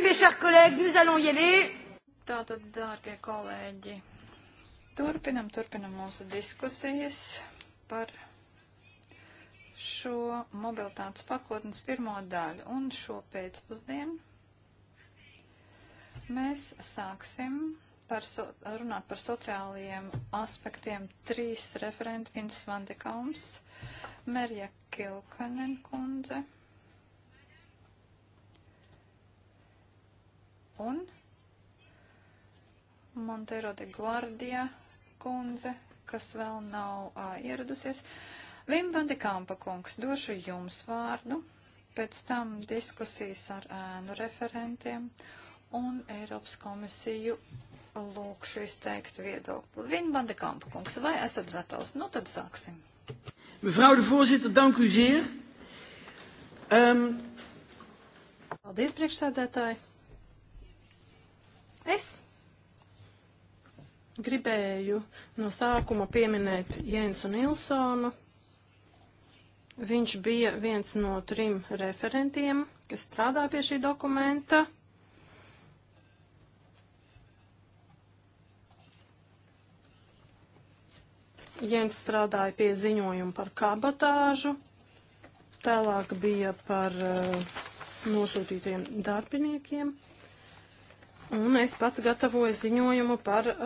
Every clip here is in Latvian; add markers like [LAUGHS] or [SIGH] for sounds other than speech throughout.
Écoutez, mes chers collègues, nous allons y aller. Tātad, dārgie kolēģi, turpinam, turpinam mūsu diskusijas par šo mobilitātes pakotnes pirmo daļu un šo pēcpusdienu. Mēs sāksim par so, runāt par sociālajiem aspektiem trīs referenti Vins Vandekauns, Merja Kilkanen kundze un Montero de Guardia kundze, kas vēl nav uh, ieradusies. Vim Vandekampa kungs, došu jums vārdu, pēc tam diskusijas ar ēnu referentiem un Eiropas komisiju lūkšu izteikt viedokli. Vim Vandekampa kungs, vai esat gatavs? Nu tad sāksim. Mevrouw de voorzitter, dank u zeer. Um... Paldies, priekšsēdētāji. Es gribēju no sākuma pieminēt Jensu Nilsonu. Viņš bija viens no trim referentiem, kas strādā pie šī dokumenta. Jens strādāja pie ziņojuma par kabatāžu, tālāk bija par uh, eh, nosūtītiem darbiniekiem un es pats gatavoju ziņojumu par um,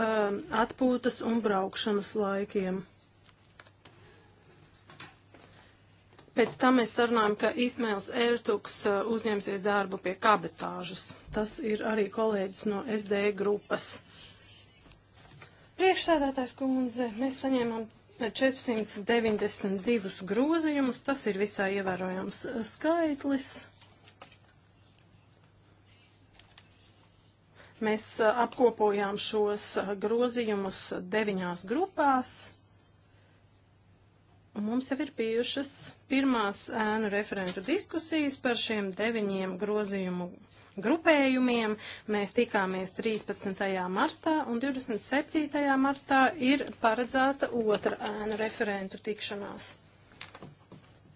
atpūtas un braukšanas laikiem. Pēc tam mēs sarunājam, ka Ismails Ertuks uh, uzņemsies darbu pie kabetāžas. Tas ir arī kolēģis no SD grupas. Priekšsēdētājs kundze, mēs saņēmām 492 grozījumus, tas ir visai ievērojams skaitlis. Mēs uh, apkopojām šos uh, grozījumus deviņās grupās. Un mums jau ir bijušas pirmās ēnu referentu diskusijas par šiem deviņiem grozījumu grupējumiem. Mēs tikāmies 13. martā un 27. martā ir paredzēta otra ēnu referentu tikšanās.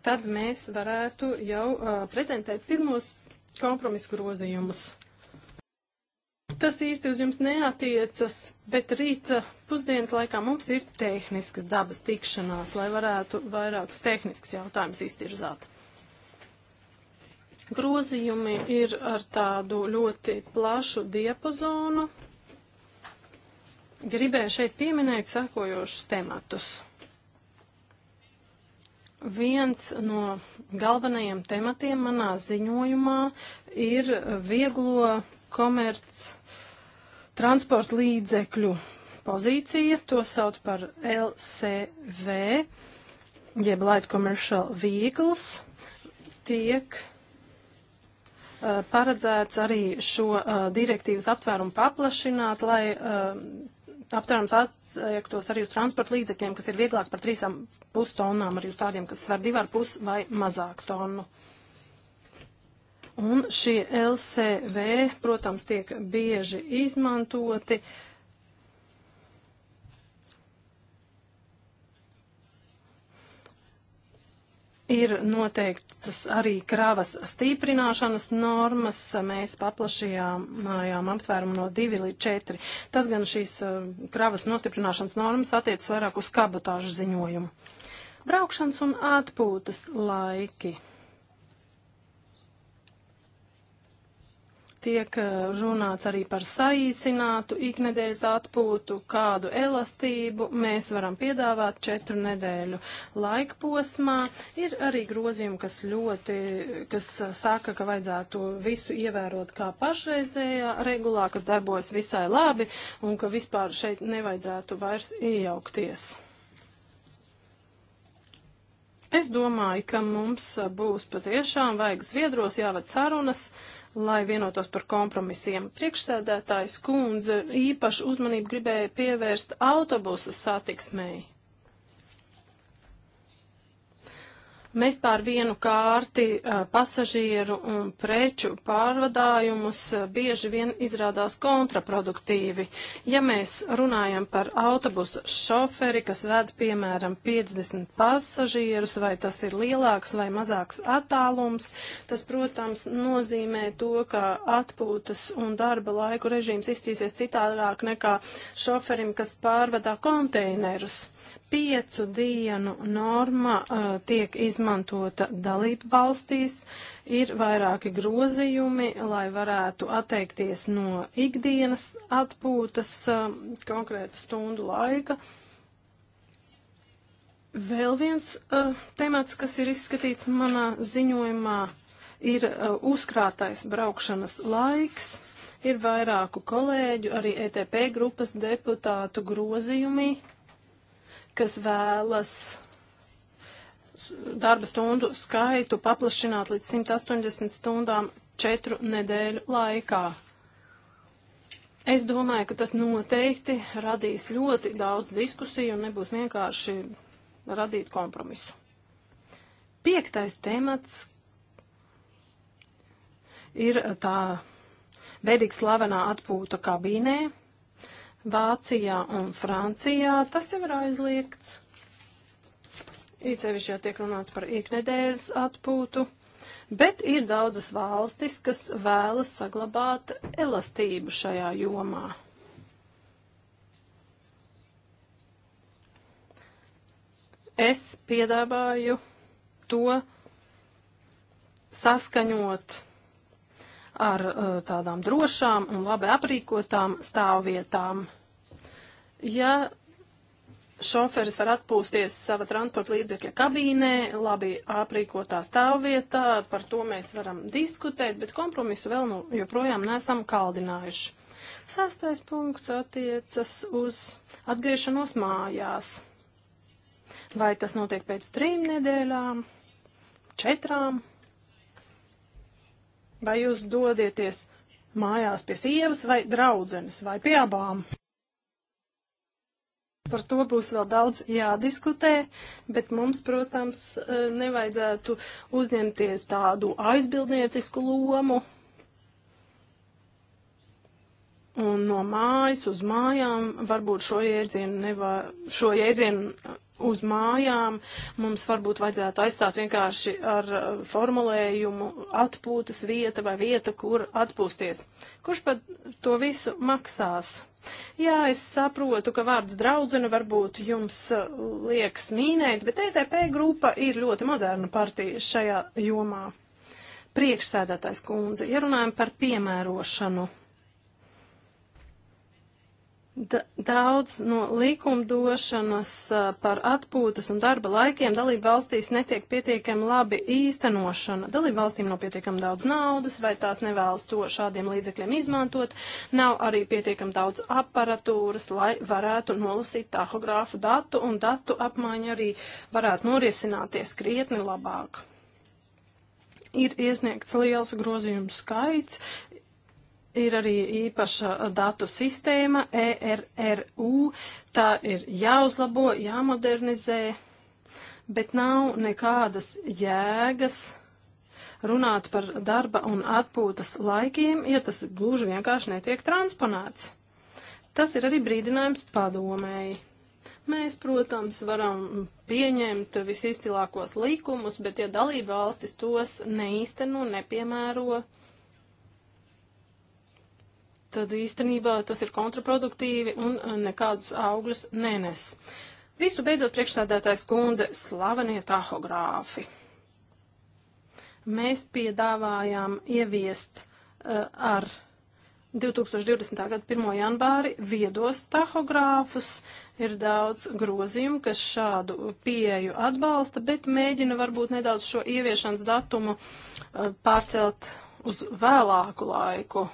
Tad mēs varētu jau uh, prezentēt pirmos kompromisu grozījumus. Tas īsti uz jums neatiecas, bet rīta pusdienas laikā mums ir tehniskas dabas tikšanās, lai varētu vairākus tehniskus jautājumus iztirzāt grozījumi ir ar tādu ļoti plašu diapazonu. Gribēju šeit pieminēt sakojošus tematus. Viens no galvenajiem tematiem manā ziņojumā ir vieglo komerc transporta līdzekļu pozīcija, to sauc par LCV, jeb Light Commercial Vehicles, tiek uh, paredzēts arī šo uh, direktīvas aptvērumu paplašināt, lai uh, aptvērums attiektos arī uz transporta līdzekļiem, kas ir vieglāk par 3,5 tonnām, arī uz tādiem, kas svar 2,5 vai mazāk tonu. Uh, Un šie LCV, protams, tiek bieži izmantoti. Ir noteiktas arī kravas stiprināšanas normas, mēs paplašījām aptvērumu no 2 līdz 4. Tas gan šīs eh, kravas nostiprināšanas normas attiecas vairāk uz kabotāžu ziņojumu. Braukšanas un atpūtas laiki. Tiek eh, runāts arī par saīsinātu iknedēļas atpūtu, kādu elastību mēs varam piedāvāt četru nedēļu laika posmā. Ir arī grozījumi, kas ļoti, kas saka, ka vajadzētu visu ievērot kā pašreizējā regulā, kas darbojas visai labi un ka vispār šeit nevajadzētu vairs iejaukties. Es domāju, ka mums būs patiešām vajag zviedros jāved sarunas. Uh, lai vienotos par kompromisiem. Priekšsēdētājs kundze īpašu uzmanību gribēja pievērst autobusu satiksmēji. Mēs pār vienu kārti pasažieru un preču pārvadājumus bieži vien izrādās kontraproduktīvi. Ja mēs runājam par autobusu šoferi, kas ved piemēram 50 pasažierus, vai tas ir lielāks vai mazāks attālums, tas, protams, nozīmē to, ka atpūtas un darba laiku režīms iztīsies citādāk nekā šoferim, kas pārvadā konteinerus. Piecu dienu norma uh, tiek izmantota dalību valstīs, ir vairāki grozījumi, lai varētu atteikties no ikdienas atpūtas uh, um, konkrēta stundu laika. Vēl viens uh, temats, kas ir izskatīts manā ziņojumā, ir uh, uzkrātais braukšanas laiks. Ir vairāku kolēģu, arī ETP grupas deputātu grozījumi, kas vēlas darba stundu skaitu paplašināt līdz 180 stundām četru nedēļu laikā. Es domāju, ka tas noteikti radīs ļoti daudz diskusiju un nebūs vienkārši radīt kompromisu. Piektais temats ir tā bēdīgi slavenā atpūta kabīnē. Vācijā un Francijā tas jau ir aizliegts. Īcevišķi jau tiek runāts par iknedēļas atpūtu, bet ir daudzas valstis, kas vēlas saglabāt elastību šajā jomā. Es piedāvāju to saskaņot ar uh, tādām drošām un labi aprīkotām stāvvietām. Ja šoferis var atpūsties sava transporta līdzekļa kabīnē, labi aprīkotā stāvvietā, par to mēs varam diskutēt, bet kompromisu vēl nu, joprojām nesam kaldinājuši. Sastais punkts attiecas uz atgriešanos mājās. Vai tas notiek pēc trim nedēļām, četrām? Vai jūs dodieties mājās pie sievas vai draudzenes vai pie abām? Par to būs vēl daudz jādiskutē, bet mums, protams, eh, nevajadzētu uzņemties tādu aizbildniecisku lomu. Un no mājas uz mājām varbūt šo jēdzienu, neva, šo jēdzienu uz mājām, mums varbūt vajadzētu aizstāt vienkārši ar uh, formulējumu atpūtas vieta vai vieta, kur atpūsties. Kurš pat to visu maksās? Jā, es saprotu, ka vārds draudzene varbūt jums uh, liekas mīnēt, bet ETP grupa ir ļoti moderna partija šajā jomā. Priekšsēdētājs kundze, ja runājam par piemērošanu Da, daudz no likumdošanas par atpūtas un darba laikiem dalību valstīs netiek pietiekami labi īstenošana. Dalību valstīm nav pietiekami daudz naudas, vai tās nevēlas to šādiem līdzekļiem izmantot, nav arī pietiekami daudz aparatūras, lai varētu nolasīt tahogrāfu datu, un datu apmaiņa arī varētu norisināties krietni labāk ir iesniegts liels grozījumu skaits, Ir arī īpaša datu sistēma ERRU, tā ir jāuzlabo, jāmodernizē, bet nav nekādas jēgas runāt par darba un atpūtas laikiem, ja tas gluži vienkārši netiek transponēts. Tas ir arī brīdinājums padomēji. Mēs, protams, varam pieņemt visizcilākos likumus, bet ja dalība valstis tos neīsteno, nepiemēro, tad īstenībā tas ir kontraproduktīvi un uh, nekādus augļus nenes. Visu beidzot priekšsādātājs kundze slavenie tahogrāfi. Mēs piedāvājām ieviest uh, ar 2020. gada 1. janvāri viedos tahogrāfus. Ir daudz grozījumu, kas šādu pieeju atbalsta, bet mēģina varbūt nedaudz šo ieviešanas datumu uh, pārcelt uz vēlāku laiku.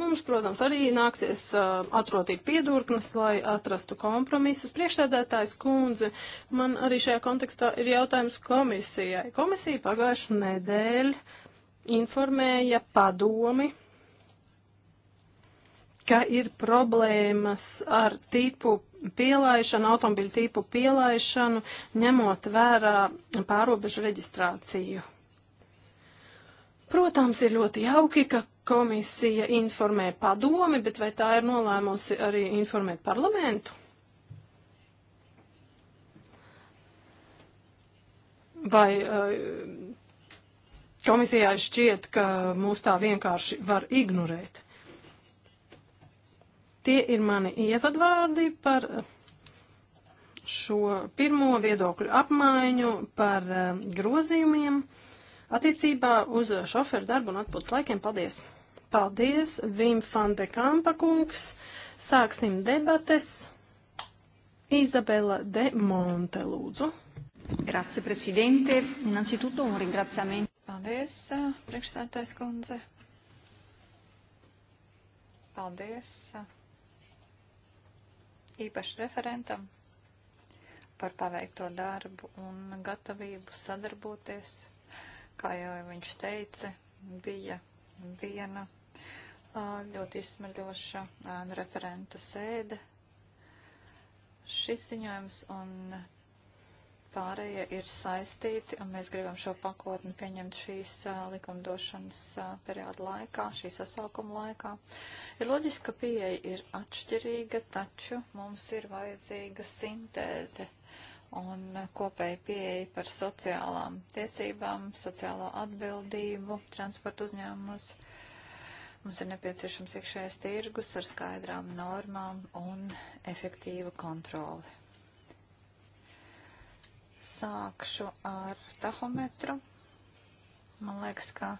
Mums, protams, arī nāksies uh, atrotīt piedurknes, lai atrastu kompromisus. Priekšsēdētājs kundze, man arī šajā kontekstā ir jautājums komisijai. Komisija pagājušu nedēļu informēja padomi, ka ir problēmas ar tipu pielaišanu, automobiļu tipu pielaišanu, ņemot vērā pārobežu reģistrāciju. Protams, ir ļoti jauki, ka komisija informē padomi, bet vai tā ir nolēmusi arī informēt parlamentu? Vai uh, komisijai šķiet, ka mūs tā vienkārši var ignorēt? Tie ir mani ievadvārdi par šo pirmo viedokļu apmaiņu par eh, grozījumiem attiecībā uz šoferu darbu un atpūtas laikiem. Paldies! Paldies, Vim Fante Kampa kungs. Sāksim debates. Izabela de Monte, lūdzu. Grazie, prezidente. Innanzitutto un ringraziamento. Paldies, eh, priekšsētājs kundze. Paldies eh, īpaši referentam par paveikto darbu un gatavību sadarboties. Kā jau viņš teica, bija viena ļoti izsmeļoša referentu sēde. Šis ziņojums un pārējie ir saistīti, un mēs gribam šo pakotni pieņemt šīs a, likumdošanas a, perioda laikā, šī sasaukuma laikā. Ir loģiski, ka pieeja ir atšķirīga, taču mums ir vajadzīga sintēze un kopēja pieeja par sociālām tiesībām, sociālo atbildību transporta uzņēmumus Mums ir nepieciešams iekšējais tirgus ar skaidrām normām un efektīvu kontroli. Sākšu ar tahometru. Man liekas, ka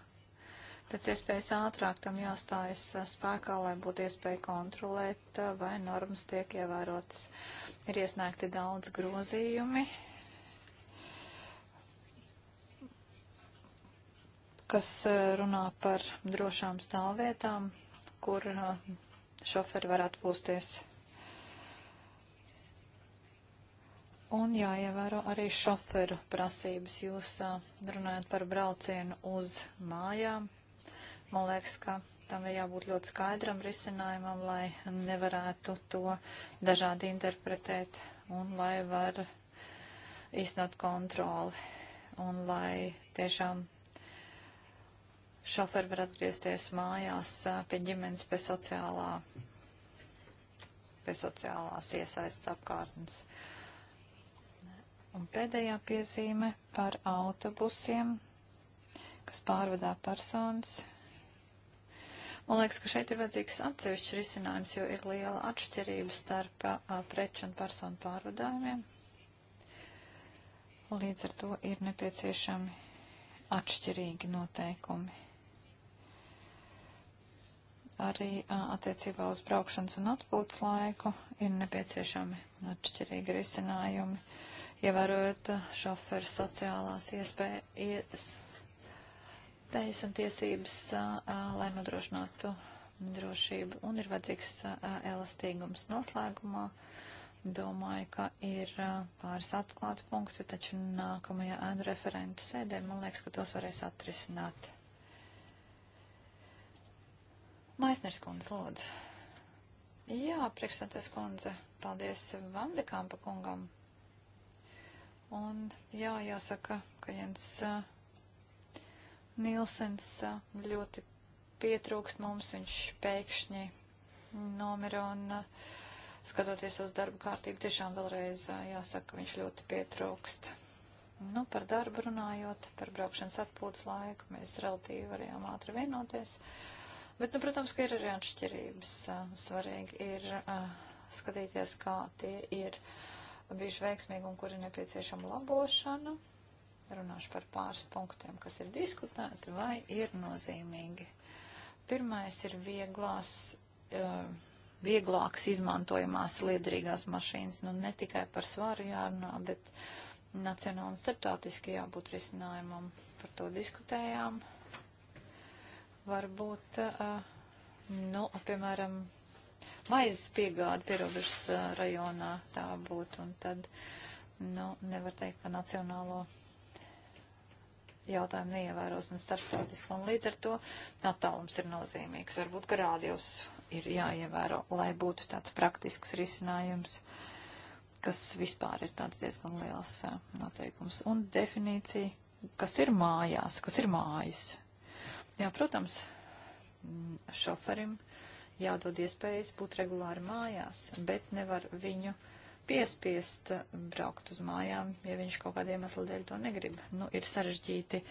pēc iespējas ātrāk tam jāstājas spēkā, lai būtu iespēja kontrolēt, vai normas tiek ievērotas. Ir iesniegti daudz grozījumi, kas eh, runā par drošām stāvvietām, kur eh, šoferi var atpūsties. Un jāievēro arī šoferu prasības. Jūs eh, runājat par braucienu uz mājām. Man liekas, ka tam ir jābūt ļoti skaidram risinājumam, lai nevarētu to dažādi interpretēt un lai var iznot kontroli un lai tiešām Šoferi var atgriezties mājās pie ģimenes, pie sociālā, pie sociālās iesaists apkārtnes. Un pēdējā piezīme par autobusiem, kas pārvadā personas. Man liekas, ka šeit ir vajadzīgs atsevišķs risinājums, jo ir liela atšķirība starp preču un personu pārvadājumiem. Līdz ar to ir nepieciešami atšķirīgi noteikumi arī attiecībā uz braukšanas un atpūtas laiku ir nepieciešami atšķirīgi risinājumi, ievērojot šoferu sociālās iespējas un tiesības, lai nodrošinātu drošību. Un ir vajadzīgs elastīgums noslēgumā. Domāju, ka ir pāris atklāti punkti, taču nākamajā ēnu referentu sēdē, man liekas, ka tos varēs atrisināt. Maisners kundze, lūdzu. Jā, priekšstādājas kundze, paldies Vandekāmpa kungam. Un jā, jāsaka, ka Jens uh, Nilsens uh, ļoti pietrūkst mums, viņš pēkšņi nomira un uh, skatoties uz darba kārtību, tiešām vēlreiz jāsaka, viņš ļoti pietrūkst. Nu, par darbu runājot, par braukšanas atpūtas laiku, mēs relatīvi varējām ātri vienoties. Uh, Bet, nu, protams, ka ir arī atšķirības. Svarīgi ir skatīties, kā tie ir bijuši veiksmīgi un kur ir nepieciešama labošana. Runāšu par pāris punktiem, kas ir diskutēti vai ir nozīmīgi. Pirmais ir vieglās. Uh, vieglākas izmantojamās liederīgās mašīnas. Nu, ne tikai par svāru jārunā, bet nacionāli un starptautiski jābūt risinājumam. Par to diskutējām. Varbūt, nu, piemēram, maizes piegāda pierobežas rajonā tā būtu, un tad, nu, nevar teikt, ka nacionālo jautājumu neievēros un starptautiski, un līdz ar to attālums ir nozīmīgs. Varbūt, ka rādījus ir jāievēro, lai būtu tāds praktisks risinājums, kas vispār ir tāds diezgan liels noteikums. Un definīcija, kas ir mājās, kas ir mājas, Jā, protams, mm, šoferim jādod iespējas būt regulāri mājās, bet nevar viņu piespiest braukt uz mājām, ja viņš kaut kādiem iemeslu dēļ to negrib. Nu, ir sarežģīti,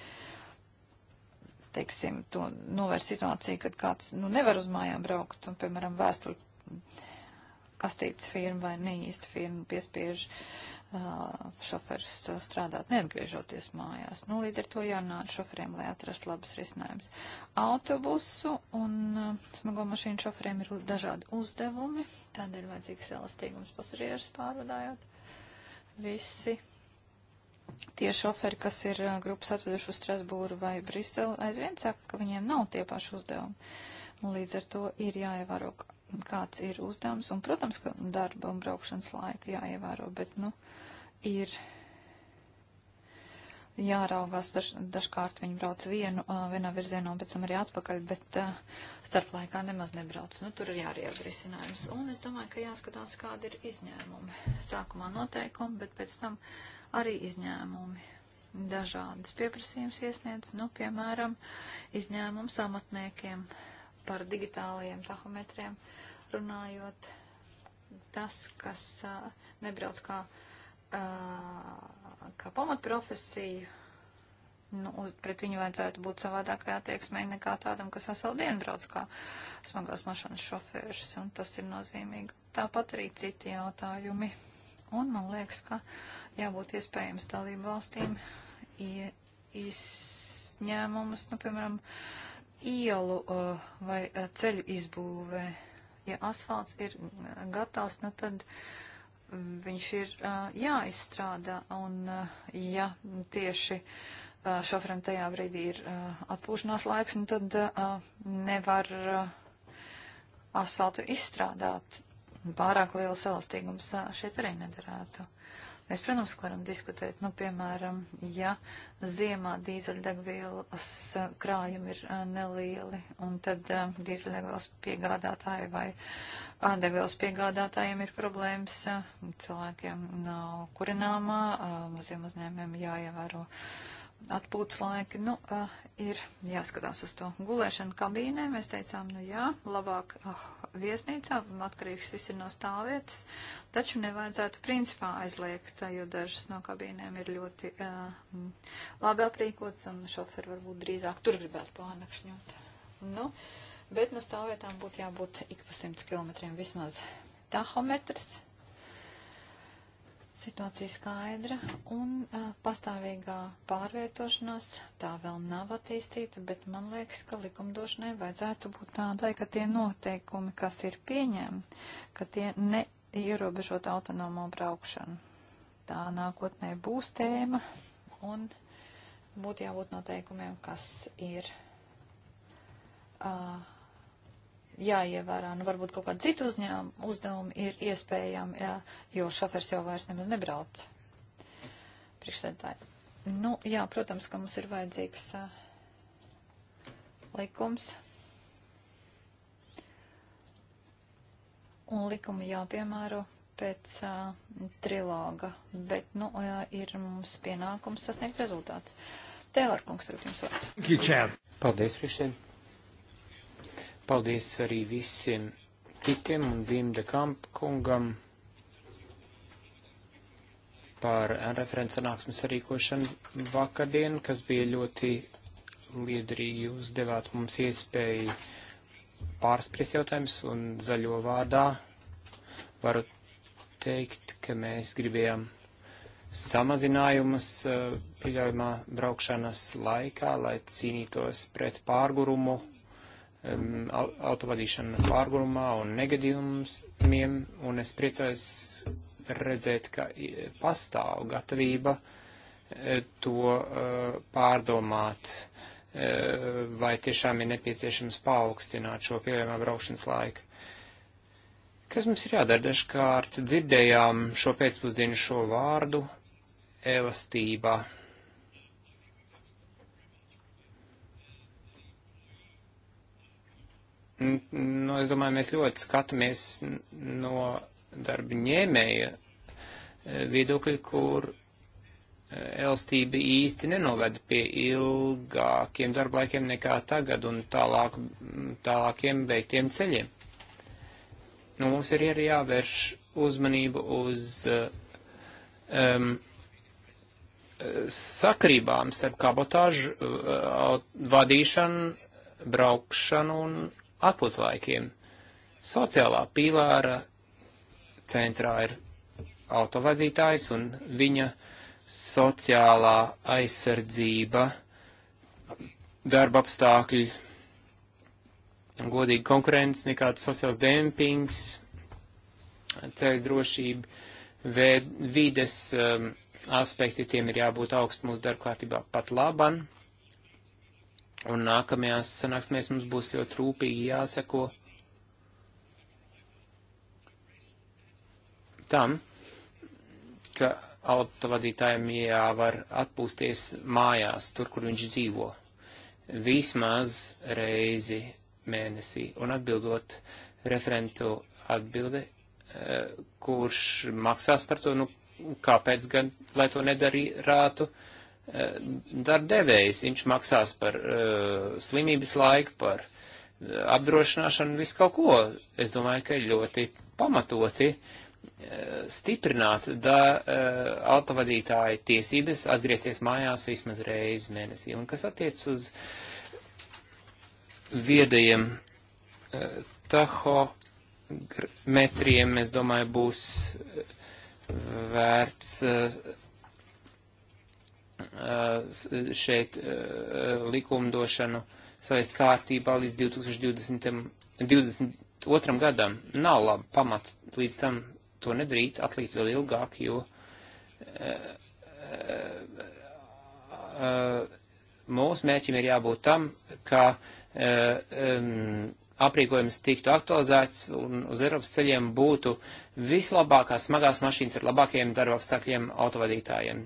teiksim, to novērst situāciju, kad kāds, nu, nevar uz mājām braukt, un, piemēram, vēsturi kastītes firma vai neīsta firma piespiež uh, šoferus uh, strādāt, neatgriežoties mājās. Nu, līdz ar to jārunāt šoferiem, lai atrastu labus risinājumus. Autobusu un uh, smago mašīnu šoferiem ir dažādi uzdevumi, tādēļ vajadzīgs elastīgums pasažierus pārvadājot. Visi tie šoferi, kas ir uh, grupas atveduši uz Strasbūru vai Briselu, aizvien saka, ka viņiem nav tie paši uzdevumi. Un līdz ar to ir jāievēro kāds ir uzdevums, un, protams, ka darba un braukšanas laika jāievēro, bet, nu, ir jāraugās, daž, dažkārt viņi brauc vienu, vienā virzienā, un pēc tam arī atpakaļ, bet uh, starp laikā nemaz nebrauc. Nu, tur ir jāriev risinājums. Un es domāju, ka jāskatās, kāda ir izņēmumi. Sākumā noteikumi, bet pēc tam arī izņēmumi. Dažādas pieprasījums iesniedz, nu, piemēram, izņēmums amatniekiem. Uh, par digitālajiem tahometriem runājot, tas, kas uh, nebrauc kā, uh, kā pamatprofesija, nu, pret viņu vajadzētu būt savādākai attieksmei nekā tādam, kas veselu dienu brauc kā smagās mašanas šofērs, un tas ir nozīmīgi. Tāpat arī citi jautājumi. Un man liekas, ka jābūt iespējams dalību valstīm izņēmumus, nu, piemēram, uh, ielu eh, vai eh, ceļu izbūvē. Ja asfalts ir eh, gatavs, nu tad mm, viņš ir jāizstrādā, un ja tieši šoferam tajā brīdī ir atpūšanās laiks, nu tad nevar asfaltu izstrādāt. Pārāk liels elastīgums šeit arī nedarētu. Uh, Mēs, protams, varam diskutēt, nu, piemēram, ja ziemā dīzeļdegvielas eh, krājumi ir eh, nelieli, un tad eh, dīzeļdegvielas piegādātāji vai degvielas piegādātājiem ir problēmas, cilvēkiem nav kurināmā, maziem uzņēmiem jāievēro. Ja atpūtas laiki, nu, uh, ir jāskatās uz to gulēšanu kabīnē. Mēs teicām, nu jā, labāk oh, viesnīcā, atkarīgs viss ir no stāvvietas, taču nevajadzētu principā aizliegt, jo dažas no kabīnēm ir ļoti uh, labi aprīkots un šoferi varbūt drīzāk tur gribētu pārnakšņot. Nu, bet no stāvvietām būtu jābūt ik pa 100 km vismaz tahometrs. Situācija skaidra un uh, pastāvīgā pārvietošanās tā vēl nav attīstīta, bet man liekas, ka likumdošanai vajadzētu būt tādai, ka tie noteikumi, kas ir pieņemti, ka tie neierobežot autonomo braukšanu. Tā nākotnē būs tēma un būtu jābūt noteikumiem, kas ir. Uh, jāievērā. Nu, varbūt kaut kāda cita uzņēmuma uzdevuma ir iespējama, jā, jo šofers jau vairs nemaz nebrauc. Priekšsēdētāji. Nu, jā, protams, ka mums ir vajadzīgs uh, likums. Un likumi jāpiemēro pēc uh, triloga, bet, nu, uh, ir mums pienākums sasniegt rezultāts. Tēlārkungs, tagad jums vārds. Paldies, priekšsēdētāji. Paldies arī visiem citiem un Vimde Kamp kungam par referents sanāksmes rīkošanu vakardien, kas bija ļoti liederīgi. Jūs devāt mums iespēju pārspries jautājums un zaļo vārdā varu teikt, ka mēs gribējām samazinājumus eh, pieļaujumā braukšanas laikā, lai cīnītos pret pārgurumu Um, autovadīšana pārgulumā un negadījumiem, un es priecājos redzēt, ka pastāv gatavība e, to e, pārdomāt, e, vai tiešām ir nepieciešams paaugstināt šo pieejamā braukšanas laiku. Kas mums ir jādara? Dažkārt dzirdējām šo pēcpusdienu šo vārdu - elastība. Nu, es domāju, mēs ļoti skatāmies no darba ņēmēja eh, viedokļa, kur eh, elstība īsti nenoveda pie ilgākiem darblaikiem nekā tagad un tālāk, tālākiem veiktiem ceļiem. Nu, mums ir arī jāvērš uzmanību uz um, eh, sakrībām starp kabotāžu uh, vadīšanu, braukšanu un atpuslaikiem. Sociālā pīlāra centrā ir autovadītājs un viņa sociālā aizsardzība, darba apstākļi, godīga konkurence, nekāds sociāls dempings, ceļu drošība, vides um, aspekti, tiem ir jābūt augst mūsu darbkārtībā pat laban. Un nākamajās sanāksmēs mums būs ļoti rūpīgi jāseko tam, ka autovadītājiem jāvar atpūsties mājās, tur, kur viņš dzīvo, vismaz reizi mēnesī. Un atbildot referentu atbildi, eh, kurš maksās par to, nu, kāpēc gan, lai to nedarītu, Eh, darbdevējs. Viņš maksās par uh, slimības laiku, par uh, apdrošināšanu, visu kaut ko. Es domāju, ka ļoti pamatoti uh, stiprināt da, uh, autovadītāju tiesības atgriezties mājās vismaz reizi mēnesī. Un kas attiec uz viedajiem uh, tahometriem, es domāju, būs vērts. Uh, Uh, šeit uh, likumdošanu savest kārtībā līdz 2020, 2022. gadam. Nav labi pamat līdz tam to nedarīt, atlikt vēl ilgāk, jo uh, mūsu mērķim ir jābūt tam, ka um, aprīkojums tiktu aktualizēts un uz Eiropas ceļiem būtu vislabākās smagās mašīnas ar labākajiem darba apstākļiem autovadītājiem.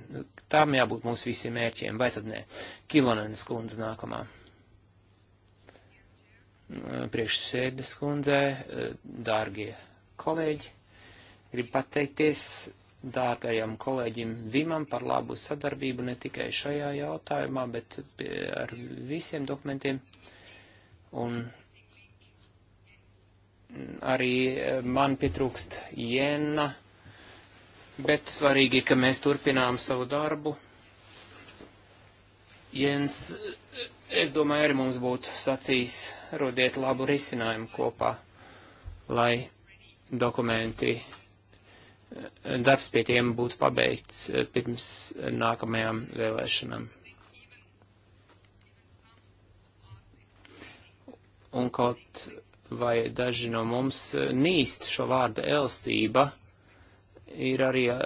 Tām jābūt mūsu visiem mērķiem, vai tad nē? Kilonenes kundze nākamā. Priekšsēdes kundze, dārgie kolēģi, gribu pateikties dārgajam kolēģim Vimam par labu sadarbību ne tikai šajā jautājumā, bet ar visiem dokumentiem. Un arī eh, man pietrūkst jena, bet svarīgi, ka mēs turpinām savu darbu. Jens, es domāju, arī mums būtu sacījis, rodiet labu risinājumu kopā, lai dokumenti, eh, darbs pie tiem būtu pabeigts eh, pirms nākamajām vēlēšanām. Un kaut vai daži no mums eh, nīst šo vārdu elstība. Ir arī uh,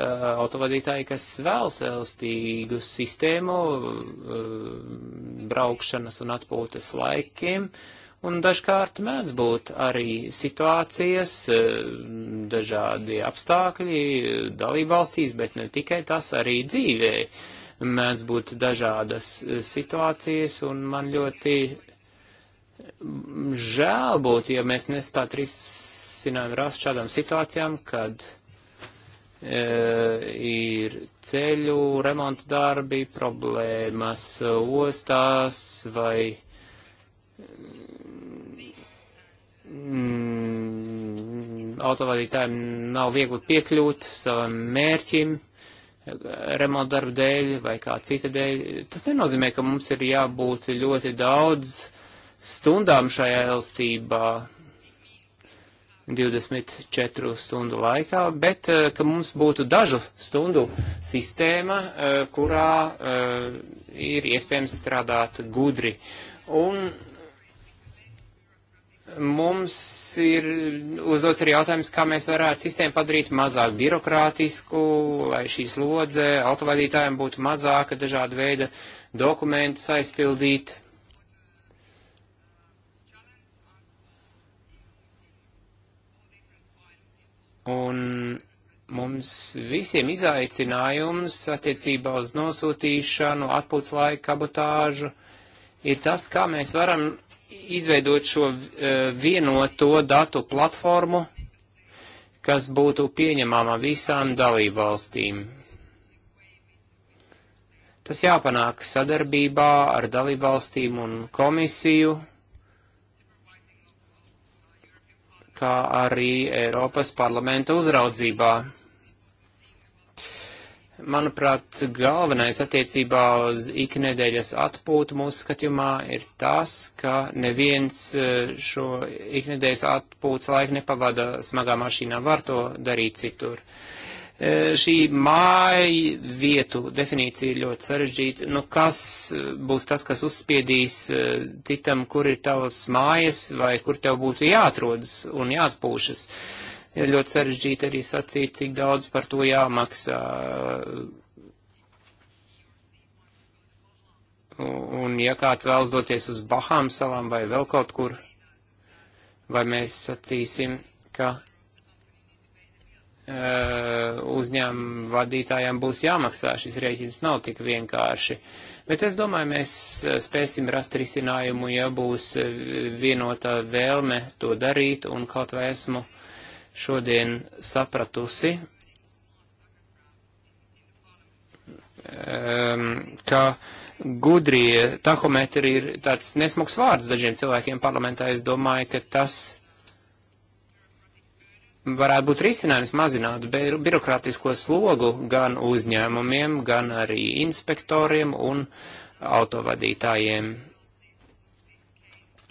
autovadītāji, kas vēlas elstīgu sistēmu uh, braukšanas un atpūtas laikiem, un dažkārt mēdz būt arī situācijas, uh, dažādi apstākļi dalībvalstīs, bet ne tikai tas, arī dzīvē mēdz būt dažādas situācijas, un man ļoti Žēl būtu, ja mēs nespētu risinājumu rast šādām situācijām, kad e, ir ceļu remonta darbi, problēmas ostās vai mm, autovadītājiem nav viegli piekļūt savam mērķim e, remonta darbu dēļ vai kā cita dēļ. Tas nenozīmē, ka mums ir jābūt ļoti daudz stundām šajā elstībā 24 stundu laikā, bet eh, ka mums būtu dažu stundu sistēma, eh, kurā eh, ir iespējams strādāt gudri. Un mums ir uzdots arī jautājums, kā mēs varētu sistēmu padarīt mazāk birokrātisku, lai šīs lodze autovadītājiem būtu mazāka, dažāda veida dokumentus aizpildīt. Un mums visiem izaicinājums attiecībā uz nosūtīšanu, atpūtas laiku, kabotāžu ir tas, kā mēs varam izveidot šo e, vienoto datu platformu, kas būtu pieņemama visām dalībvalstīm. Tas jāpanāk sadarbībā ar dalībvalstīm un komisiju, kā arī Eiropas parlamenta uzraudzībā. Manuprāt, galvenais attiecībā uz iknedēļas atpūtu mūsu skatījumā ir tas, ka neviens eh, šo iknedēļas atpūtas laiku nepavada smagā mašīnā, var to darīt citur. Uh, E, šī māja vietu definīcija ir ļoti sarežģīta. Nu, kas e, būs tas, kas uzspiedīs e, citam, kur ir tavas mājas vai kur tev būtu jāatrodas un jāatpūšas? Ir ļoti sarežģīti arī sacīt, cik daudz par to jāmaksā. Un ja kāds vēlas doties uz Bahām salām vai vēl kaut kur, vai mēs sacīsim, ka Eh, uzņēmumu vadītājiem būs jāmaksā. Šis rēķins nav tik vienkārši. Bet es domāju, mēs eh, spēsim rast risinājumu, ja būs eh, vienotā vēlme to darīt, un kaut vai esmu šodien sapratusi, ehm, ka gudrie tahometri ir tāds nesmugs vārds dažiem cilvēkiem parlamentā. Es domāju, ka tas varētu būt risinājums mazināt birokrātisko slogu gan uzņēmumiem, gan arī inspektoriem un autovadītājiem.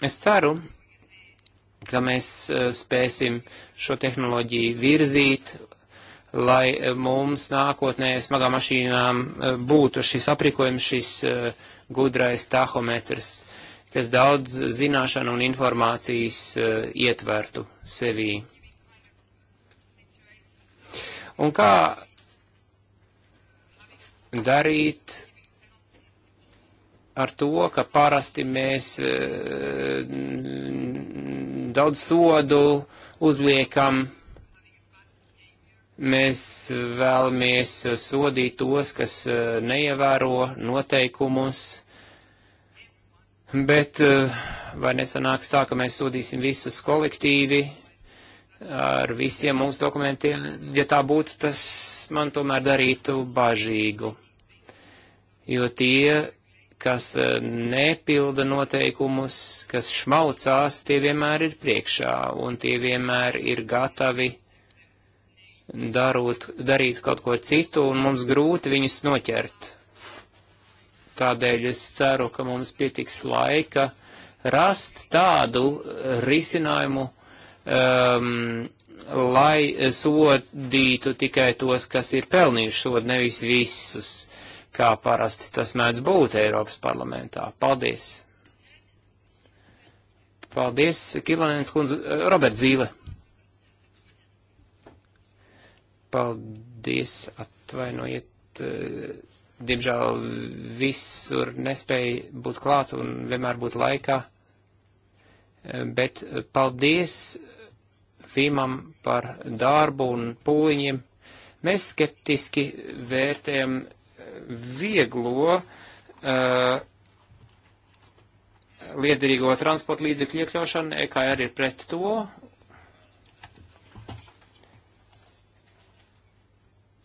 Es ceru, ka mēs eh, spēsim šo tehnoloģiju virzīt, lai eh, mums nākotnē smagām mašīnām eh, būtu šis aprīkojums, šis gudrais tahometrs, kas daudz zināšanu un informācijas ietvertu sevī. Un kā darīt ar to, ka parasti mēs eh, daudz sodu uzliekam, mēs vēlamies sodīt tos, kas eh, neievēro noteikumus, bet eh, vai nesanāks tā, ka mēs sodīsim visus kolektīvi? ar visiem mūsu dokumentiem. Ja tā būtu, tas man tomēr darītu bažīgu, jo tie, kas eh, nepilda noteikumus, kas šmaucās, tie vienmēr ir priekšā un tie vienmēr ir gatavi darot, darīt kaut ko citu, un mums grūti viņus noķert. Tādēļ es ceru, ka mums pietiks laika rast tādu risinājumu, um, lai sodītu tikai tos, kas ir pelnījuši sodu, nevis visus, kā parasti tas mēdz būt Eiropas parlamentā. Paldies! Paldies, Kilonēns kundze, Robert Zīle. Paldies, atvainojiet, eh, diemžēl visur nespēja būt klāt un vienmēr būt laikā, eh, bet eh, paldies Fīmam par darbu un pūliņiem. Mēs skeptiski vērtējam eh, vieglo uh, liederīgo transporta līdzekļu iekļaušanu, EKR ir pret to.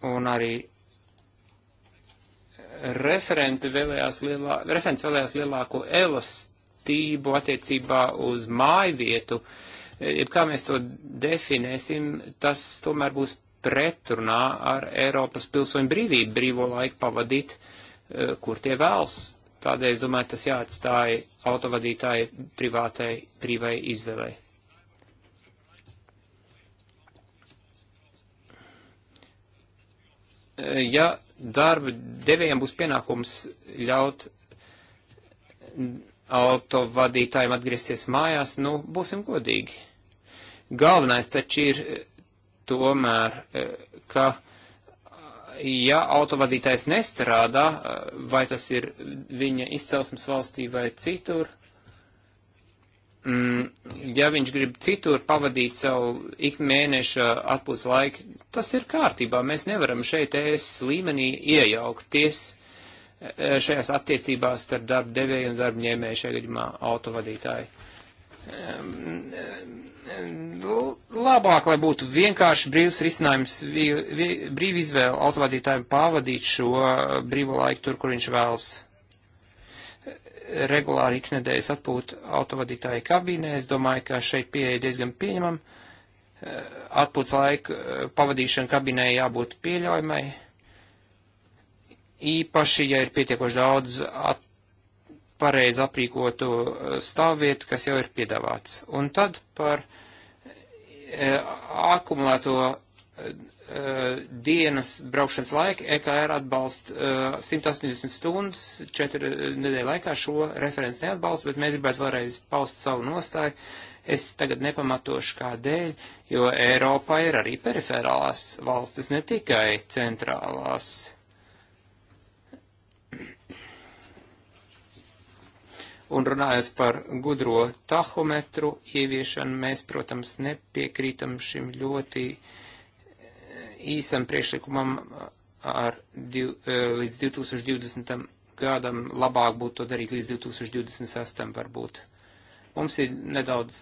Un arī referenti vēlējās, lielā, referents vēlējās lielāko elast vienotību attiecībā uz māju vietu, ja kā mēs to definēsim, tas tomēr būs pretrunā ar Eiropas pilsoņu brīvību brīvo laiku pavadīt, eh, kur tie vēlas. Tādēļ es domāju, tas jāatstāja autovadītāju privātai, privai izvēlei. Eh, ja darba devējiem būs pienākums ļaut autovadītājiem atgriezties mājās, nu, būsim godīgi. Galvenais taču ir eh, tomēr, eh, ka, eh, ja autovadītājs nestrādā, vai tas ir viņa izcelsmes valstī vai citur, mm, ja viņš grib citur pavadīt savu ik mēneša atpūs laiku, tas ir kārtībā. Mēs nevaram šeit ES līmenī iejaukties šajās attiecībās starp darba devēju un darba ņēmēju šajā gadījumā autovadītāju. Labāk, lai būtu vienkārši brīvs risinājums, brīvi izvēle autovadītājiem pavadīt šo brīvo laiku tur, kur viņš vēlas. Regulāri iknedēļas atpūta autovadītāja kabīnē. Es domāju, ka šeit pieeja diezgan pieņemama atpūtas laika pavadīšana kabinē jābūt pieļaujamai īpaši, ja ir pietiekoši daudz at, pareizi aprīkotu eh, stāvvietu, kas jau ir piedāvāts. Un tad par e, akumulēto e, dienas braukšanas laiku EKR atbalsta e, 180 stundas, 4 nedēļu laikā šo referents neatbalsta, bet mēs gribētu vēlreiz paust savu nostāju. Es tagad nepamatošu kādēļ, jo Eiropā ir arī periferālās valstis, ne tikai centrālās Un runājot par gudro tahometru ieviešanu, mēs, protams, nepiekrītam šim ļoti eh, īsam priekšlikumam eh, ar div, eh, līdz 2020. gadam labāk būtu to darīt līdz 2026. varbūt. Mums ir nedaudz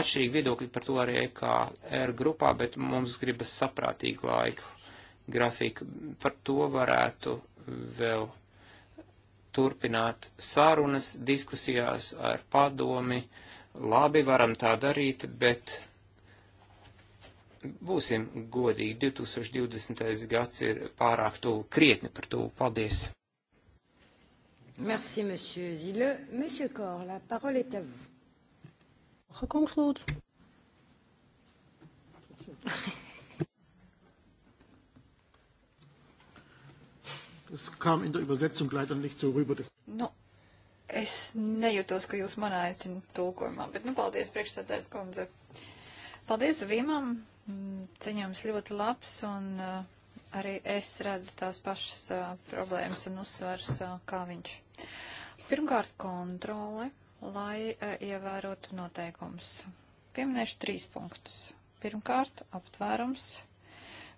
atšķirīgi viedokļi par to arī EKR grupā, bet mums gribas saprātīgu laiku grafiku. Par to varētu vēl turpināt sarunas diskusijās ar padomi. Labi, varam tā darīt, bet būsim godīgi. 2020. gads ir pārāk tuvu, krietni par tuvu. Paldies! Merci, monsieur Zile. Monsieur Kor, la parole est à vous. Kungs, lūdzu. [LAUGHS] Es kam in der Übersetzung leider nicht so rüber. Das nu, es nejūtos, ka jūs man aicinat tulkojumā, bet nu paldies priekšstādājs kundze. Paldies Vimam, mm, ceņojums ļoti labs un uh, arī es redzu tās pašas uh, problēmas un uzsvars, uh, kā viņš. Pirmkārt, kontrole, lai uh, ievērotu noteikumus. Pieminēšu trīs punktus. Pirmkārt, aptvērums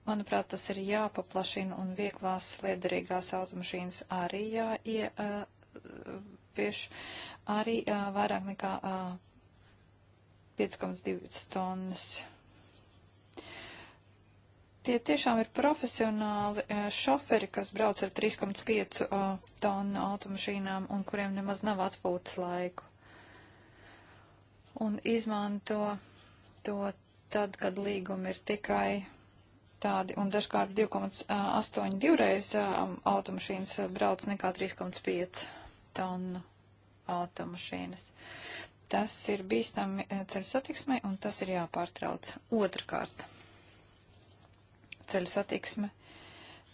Manuprāt, tas ir jāpaplašina un vieglās liederīgās automašīnas arī jāievieš arī jā, vairāk nekā 5,2 tonnas. Tie tiešām ir profesionāli šoferi, kas brauc ar 3,5 tonu automašīnām un kuriem nemaz nav atpūtas laiku. Un izmanto to tad, kad līgumi ir tikai tādi, un dažkārt 2,8 divreiz automašīnas brauc nekā 3,5 tonu automašīnas. Tas ir bīstami ceļu satiksmai, un tas ir jāpārtrauc. Otrakārt, ceļu satiksme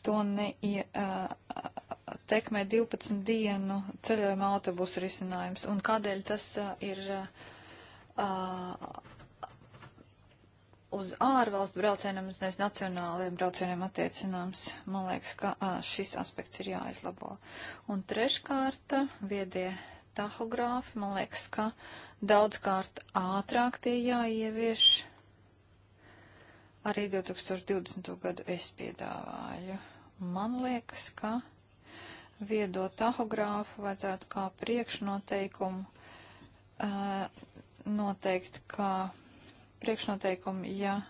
to neietekmē 12 dienu ceļojuma autobusu risinājums, un kādēļ tas ir. Uh, uz ārvalstu braucieniem, nevis nacionāliem braucieniem attiecināms. Man liekas, ka a, šis aspekts ir jāizlabo. Un treškārt, viedie tahogrāfi, man liekas, ka daudzkārt ātrāk tie jāievieš. Arī 2020. gadu es piedāvāju. Man liekas, ka viedo tahogrāfu vajadzētu kā priekšnoteikumu uh, noteikt, ka priekšnoteikumi, ja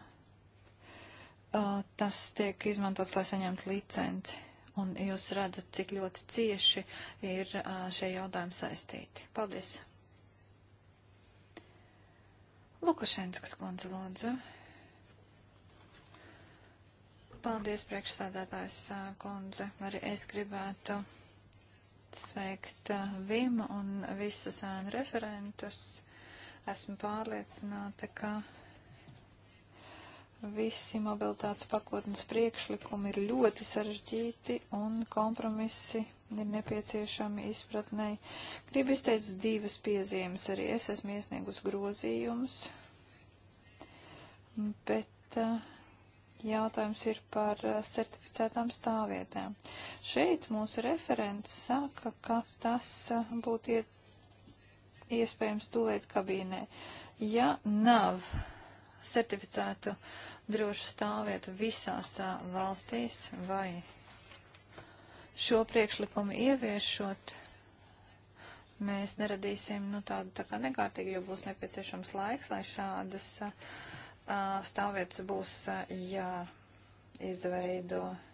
uh, tas tiek izmantots, lai saņemtu licenci. Un jūs redzat, cik ļoti cieši ir uh, šie jautājumi saistīti. Paldies! Lukašenskas kundze, lūdzu. Paldies, priekšsādātājs kundze. Arī es gribētu sveikt Vimu un visus ēnu referentus. Esmu pārliecināta, ka visi mobilitātes pakotnes priekšlikumi ir ļoti sarežģīti un kompromisi ir nepieciešami izpratnei. Gribu izteikt divas piezīmes. Arī es esmu iesniegus grozījumus, bet uh, Jautājums ir par eh, certificētām stāvvietēm. Šeit mūsu referents saka, ka tas eh, būtu iet, iespējams tūlīt kabīnē. Ja nav certificētu drošu stāvvietu visās a, valstīs vai šo priekšlikumu ieviešot, mēs neradīsim nu, tādu tā kā nekārtīgu, jo būs nepieciešams laiks, lai šādas a, stāvvietas būs a, jāizveido. Ja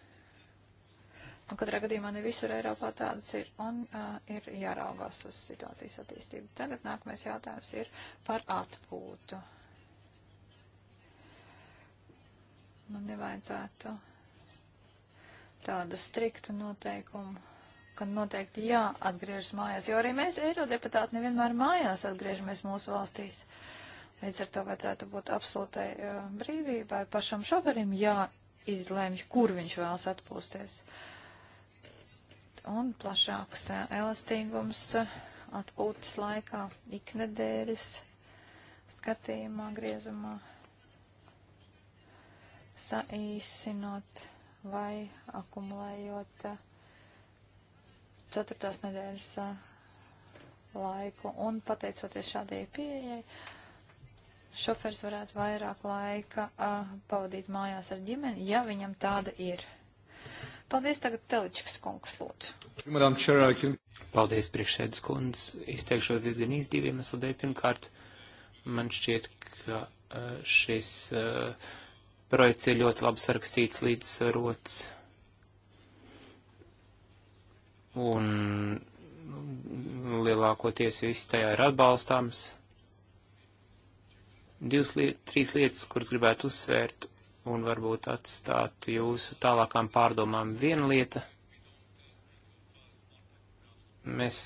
Un katrā gadījumā ne visur Eiropā tādas ir un uh, ir jāraugās uz situācijas attīstību. Tagad nākamais jautājums ir par atpūtu. Man nevajadzētu tādu striktu noteikumu, ka noteikti jāatgriežas mājās, jo arī mēs, eirodeputāti, nevienmēr mājās atgriežamies mūsu valstīs. Līdz ar to vajadzētu būt absolūtai uh, brīvībai. Pašam šoferim jāizlēmj, kur viņš vēlas atpūsties. Uh, un plašāks eh, elastīgums eh, atpūtas laikā, iknedēļas skatījumā, griezumā, saīsinot vai akumulējot eh, ceturtās nedēļas laiku. Un pateicoties šādai pieejai, šofers varētu vairāk laika pavadīt mājās ar ģimeni, ja viņam tāda ir. Paldies tagad Teličkas kungs, lūdzu. Paldies priekšsēdas kundz. Izteikšos diezgan īsti diviem esludēļ. Pirmkārt, man šķiet, ka šis uh, projekts ir ļoti labi sarakstīts, līdzsvarots. Un nu, lielākoties viss tajā ir atbalstāms. Divas, liet, trīs lietas, kuras gribētu uzsvērt un varbūt atstāt jūsu tālākām pārdomām viena lieta. Mēs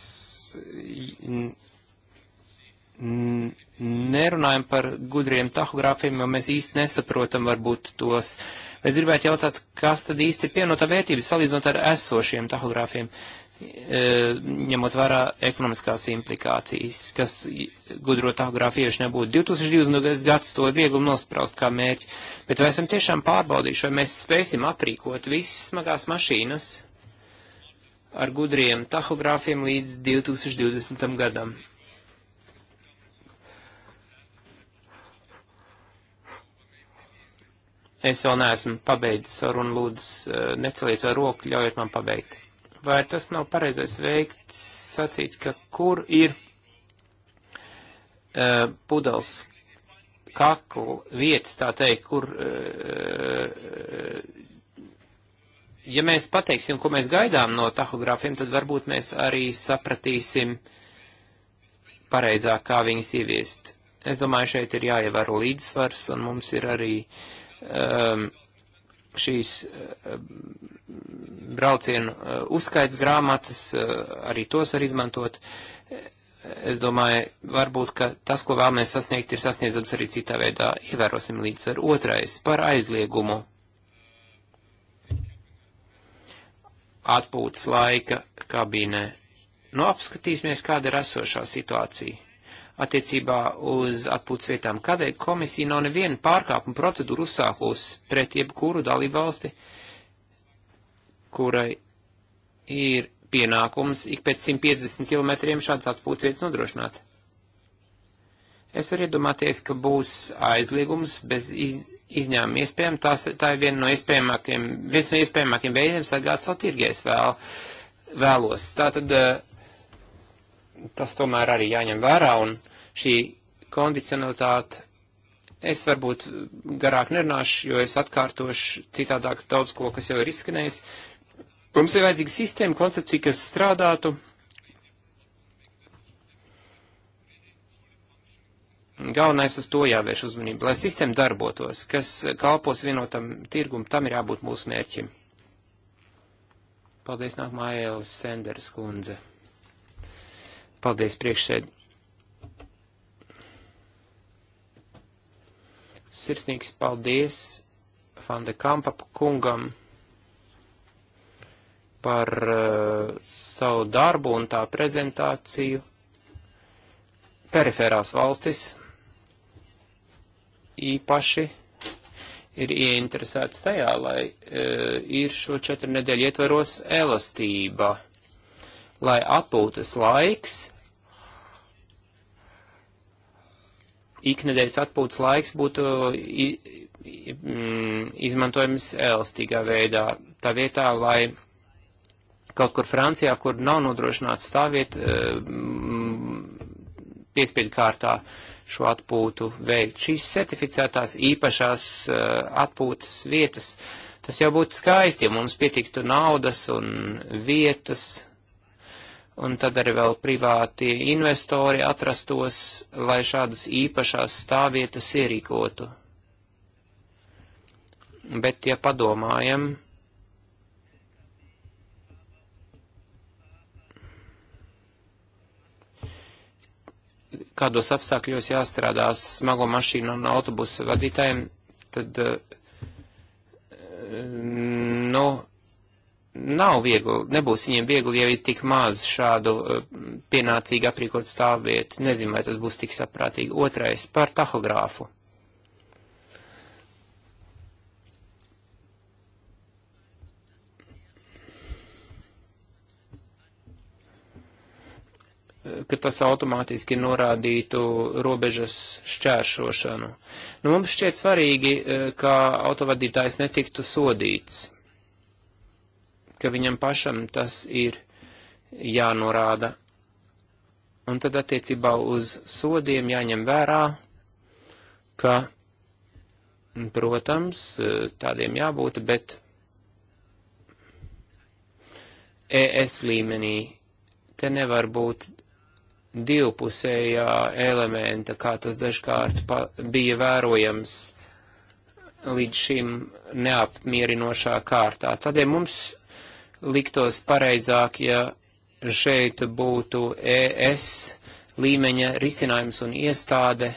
nerunājam par gudriem tahogrāfiem, jo mēs īsti nesaprotam varbūt tos. Bet gribētu jautāt, kas tad īsti ir pienotā vērtības salīdzinot ar esošiem tahogrāfiem. Uh, E, ņemot vērā ekonomiskās implikācijas, kas gudro tahogrāfieši nebūtu 2020. gads, to viegli nospraust kā mērķi, bet vai esam tiešām pārbaudījuši, vai mēs spēsim aprīkot visas smagās mašīnas ar gudriem tahogrāfiem līdz 2020. gadam. Es vēl neesmu pabeidzis sarunu, lūdzu, e, neceliet vēl roku, ļaujiet man pabeigt vai tas nav pareizais veikts sacīt, ka kur ir uh, pudels kaklu vietas, tā teikt, kur, uh, ja mēs pateiksim, ko mēs gaidām no tahogrāfiem, tad varbūt mēs arī sapratīsim pareizāk, kā viņas ieviest. Es domāju, šeit ir jāievēro līdzsvars, un mums ir arī um, uh, šīs eh, braucienu eh, uzskaits grāmatas, eh, arī tos var izmantot. Es domāju, varbūt, ka tas, ko vēlamies sasniegt, ir sasniedzams arī citā veidā. Ievērosim līdz ar otrais par aizliegumu atpūtas laika kabīnē. Nu, apskatīsimies, kāda ir esošā situācija attiecībā uz atpūtas vietām. Kādēļ komisija nav nevienu pārkāpumu procedūru uzsākus pret jebkuru dalību valsti, kurai ir pienākums ik pēc 150 km šāds atpūtas vietas nodrošināt? Es varu iedomāties, ka būs aizliegums bez iz, izņēmuma iespējām. Tās, tā ir viena no iespējamākiem, viens no iespējamākiem veidiem sagāt savu tirgies vēl, vēlos. Tātad uh, tas tomēr arī jāņem vērā, un šī kondicionalitāte, es varbūt garāk nerunāšu, jo es atkārtošu citādāk daudz ko, kas jau ir izskanējis. Mums ir vajadzīga sistēma, koncepcija, kas strādātu, Galvenais uz to jāvērš uzmanība, lai sistēma darbotos, kas kalpos vienotam tirgum, tam ir jābūt mūsu mērķim. Paldies nākamā Ēlis Senders kundze. Paldies, priekšsēd. Sirsnīgs paldies Fanda Kampa kungam par uh, savu darbu un tā prezentāciju. Periferās valstis īpaši ir ieinteresēts tajā, lai uh, ir šo četru nedēļu ietveros elastība, lai atpūtas laiks iknedēļas atpūtas laiks būtu mm, izmantojams elastīgā veidā. Tā vietā, lai kaut kur Francijā, kur nav nodrošināts stāviet, e, mm, piespiedu kārtā šo atpūtu veikt. Šīs certificētās īpašās e, atpūtas vietas, tas jau būtu skaisti, ja mums pietiktu naudas un vietas un tad arī vēl privātie investori atrastos, lai šādas īpašās stāvvietas ierīkotu. Bet, ja padomājam, kādos apstākļos jāstrādā smago mašīnu un autobusu vadītājiem, tad, eh, nu, nav viegli, nebūs viņiem viegli, ja ir tik maz šādu eh, pienācīgi aprīkot stāvvietu. Nezinu, vai tas būs tik saprātīgi. Otrais par tahogrāfu. Eh, ka tas automātiski norādītu robežas šķēršošanu. Nu, mums šķiet svarīgi, eh, ka autovadītājs netiktu sodīts ka viņam pašam tas ir jānorāda. Un tad attiecībā uz sodiem jāņem vērā, ka, protams, tādiem jābūt, bet ES līmenī te nevar būt divpusējā elementa, kā tas dažkārt bija vērojams līdz šim neapmierinošā kārtā. Tādēļ mums liktos pareizāk, ja šeit būtu ES līmeņa risinājums un iestāde,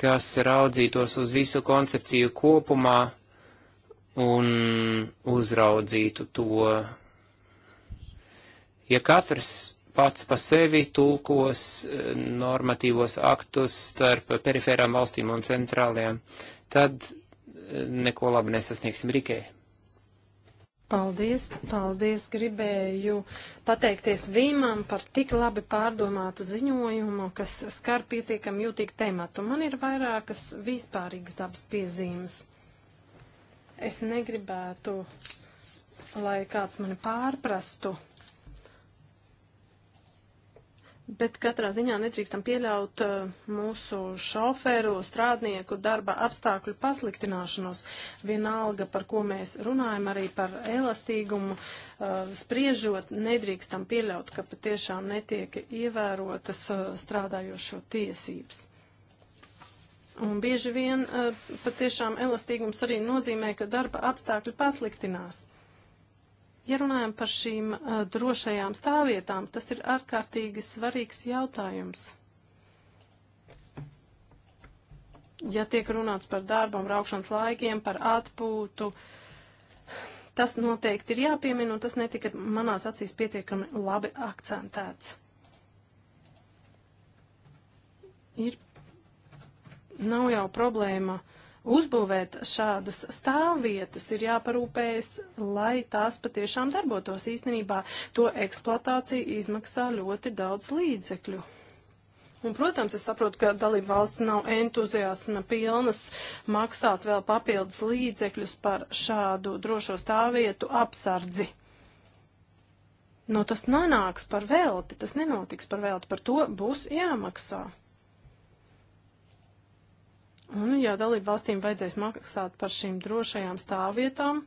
kas raudzītos uz visu koncepciju kopumā un uzraudzītu to. Ja katrs pats pa sevi tulkos eh, normatīvos aktus starp perifērām valstīm un centrālajām, tad eh, neko labi nesasniegsim Rikei. Paldies, paldies. Gribēju pateikties Vīmam par tik labi pārdomātu ziņojumu, kas skar pietiekam jūtīgu tematu. Man ir vairākas vispārīgas dabas piezīmes. Es negribētu, lai kāds mani pārprastu. Bet katrā ziņā nedrīkstam pieļaut uh, mūsu šoferu, strādnieku darba apstākļu pasliktināšanos. Vienalga, par ko mēs runājam, arī par elastīgumu uh, spriežot, nedrīkstam pieļaut, ka patiešām netiek ievērotas uh, strādājošo tiesības. Un bieži vien patiešām elastīgums arī nozīmē, ka darba apstākļi pasliktinās. Ja runājam par šīm uh, drošajām stāvvietām, tas ir ārkārtīgi svarīgs jautājums. Ja tiek runāts par darbu un braukšanas laikiem, par atpūtu, tas noteikti ir jāpiemina, un tas netika manās acīs pietiekami labi akcentēts. Ir nav jau problēma uh, uzbūvēt šādas stāvvietas, ir jāparūpējas, lai tās patiešām darbotos. Īstenībā to eksploatācija izmaksā ļoti daudz līdzekļu. Un, protams, es saprotu, ka dalība valsts nav entuziasma pilnas maksāt vēl papildus līdzekļus par šādu drošo stāvvietu apsardzi. Nu, no tas nenāks par velti, tas nenotiks par velti, par to būs jāmaksā. Un, ja dalību valstīm vajadzēs maksāt par šīm drošajām stāvvietām,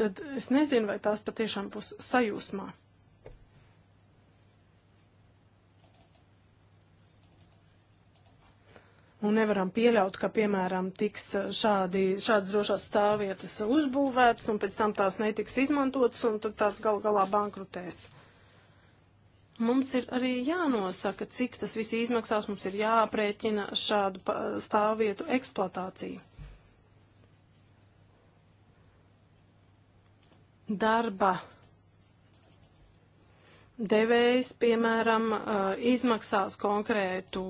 tad es nezinu, vai tās patiešām būs sajūsmā. Un nevaram pieļaut, ka, piemēram, tiks uh, šādi, šādas drošās stāvvietas uzbūvētas un pēc tam tās netiks izmantotas un tad tās gal galā bankrutēs. Mums ir arī jānosaka, cik tas viss izmaksās, mums ir jāprēķina šādu stāvvietu eksploatāciju. Darba devējs, piemēram, uh, izmaksās konkrētu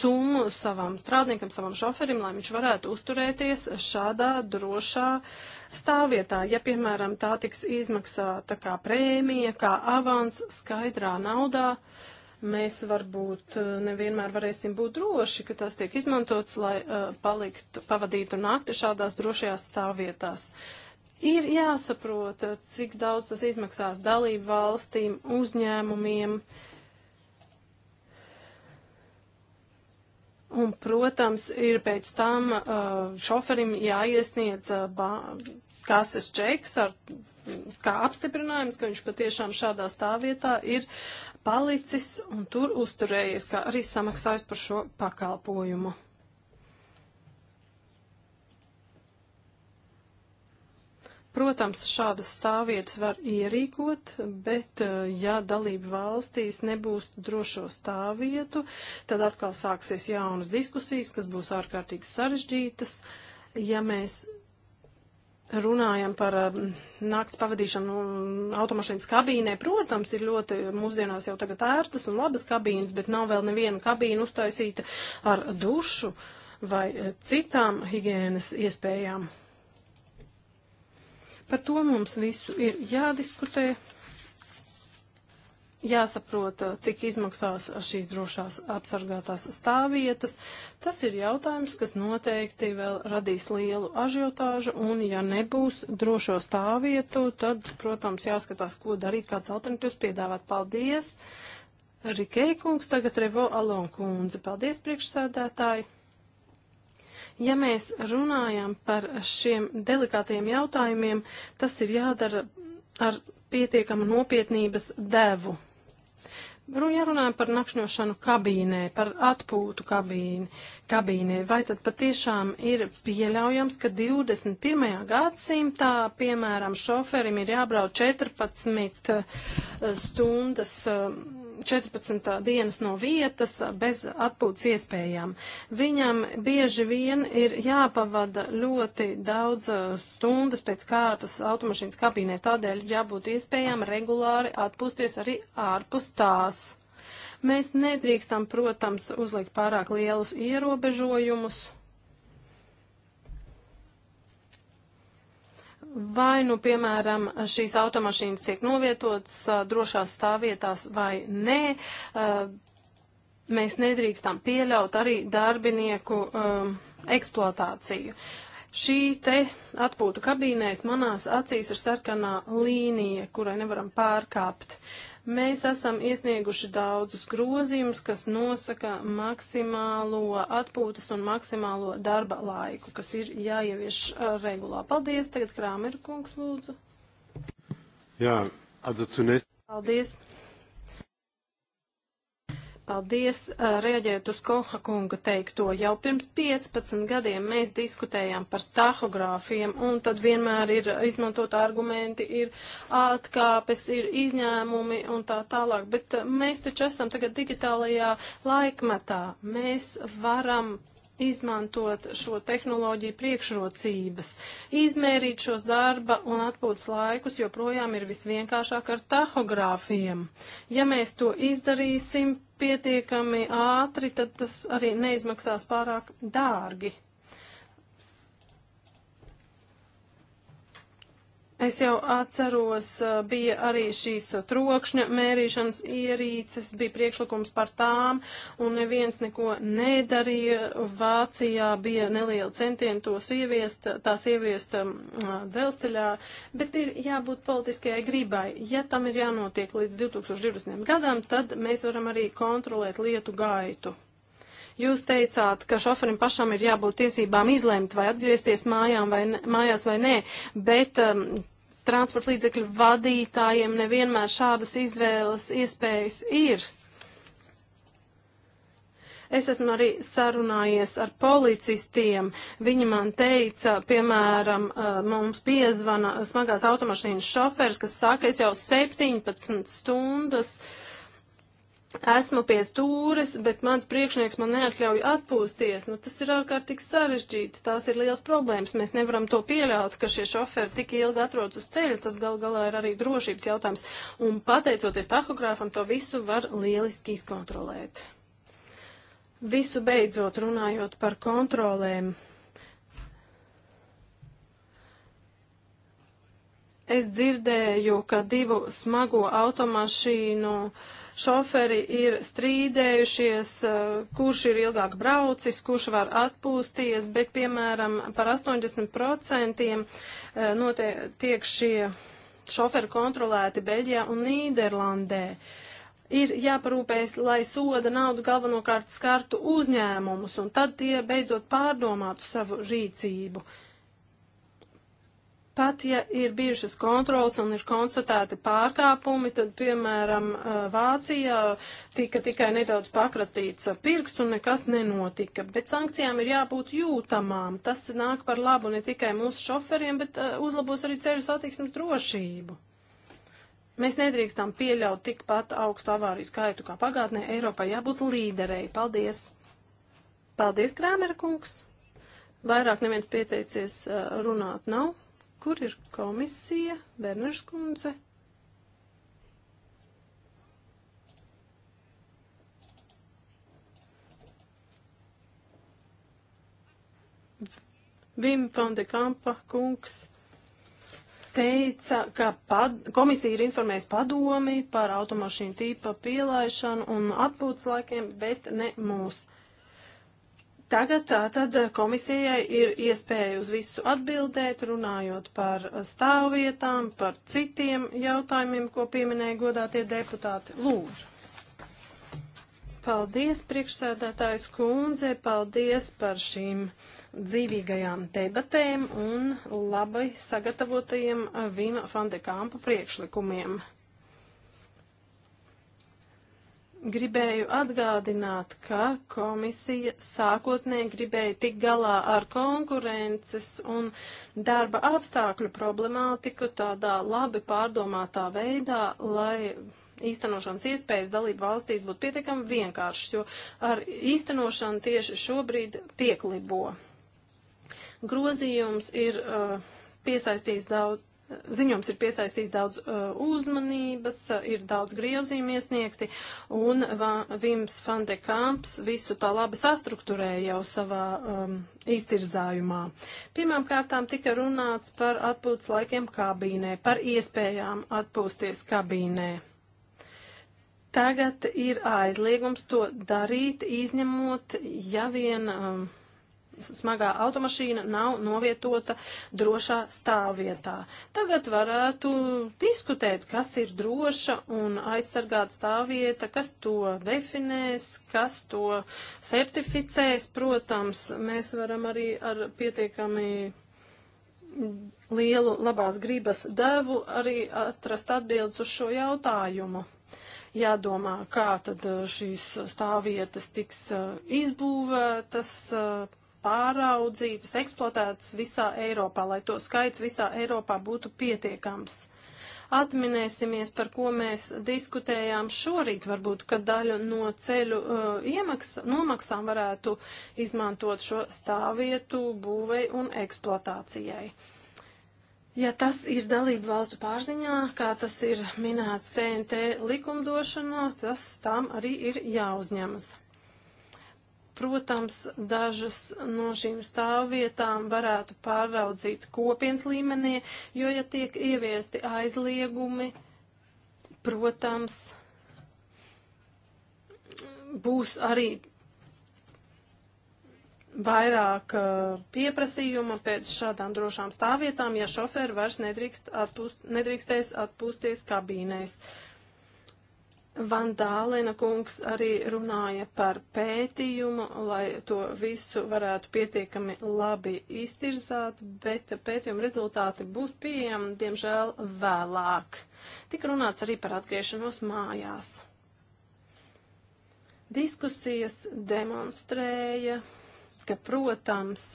summu savam strādniekam, savam šoferim, lai viņš varētu uzturēties šādā drošā uh, stāvvietā. Ja, piemēram, tā tiks izmaksāta kā prēmija, kā avans skaidrā naudā, mēs varbūt eh, nevienmēr varēsim būt droši, ka tas tiek izmantots, lai uh, eh, paliktu, pavadītu nakti šādās drošajās stāvvietās. Ir jāsaprot, eh, cik daudz tas izmaksās dalību valstīm, uzņēmumiem, uh, Un, protams, ir pēc tam uh, šoferim jāiesniedz uh, kases čeks ar kā apstiprinājums, ka viņš patiešām šādā stāvvietā ir palicis un tur uzturējies, kā arī samaksājis par šo pakalpojumu. Protams, šādas stāvvietas var ierīkot, bet eh, ja dalību valstīs nebūs drošo stāvvietu, tad atkal sāksies jaunas diskusijas, kas būs ārkārtīgi sarežģītas. Ja mēs runājam par eh, nakts pavadīšanu mm, automašīnas kabīnē, protams, ir ļoti mūsdienās jau tagad ērtas un labas kabīnes, bet nav vēl neviena kabīna uztaisīta ar dušu vai eh, citām higienas iespējām. Par to mums visu ir jādiskutē, jāsaprot, cik izmaksās šīs drošās apsargātās stāvvietas. Tas ir jautājums, kas noteikti vēl radīs lielu ažiotāžu, un ja nebūs drošo stāvvietu, tad, protams, jāskatās, ko darīt, kāds alternatīvs piedāvāt. Paldies! Rikei kungs, tagad Revo Alon kundze. Paldies, priekšsēdētāji! Ja mēs runājam par šiem delikātiem jautājumiem, tas ir jādara ar pietiekamu nopietnības devu. Ja runājam par nakšņošanu kabīnē, par atpūtu kabīni, kabīnē, vai tad patiešām ir pieļaujams, ka 21. gadsimtā, piemēram, šoferim ir jābrauc 14 eh, stundas eh, 14 dienas no vietas bez atpūtas iespējām. Viņam bieži vien ir jāpavada ļoti daudz uh, stundas pēc kārtas automašīnas kabīnē, tādēļ jābūt iespējām regulāri atpūsties arī ārpus tās. Mēs nedrīkstam, protams, uzlikt pārāk lielus ierobežojumus Vai nu, piemēram, šīs automašīnas tiek novietotas drošās stāvvietās vai nē, mēs nedrīkstam pieļaut arī darbinieku eksploatāciju. Šī te atpūta kabīnēs manās acīs ir sarkanā līnija, kurai nevaram pārkāpt. Uh, Mēs esam iesnieguši daudzus grozījumus, kas nosaka maksimālo atpūtas un maksimālo darba laiku, kas ir jāievieš uh, regulā. Paldies, tagad Krāmer kungs lūdzu. Jā, adatunies. Paldies. Paldies, reaģējot uz Koha kunga teikto. Jau pirms 15 gadiem mēs diskutējām par tahogrāfiem, un tad vienmēr ir izmantot argumenti, ir atkāpes, ir izņēmumi un tā tālāk. Bet mēs taču esam tagad digitālajā laikmetā. Mēs varam izmantot šo tehnoloģiju priekšrocības. Izmērīt šos darba un atpūtas laikus joprojām ir visvienkāršāk ar tahogrāfiem. Ja mēs to izdarīsim, pietiekami ātri, tad tas arī neizmaksās pārāk dārgi. Es jau atceros, bija arī šīs trokšņa mērīšanas ierīces, bija priekšlikums par tām, un neviens neko nedarīja. Vācijā bija neliela centiena tos ieviest, tās ieviest um, dzelzceļā, bet ir jābūt politiskajai gribai. Ja tam ir jānotiek līdz 2020. gadam, tad mēs varam arī kontrolēt lietu gaitu. Jūs teicāt, ka šoferim pašam ir jābūt tiesībām izlemt, vai atgriezties mājām vai ne, mājās vai nē, bet um, transporta līdzekļu vadītājiem nevienmēr šādas izvēles iespējas ir. Es esmu arī sarunājies ar policistiem. Viņi man teica, piemēram, uh, mums piezvana smagās automašīnas šofers, kas saka, es jau 17 stundas uh, esmu pie stūres, bet mans priekšnieks man neatļauj atpūsties. Nu, tas ir ārkārtīgi sarežģīti, tās ir liels problēmas. Mēs nevaram to pieļaut, ka šie šoferi tik ilgi atrodas uz ceļa, tas gal galā ir arī drošības jautājums. Un pateicoties tahogrāfam, to visu var lieliski izkontrolēt. Visu beidzot runājot par kontrolēm. Es dzirdēju, ka divu smago automašīnu uh, Šoferi ir strīdējušies, eh, kurš ir ilgāk braucis, kurš var atpūsties, bet, piemēram, par 80% eh, notiek tiek šie šoferi kontrolēti Beļģijā un Nīderlandē. Ir jāparūpējas, lai soda naudu galvenokārt skartu uzņēmumus, un tad tie beidzot pārdomātu savu rīcību. Uh, Pat ja ir bijušas kontrolas un ir konstatēti pārkāpumi, tad, piemēram, Vācijā tika tikai nedaudz pakratīts pirksts un nekas nenotika. Bet sankcijām ir jābūt jūtamām. Tas nāk par labu ne tikai mūsu šoferiem, bet uzlabos arī ceļu satiksmi drošību. Mēs nedrīkstam pieļaut tikpat augstu avāriju skaitu kā pagātnē. Eiropai jābūt līderei. Paldies! Paldies, Krāmera kungs! Vairāk neviens pieteicies runāt nav. Kur ir komisija, Berners kundze? Vim Fondekampa kungs teica, ka pad, komisija ir informējusi padomi par automašīnu tīpa pielaišanu un atpūtas laikiem, bet ne mūs. Tagad tātad komisijai ir iespēja uz visu atbildēt, runājot par stāvvietām, par citiem jautājumiem, ko pieminēja godātie deputāti. Lūdzu. Paldies, priekšsēdētājs kundze, paldies par šīm dzīvīgajām debatēm un labai sagatavotajiem Vima Fandekāmpa priekšlikumiem gribēju atgādināt, ka komisija sākotnēji gribēja tik galā ar konkurences un darba apstākļu problemātiku tādā labi pārdomātā veidā, lai īstenošanas iespējas dalību valstīs būtu pietiekami vienkāršas, jo ar īstenošanu tieši šobrīd pieklibo. Grozījums ir uh, piesaistījis daudz ziņojums ir piesaistījis daudz uh, uzmanības, uh, ir daudz griezījumu iesniegti, un uh, Vims Fandekāps visu tā labi sastruktūrēja jau savā um, iztirzājumā. Pirmām kārtām tika runāts par atpūtas laikiem kabīnē, par iespējām atpūsties kabīnē. Tagad ir aizliegums to darīt, izņemot, ja vien. Um, smagā automašīna nav novietota drošā stāvvietā. Tagad varētu diskutēt, kas ir droša un aizsargāta stāvvieta, kas to definēs, kas to certificēs. Protams, mēs varam arī ar pietiekami lielu labās gribas devu arī atrast atbildes uz šo jautājumu jādomā, kā tad uh, šīs stāvvietas tiks uh, izbūvētas, uh, pāraudzītas, eksploatētas visā Eiropā, lai to skaits visā Eiropā būtu pietiekams. Atminēsimies, par ko mēs diskutējām šorīt, varbūt, ka daļu no ceļu uh, iemaks, nomaksām varētu izmantot šo stāvvietu būvei un eksploatācijai. Ja tas ir dalību valstu pārziņā, kā tas ir minēts TNT likumdošanā, tas tam arī ir jāuzņemas. Protams, dažas no šīm stāvvietām varētu pāraudzīt kopienas līmenī, jo, ja tiek ieviesti aizliegumi, protams, būs arī vairāk uh, pieprasījuma pēc šādām drošām stāvvietām, ja šoferi vairs nedrīkst atpūst, nedrīkstēs atpūsties kabīnēs. Uh, Vandālena kungs arī runāja par pētījumu, lai to visu varētu pietiekami labi iztirzāt, bet pētījuma rezultāti būs pieejami, diemžēl, vēlāk. Tik runāts arī par atgriešanos mājās. Diskusijas demonstrēja ka, protams,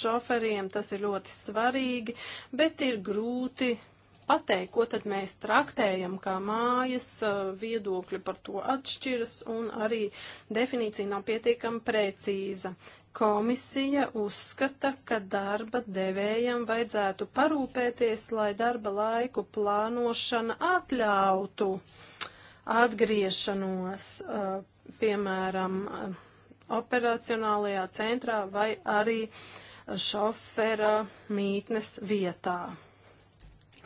šoferiem tas ir ļoti svarīgi, bet ir grūti pateikt, ko tad mēs traktējam kā mājas, viedokļi par to atšķiras un arī definīcija nav pietiekami precīza. Komisija uzskata, ka darba devējam vajadzētu parūpēties, lai darba laiku plānošana atļautu atgriešanos, piemēram, operacionālajā centrā vai arī šofera mītnes vietā.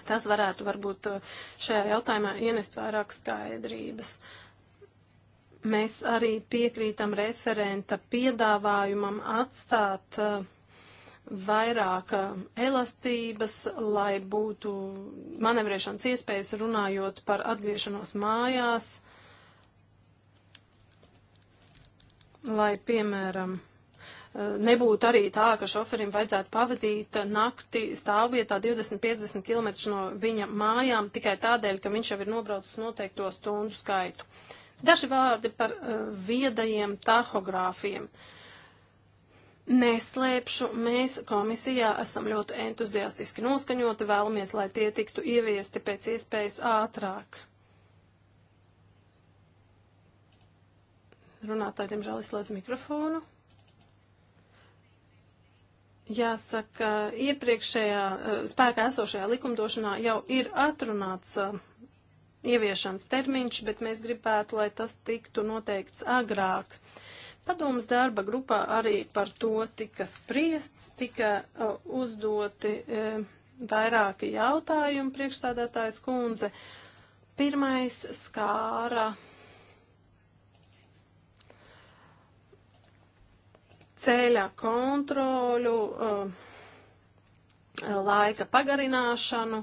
Tas varētu varbūt uh, šajā jautājumā ienest vairāk skaidrības. Mēs arī piekrītam referenta piedāvājumam atstāt uh, vairāk uh, elastības, lai būtu manevrēšanas iespējas runājot par atgriešanos mājās, lai piemēram nebūtu arī tā, ka šoferim vajadzētu pavadīt nakti stāvvietā 20-50 km no viņa mājām tikai tādēļ, ka viņš jau ir nobraucis noteikto stundu skaitu. Daži vārdi par uh, viedajiem tahogrāfiem. Neslēpšu, mēs komisijā esam ļoti entuziastiski noskaņoti, vēlamies, lai tie tiktu ieviesti pēc iespējas ātrāk. Runātāji, diemžēl, izslēdz mikrofonu. Jāsaka, iepriekšējā eh, spēkā esošajā likumdošanā jau ir atrunāts eh, ieviešanas termiņš, bet mēs gribētu, lai tas tiktu noteikts agrāk. Padomas darba grupā arī par to tika spriests, tika uh, uzdoti uh, vairāki jautājumi priekšstādātājs kundze. Pirmais skāra ceļa kontroļu, uh, laika pagarināšanu.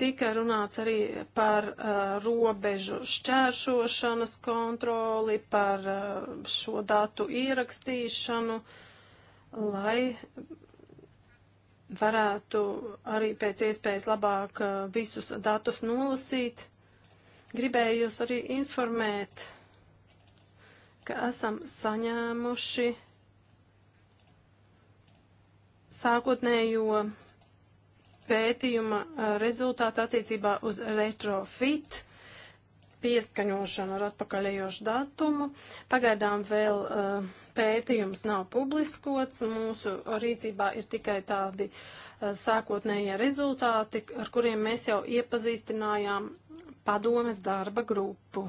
Tika runāts arī par uh, robežu šķēršošanas kontroli, par uh, šo datu ierakstīšanu, lai varētu arī pēc iespējas labāk visus datus nolasīt. Gribēju jūs arī informēt ka esam saņēmuši sākotnējo pētījuma uh, rezultātu attiecībā uz retrofit pieskaņošanu ar atpakaļējošu datumu. Pagaidām vēl uh, pētījums nav publiskots, mūsu rīcībā ir tikai tādi uh, sākotnējie rezultāti, ar kuriem mēs jau iepazīstinājām padomes darba grupu.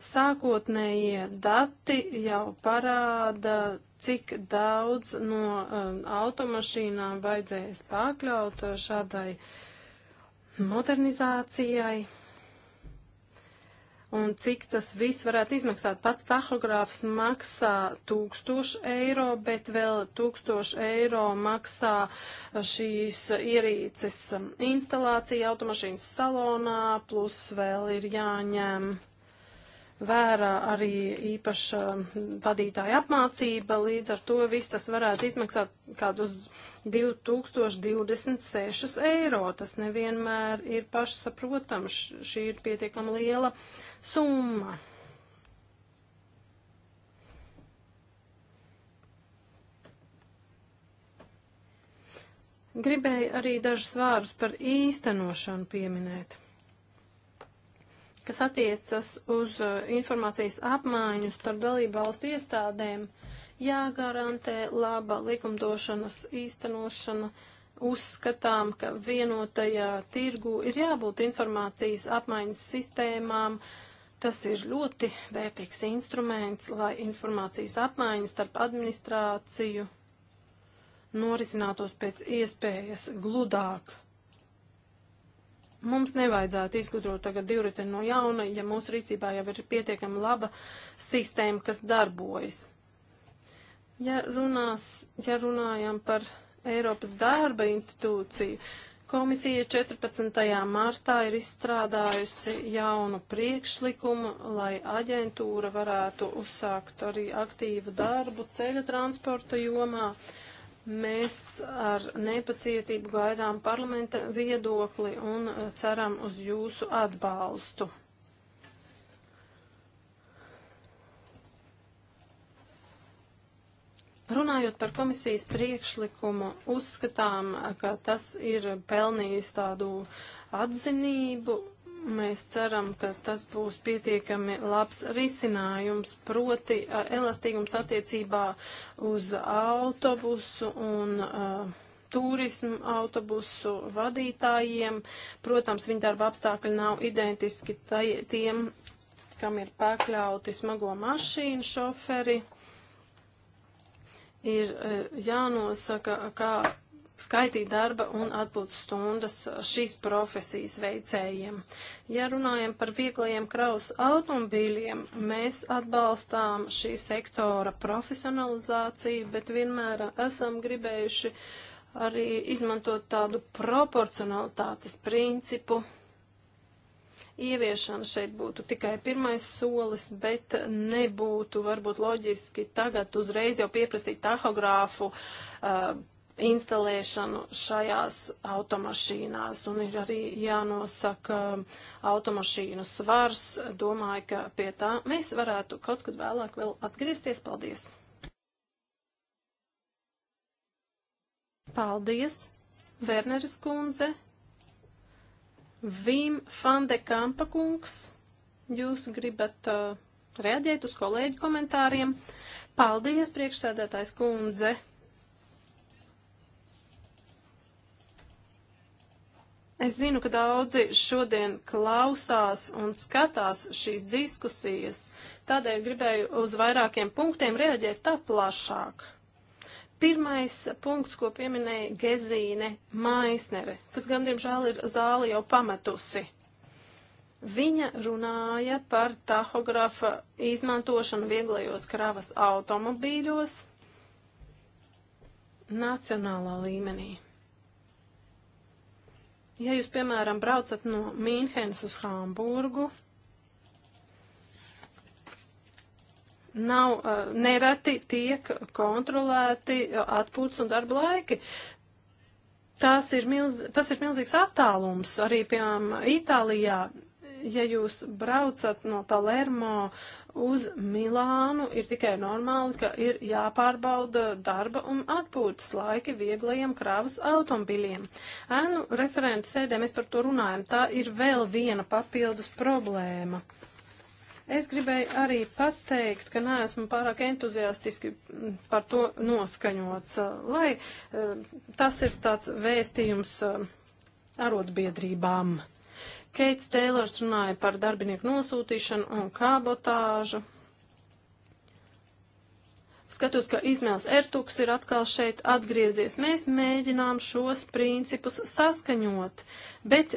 Sākotnējie dati jau parāda, cik daudz no um, automašīnām vajadzēs pakļaut uh, šādai modernizācijai un cik tas viss varētu izmaksāt. Pats tahogrāfs maksā 1000 eiro, bet vēl 1000 eiro maksā šīs ierīces instalācija automašīnas salonā, plus vēl ir jāņem vērā arī īpaša vadītāja apmācība, līdz ar to viss tas varētu izmaksāt kādus 2026 eiro. Tas nevienmēr ir pašsaprotams, šī ir pietiekama liela summa. Gribēju arī dažus vārus par īstenošanu pieminēt kas attiecas uz uh, informācijas apmaiņu starp dalību valstu iestādēm, jāgarantē laba likumdošanas īstenošana. Uzskatām, ka vienotajā tirgu ir jābūt informācijas apmaiņas sistēmām, uh, Tas ir ļoti vērtīgs instruments, lai informācijas apmaiņa starp administrāciju norisinātos pēc iespējas gludāk. Mums nevajadzētu izgudrot tagad divriteni no jauna, ja mūsu rīcībā jau ir pietiekami laba sistēma, kas darbojas. Ja, runās, ja runājam par Eiropas darba institūciju, komisija 14. martā ir izstrādājusi jaunu priekšlikumu, lai aģentūra varētu uzsākt arī aktīvu darbu ceļa transporta jomā. Uh, Mēs ar nepacietību gaidām parlamenta viedokli un uh, ceram uz jūsu atbalstu. Runājot par komisijas priekšlikumu, uzskatām, ka tas ir pelnījis tādu atzinību Mēs ceram, ka tas būs pietiekami labs risinājums, proti elastīgums attiecībā uz autobusu un uh, turismu autobusu vadītājiem. Protams, viņa darba apstākļi nav identiski tai, tiem, kam ir pakļauti smago mašīnu šoferi. Ir uh, jānosaka, kā skaitīt darba un atpūtas stundas šīs profesijas veicējiem. Ja runājam par vieglajiem kraus automobīļiem, mēs atbalstām šī sektora profesionalizāciju, bet vienmēr esam gribējuši arī izmantot tādu proporcionalitātes principu, ieviešana šeit būtu tikai pirmais solis, bet nebūtu varbūt loģiski tagad uzreiz jau pieprasīt tahogrāfu uh, instalēšanu šajās automašīnās. Un ir arī jānosaka automašīnu svars. Domāju, ka pie tā mēs varētu kaut kad vēlāk vēl atgriezties. Paldies! Paldies, Werneris kundze, Vim Fandekampa kungs. Jūs gribat uh, reaģēt uz kolēģu komentāriem. Paldies, priekšsēdētājs kundze. Es zinu, ka daudzi šodien klausās un skatās šīs diskusijas, tādēļ gribēju uz vairākiem punktiem reaģēt tā plašāk. Pirmais punkts, ko pieminēja Gezīne Maisnere, kas gan, diemžēl, ir zāli jau pametusi. Viņa runāja par tahografa izmantošanu vieglajos kravas automobīļos nacionālā līmenī. Ja jūs, piemēram, braucat no Mīnhenes uz Hamburgu, nav uh, nereti tiek kontrolēti eh, atpūtas un darba laiki. Tas ir, milz, tas ir milzīgs attālums arī, piemēram, Itālijā. Ja jūs braucat no Palermo uz Milānu, ir tikai normāli, ka ir jāpārbauda darba un atpūtas laiki vieglajiem krāvas automobiļiem. Ēnu referentu sēdē mēs par to runājam. Tā ir vēl viena papildus problēma. Es gribēju arī pateikt, ka neesmu pārāk entuziastiski par to noskaņots, lai eh, tas ir tāds vēstījums eh, arotbiedrībām. Keits Teilors runāja par darbinieku nosūtīšanu un kābotāžu. Skatos, ka Izmēls Ertuks ir atkal šeit atgriezies. Mēs mēģinām šos principus saskaņot, bet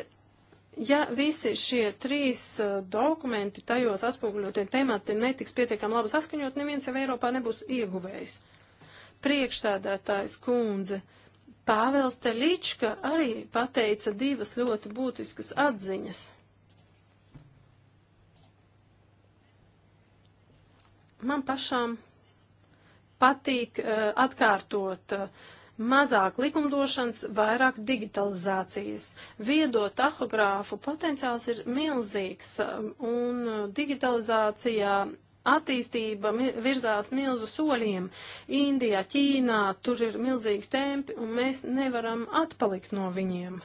ja visi šie trīs uh, dokumenti tajos atspoguļotie temati netiks pietiekami labi saskaņot, neviens jau Eiropā nebūs ieguvējis. Priekšsēdētājs kundze, Pāvels Teļička arī pateica divas ļoti būtiskas atziņas. Man pašām patīk uh, atkārtot uh, mazāk likumdošanas, vairāk digitalizācijas. Viedo tahogrāfu potenciāls ir milzīgs, eh, un digitalizācijā attīstība virzās milzu soļiem. Indijā, Ķīnā tur ir milzīgi tempi, un mēs nevaram atpalikt no viņiem.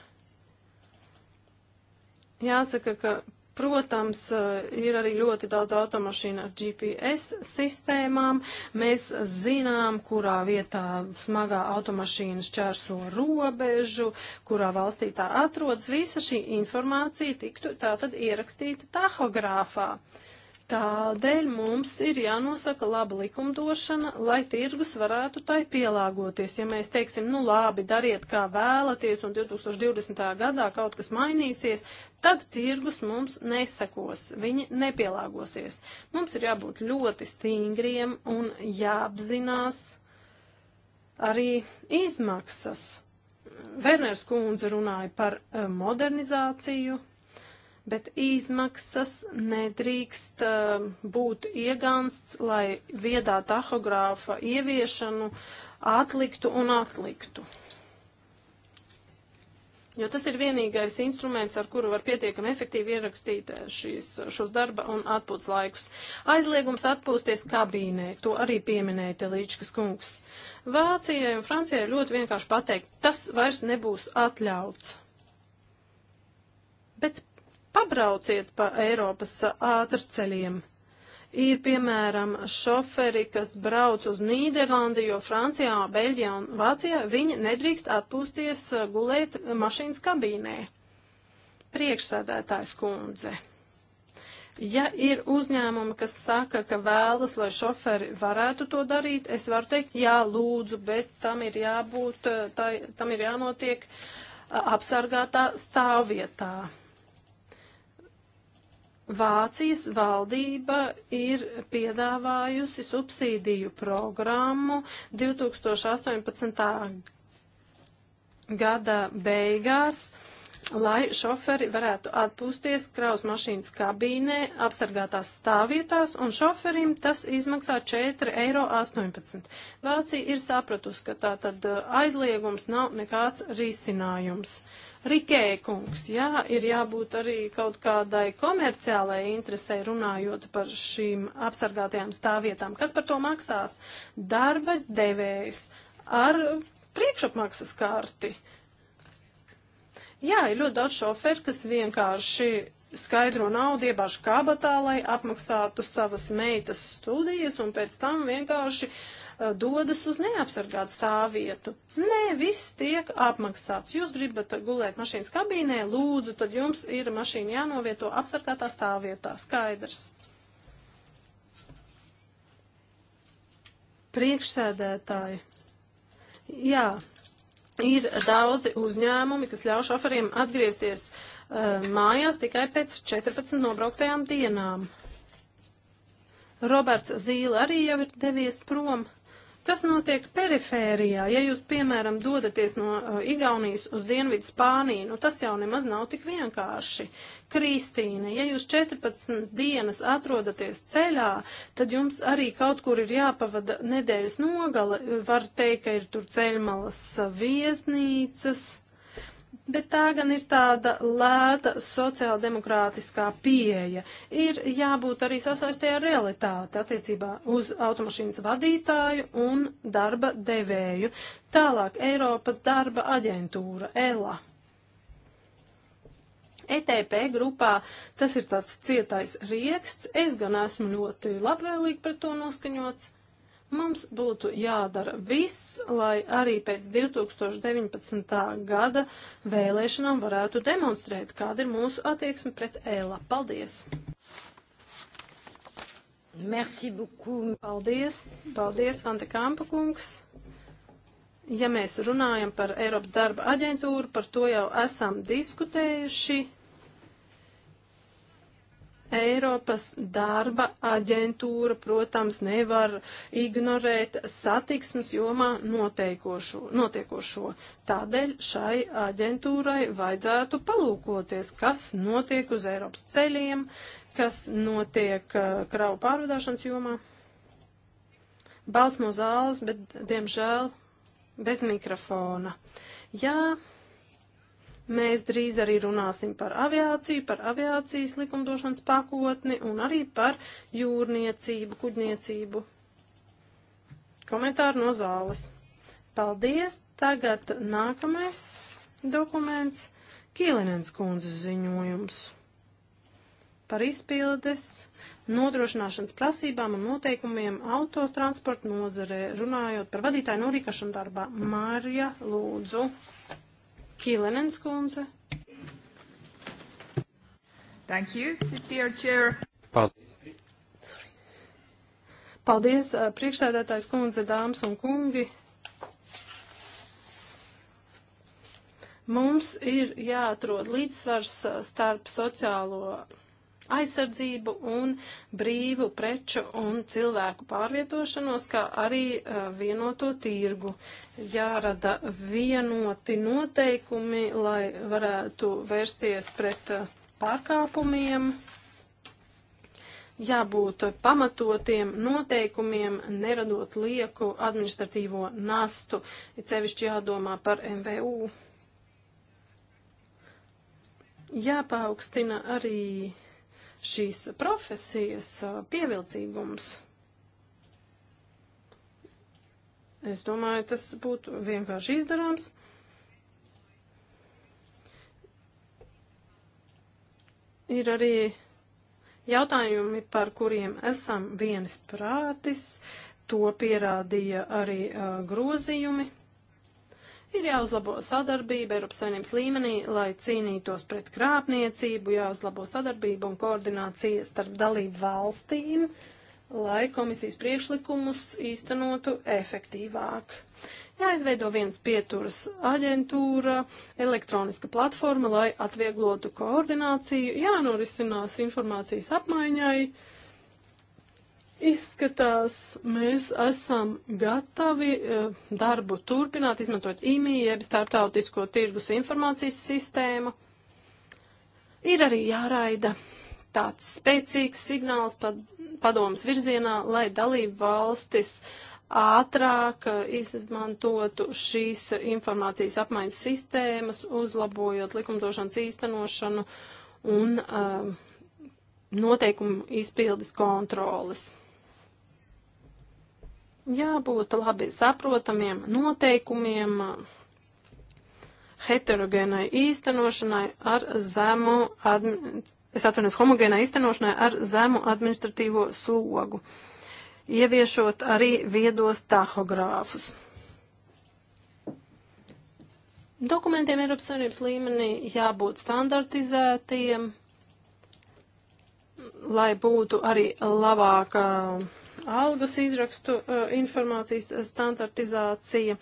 Jāsaka, ka, protams, eh, ir arī ļoti daudz automašīnu ar GPS sistēmām. Mēs zinām, kurā vietā smagā automašīna šķērso robežu, kurā valstī tā atrodas. Visa šī informācija tiktu tātad ierakstīta tahogrāfā. Uh, Tādēļ mums ir jānosaka laba likumdošana, lai tirgus varētu tai pielāgoties. Ja mēs teiksim, nu labi, dariet kā vēlaties un 2020. gadā kaut kas mainīsies, tad tirgus mums nesekos, viņi nepielāgosies. Mums ir jābūt ļoti stingriem un jāapzinās arī izmaksas. Verners kundze runāja par eh, modernizāciju, bet izmaksas nedrīkst uh, būt iegansts, lai viedā tahogrāfa ieviešanu atliktu un atliktu. Jo tas ir vienīgais instruments, ar kuru var pietiekami efektīvi ierakstīt uh, šīs, uh, šos darba un atpūtas laikus. Aizliegums atpūsties kabīnē, to arī pieminēja Telīčkas kungs. Vācijai un Francijai ļoti vienkārši pateikt, tas vairs nebūs atļauts. Bet pabrauciet pa Eiropas ātrceļiem. Ir, piemēram, šoferi, kas brauc uz Nīderlandi, jo Francijā, Beļģijā un Vācijā viņi nedrīkst atpūsties gulēt mašīnas kabīnē. Priekšsēdētājs kundze. Ja ir uzņēmumi, kas saka, ka vēlas, lai šoferi varētu to darīt, es varu teikt, jā, lūdzu, bet tam ir jābūt, tā, tam ir jānotiek apsargātā stāvvietā. Vācijas valdība ir piedāvājusi subsīdiju programmu 2018. gada beigās lai šoferi varētu atpūsties kraus mašīnas kabīnē, apsargātās stāvvietās, un šoferim tas izmaksā 4,18 eiro. Vācija ir sapratusi, ka tā tad eh, aizliegums nav nekāds risinājums. Uh, Rikēja kungs, jā, ir jābūt arī kaut kādai komerciālai interesē runājot par šīm apsargātajām stāvvietām. Kas par to maksās? Darba devējs ar priekšapmaksas karti. Jā, ir ļoti daudz šoferi, kas vienkārši skaidro naudu iebāž kabatā, lai apmaksātu savas meitas studijas un pēc tam vienkārši uh, Eh, dodas uz neapsargātu stāvvietu. Nē, viss tiek apmaksāts. Jūs gribat gulēt mašīnas kabīnē, lūdzu, tad jums ir mašīna jānovieto apsargātā stāvvietā. Skaidrs. Priekšsēdētāji. Jā, ir daudzi uzņēmumi, kas ļauj šoferiem atgriezties uh, mājās tikai pēc 14 nobrauktajām dienām. Roberts Zīle arī jau ir devies prom. Kas notiek perifērijā? Ja jūs, piemēram, dodaties no uh, Igaunijas uz Dienvidu Spāniju, nu tas jau nemaz nav tik vienkārši. Kristīne, ja jūs 14 dienas atrodaties ceļā, tad jums arī kaut kur ir jāpavada nedēļas nogale. Var teikt, ka ir tur ceļmalas uh, viesnīcas Bet tā gan ir tāda lēta sociāldemokrātiskā pieeja. Ir jābūt arī sasaistē ar realitāti attiecībā uz automašīnas vadītāju un darba devēju. Tālāk Eiropas darba aģentūra ELA. ETP grupā tas ir tāds cietais rieksts. Es gan esmu ļoti labvēlīgi pret to noskaņots. Mums būtu jādara viss, lai arī pēc 2019. gada vēlēšanām varētu demonstrēt, kāda ir mūsu attieksme pret ēlā. Paldies! Merci beaucoup! Paldies! Paldies, Vante Kampa kungs! Ja mēs runājam par Eiropas darba aģentūru, par to jau esam diskutējuši. Eiropas darba aģentūra, protams, nevar ignorēt satiksmes jomā notiekošo. Tādēļ šai aģentūrai vajadzētu palūkoties, kas notiek uz Eiropas ceļiem, kas notiek uh, kravu pārvadāšanas jomā. Balsts no zāles, bet, diemžēl, bez mikrofona. Jā. Ja Mēs drīz arī runāsim par aviāciju, par aviācijas likumdošanas pakotni un arī par jūrniecību, kuģniecību. Komentāri no zāles. Paldies! Tagad nākamais dokuments - Kīlinens kundzes ziņojums par izpildes nodrošināšanas prasībām un noteikumiem autotransporta nozarē, runājot par vadītāju norīkašanu darbā. Mārja, lūdzu. Kilenens kundze. Thank you, dear chair. Paldies. Paldies, uh, priekšsēdētājs kundze, dāmas un kungi. Mums ir jāatrod līdzsvars uh, starp sociālo aizsardzību un brīvu preču un cilvēku pārvietošanos, kā arī uh, vienoto tirgu. Jārada vienoti noteikumi, lai varētu vērsties pret uh, pārkāpumiem. Jābūt pamatotiem noteikumiem, neradot lieku administratīvo nastu, ir sevišķi jādomā par MVU. Jāpaukstina arī uh, šīs profesijas pievilcīgums. Es domāju, tas būtu vienkārši izdarāms. Ir arī jautājumi, par kuriem esam vienisprātis, to pierādīja arī uh, grozījumi. Ir jāuzlabo sadarbība Eiropas Savienības līmenī, lai cīnītos pret krāpniecību, jāuzlabo sadarbība un koordinācija starp dalību valstīm, lai komisijas priekšlikumus īstenotu efektīvāk. Jāizveido viens pieturas aģentūra, elektroniska platforma, lai atvieglotu koordināciju, jānorisinās informācijas apmaiņai Izskatās, mēs esam gatavi e, darbu turpināt, izmantot IMI, jeb starptautisko tirgus informācijas sistēmu. Ir arī jāraida tāds spēcīgs signāls pad, padomas virzienā, lai dalību valstis ātrāk e, izmantotu šīs informācijas apmaiņas sistēmas, uzlabojot likumdošanas īstenošanu un uh, noteikumu izpildes kontrolas jābūt labi saprotamiem noteikumiem heterogēnai īstenošanai ar zemu, admi, es atvainojos, homogēnai īstenošanai ar zemu administratīvo slogu, ieviešot arī viedos tahogrāfus. Dokumentiem Eiropas Savienības līmenī jābūt standartizētiem, lai būtu arī labāka uh, algas izrakstu uh, informācijas standartizācija.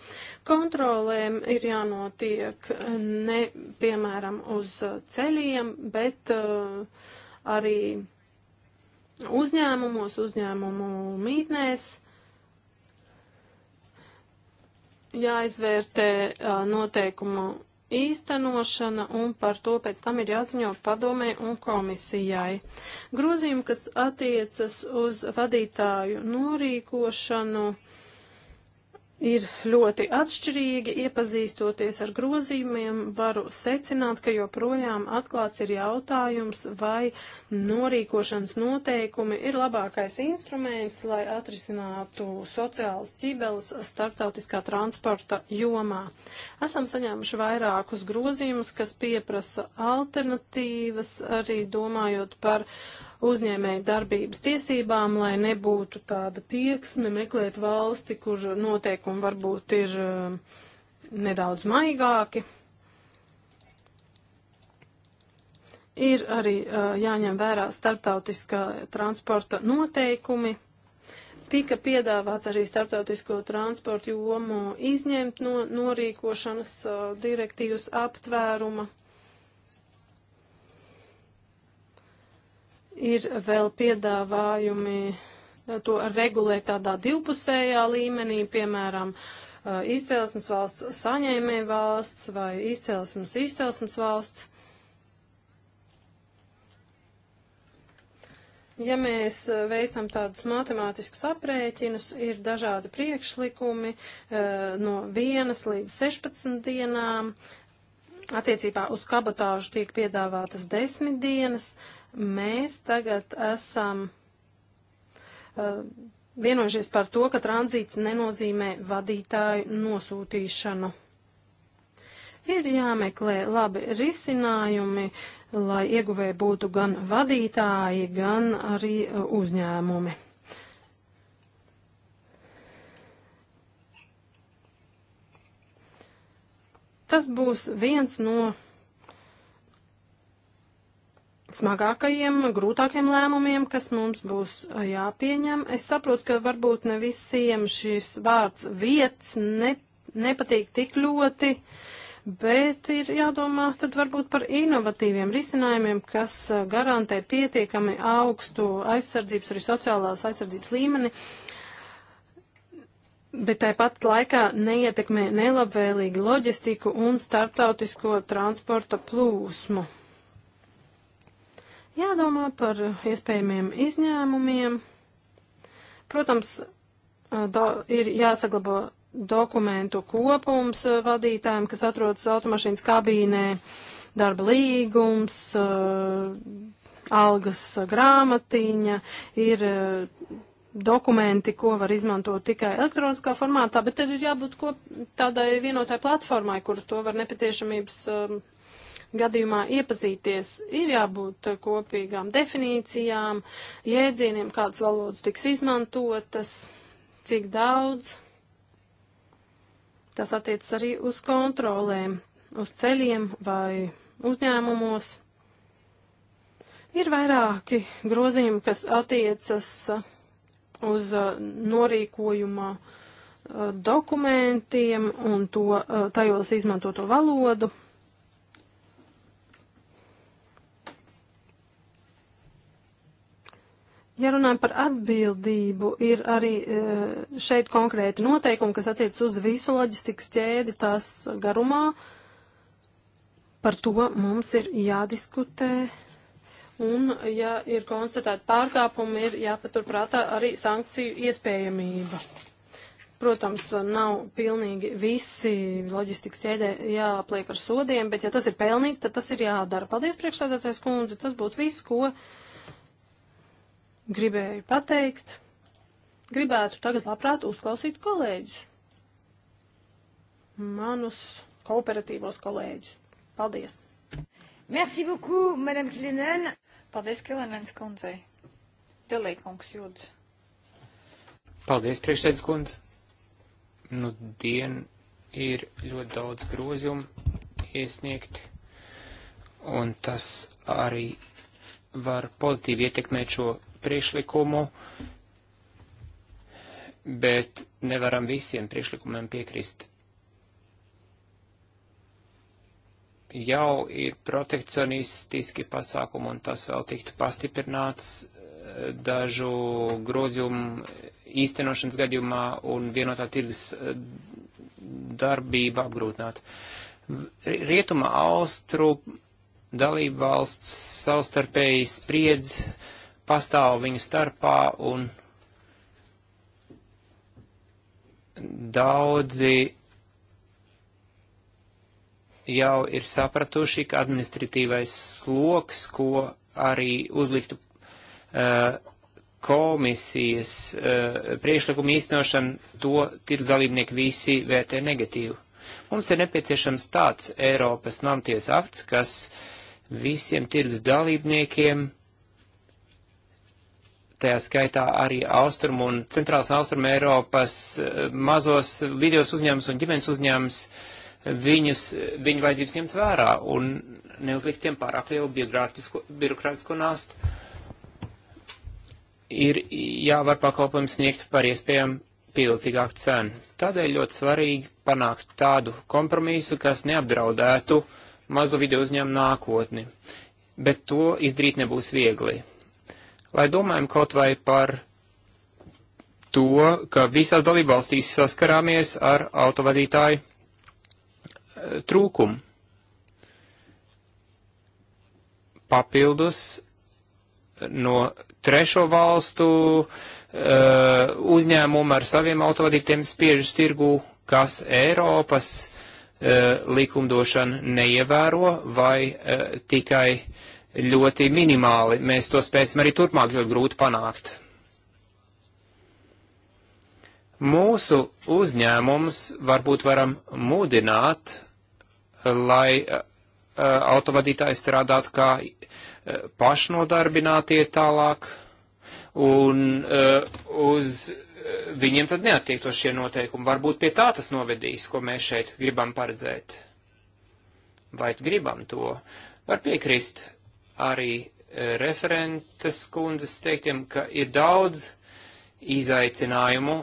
Kontrolēm ir jānotiek eh, ne, piemēram, uz eh, ceļiem, bet uh, arī uzņēmumos, uzņēmumu mītnēs jāizvērtē noteikumu īstenošana, un par to pēc tam ir jāziņo padomē un komisijai. Grozījumi, kas attiecas uz vadītāju norīkošanu, ir ļoti atšķirīgi. Iepazīstoties ar grozījumiem, varu secināt, ka joprojām atklāts ir jautājums, vai norīkošanas noteikumi ir labākais instruments, lai atrisinātu sociālas ķibeles startautiskā transporta jomā. Esam saņēmuši vairākus grozījumus, kas pieprasa alternatīvas, arī domājot par uh, uzņēmēju darbības tiesībām, lai nebūtu tāda tieksme meklēt valsti, kur noteikumi varbūt ir eh, nedaudz maigāki. Ir arī eh, jāņem vērā starptautiskā transporta noteikumi tika piedāvāts arī starptautisko transportu jomu izņemt no norīkošanas eh, direktīvas aptvēruma. Ir vēl piedāvājumi eh, to regulēt tādā divpusējā līmenī, piemēram, eh, izcelsmes valsts saņēmē valsts vai izcelsmes izcelsmes valsts. Ja mēs eh, veicam tādus matemātiskus aprēķinus, ir dažādi priekšlikumi no 1 līdz 16 dienām. Attiecībā uz kabatāžu tiek piedāvātas 10 dienas. Uh, Mēs tagad esam uh, vienojušies par to, ka tranzīts nenozīmē vadītāju nosūtīšanu. Ir jāmeklē labi risinājumi, lai ieguvē būtu gan vadītāji, gan arī uh, uzņēmumi. Tas būs viens no smagākajiem, grūtākiem lēmumiem, kas mums būs jāpieņem. Es saprotu, ka varbūt ne visiem šis vārds vietas ne, nepatīk tik ļoti, bet ir jādomā tad varbūt par inovatīviem risinājumiem, kas garantē pietiekami augstu aizsardzības, arī sociālās aizsardzības līmeni. Bet tāpat laikā neietekmē nelabvēlīgi loģistiku un starptautisko transporta plūsmu. Jādomā par iespējamiem izņēmumiem. Protams, do, ir jāsaglabā dokumentu kopums vadītājiem, kas atrodas automašīnas kabīnē, darba līgums, algas grāmatiņa, ir dokumenti, ko var izmantot tikai elektroniskā formātā, bet tad ir jābūt kop, tādai vienotai platformai, kur to var nepatiešamības gadījumā iepazīties. Ir jābūt kopīgām definīcijām, jēdzieniem, kādas valodas tiks izmantotas, cik daudz. Tas attiecas arī uz kontrolēm, uz ceļiem vai uzņēmumos. Ir vairāki grozījumi, kas attiecas uz uh, norīkojuma uh, dokumentiem un to, uh, tajos izmantoto valodu. Ja runājam par atbildību, ir arī eh, šeit konkrēti noteikumi, kas attiec uz visu loģistikas ķēdi tās garumā. Par to mums ir jādiskutē. Un, ja ir konstatēta pārkāpuma, ir jāpaturprātā arī sankciju iespējamība. Protams, nav pilnīgi visi loģistikas ķēdē jāpliek ar sodiem, bet ja tas ir pelnīgi, tad tas ir jādara. Paldies, priekšsēdētais kundze, tas būtu viss, ko gribēju pateikt. Gribētu tagad labprāt uzklausīt kolēģus. Manus kooperatīvos kolēģus. Paldies! Merci beaucoup, Madame Kilinen. Paldies, Kilinens kundzei. Delīkungs jūdz. Paldies, priekšsēdus kundze. Nu, dien ir ļoti daudz grozījumu iesniegt, un tas arī var pozitīvi ietekmēt šo priešlikumu, bet nevaram visiem priešlikumiem piekrist. Jau ir protekcionistiski pasākumi, un tas vēl tiktu pastiprināts eh, dažu grozījumu īstenošanas gadījumā un vienotā tirgus eh, darbība apgrūtināt. Rietuma austru dalību valsts savstarpēji spriedz pastāv viņu starpā un daudzi jau ir sapratuši, ka administratīvais sloks, ko arī uzliktu uh, komisijas uh, eh, priešlikuma īstenošana, to tirgus dalībnieki visi vērtē negatīvi. Mums ir nepieciešams tāds Eiropas namtiesa akts, kas uh, visiem tirgus dalībniekiem, tajā skaitā arī Austrum un Centrālas Austrum Eiropas eh, mazos vidējos uzņēmums un ģimenes uzņēmums, viņus, viņu vajadzības ņemt vērā un neuzlikt tiem pārāk lielu birokrātisko nastu. Ir jāvar pakalpojums sniegt par iespējām pievilcīgāku cenu. Tādēļ ļoti svarīgi panākt tādu kompromisu, kas neapdraudētu uh, mazo video uzņēmumu nākotni, bet to izdarīt nebūs viegli. Lai domājam kaut vai par to, ka visās dalībvalstīs saskarāmies ar autovadītāju eh, trūkumu. Papildus eh, no trešo valstu eh, uzņēmumu ar saviem autovadītiem spiežas tirgu, kas Eiropas Eh, likumdošana neievēro vai eh, tikai ļoti minimāli. Mēs to spēsim arī turpmāk ļoti grūti panākt. Mūsu uzņēmums varbūt varam mudināt, lai eh, autovadītāji strādātu kā pašnodarbinātie tālāk un uz viņiem tad neattiektos šie noteikumi. Varbūt pie tā tas novedīs, ko mēs šeit gribam paredzēt. Vai gribam to? Var piekrist arī e, referentes kundzes teiktiem, ka ir daudz izaicinājumu,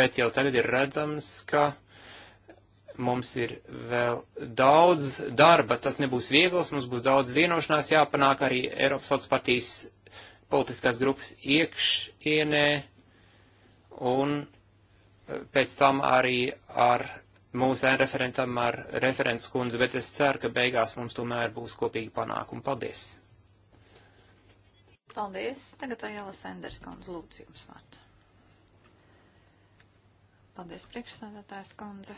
bet jau tagad ir redzams, ka mums ir vēl daudz darba, tas nebūs viegls, mums būs daudz vienošanās jāpanāk arī Eiropas Sociālās partijas politiskās grupas iekšienē un e, pēc tam arī ar mūsu referentam, ar referents kundzi, bet es ceru, ka beigās mums tomēr būs kopīgi panākumi. Paldies! Paldies! Tagad Ajala Sanders kundze lūdzu jums vārdu. Paldies, priekšsādātājs kundze.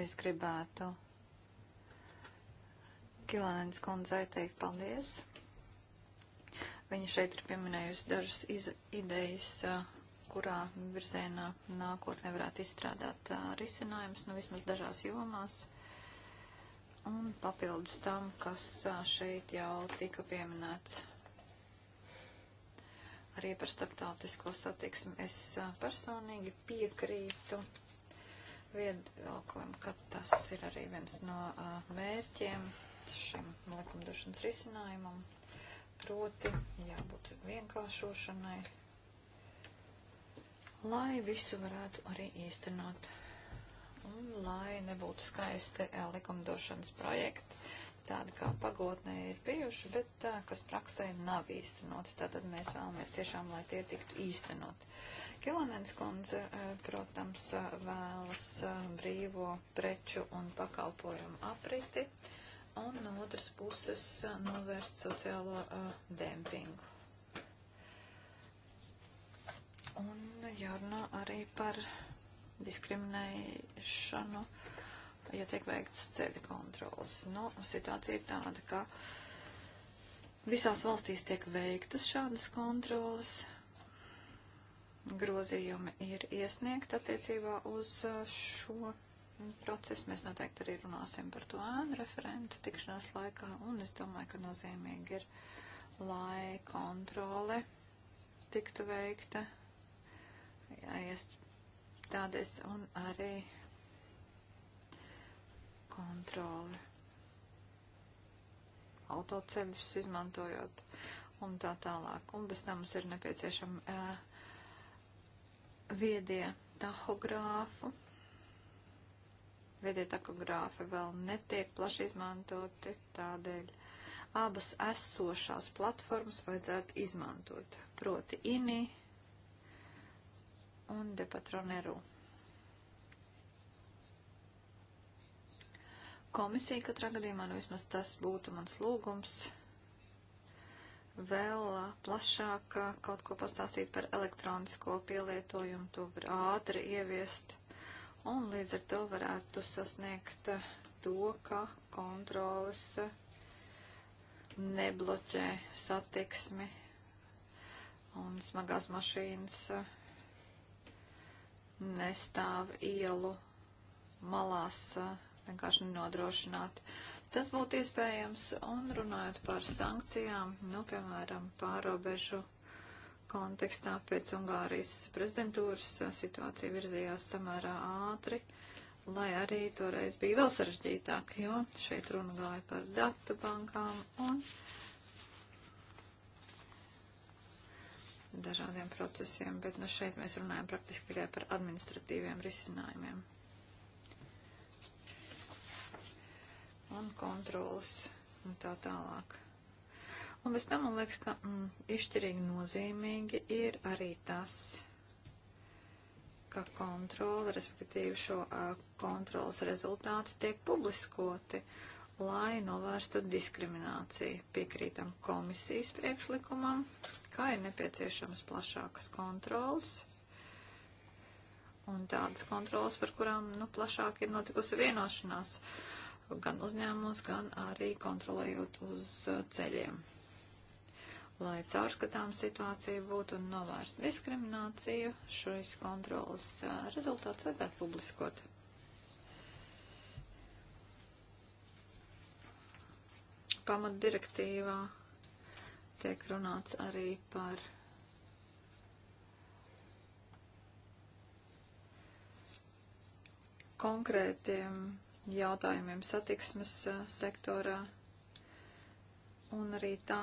Es gribētu Kilēnens kundzei teikt paldies. Viņa šeit ir pieminējusi dažas iz, idejas, kurā virzienā nākotnē varētu izstrādāt risinājumus, nu vismaz dažās jomās. Un papildus tam, kas šeit jau tika pieminēts arī par starptautisko satiksmi, es personīgi piekrītu viedoklim, ka tas ir arī viens no mērķiem. Uh, šim likumdošanas risinājumam, proti jābūt vienkāršošanai, lai visu varētu arī īstenot un lai nebūtu skaisti eh, likumdošanas projekti, tādi kā pagotnē ir bijuši, bet tā, eh, kas praksē nav īstenoti. Tātad mēs vēlamies tiešām, lai tie tiktu īstenot. Kilonēns kundze, eh, protams, vēlas brīvo preču un pakalpojumu apriti. Uh, un no otras puses eh, novērst sociālo uh, dempingu. Un jārunā arī par diskriminēšanu, ja tiek veikts ceļa kontrols. Nu, situācija ir tāda, ka visās valstīs tiek veiktas šādas kontrolas. Grozījumi ir iesniegt attiecībā uz eh, šo procesu. Mēs noteikti arī runāsim par to ēnu referentu tikšanās laikā, un es domāju, ka nozīmīgi ir, lai kontrole tiktu veikta, jāiest tādas un arī kontrole autoceļus izmantojot un tā tālāk. Un bez tam mums ir nepieciešama viedie tahogrāfu Videotakogrāfi vēl netiek plaši izmantoti, tādēļ abas esošās platformas vajadzētu izmantot, proti INI un Depatroneru. Komisija katrā gadījumā, nu vismaz tas būtu mans lūgums, vēl plašāk kaut ko pastāstīt par elektronisko pielietojumu, to var ātri ieviest un līdz ar to varētu sasniegt to, ka kontrolas nebloķē satiksmi un smagās mašīnas nestāv ielu malās vienkārši nenodrošināti. Tas būtu iespējams, un runājot par sankcijām, nu, piemēram, pārobežu kontekstā pēc Ungārijas prezidentūras situācija virzījās samērā ātri, lai arī toreiz bija vēl sarežģītāk, jo šeit runa gāja par datu bankām un dažādiem procesiem, bet nu šeit mēs runājam praktiski tikai par administratīviem risinājumiem. Un kontrols un tā tālāk. Un bez tam, man liekas, ka mm, izšķirīgi nozīmīgi ir arī tas, ka kontrola, respektīvi šo uh, kontrolas rezultāti tiek publiskoti, lai novērstu diskrimināciju. Piekrītam komisijas priekšlikumam, kā ir nepieciešams plašākas kontrolas un tādas kontrolas, par kurām nu, plašāk ir notikusi vienošanās gan uzņēmumos, gan arī kontrolējot uz ceļiem lai caurskatām situācija būtu un novērst diskrimināciju. Šīs kontrolas rezultāts vajadzētu publiskot. Pamatdirektīvā tiek runāts arī par konkrētiem jautājumiem satiksmes sektorā un arī tā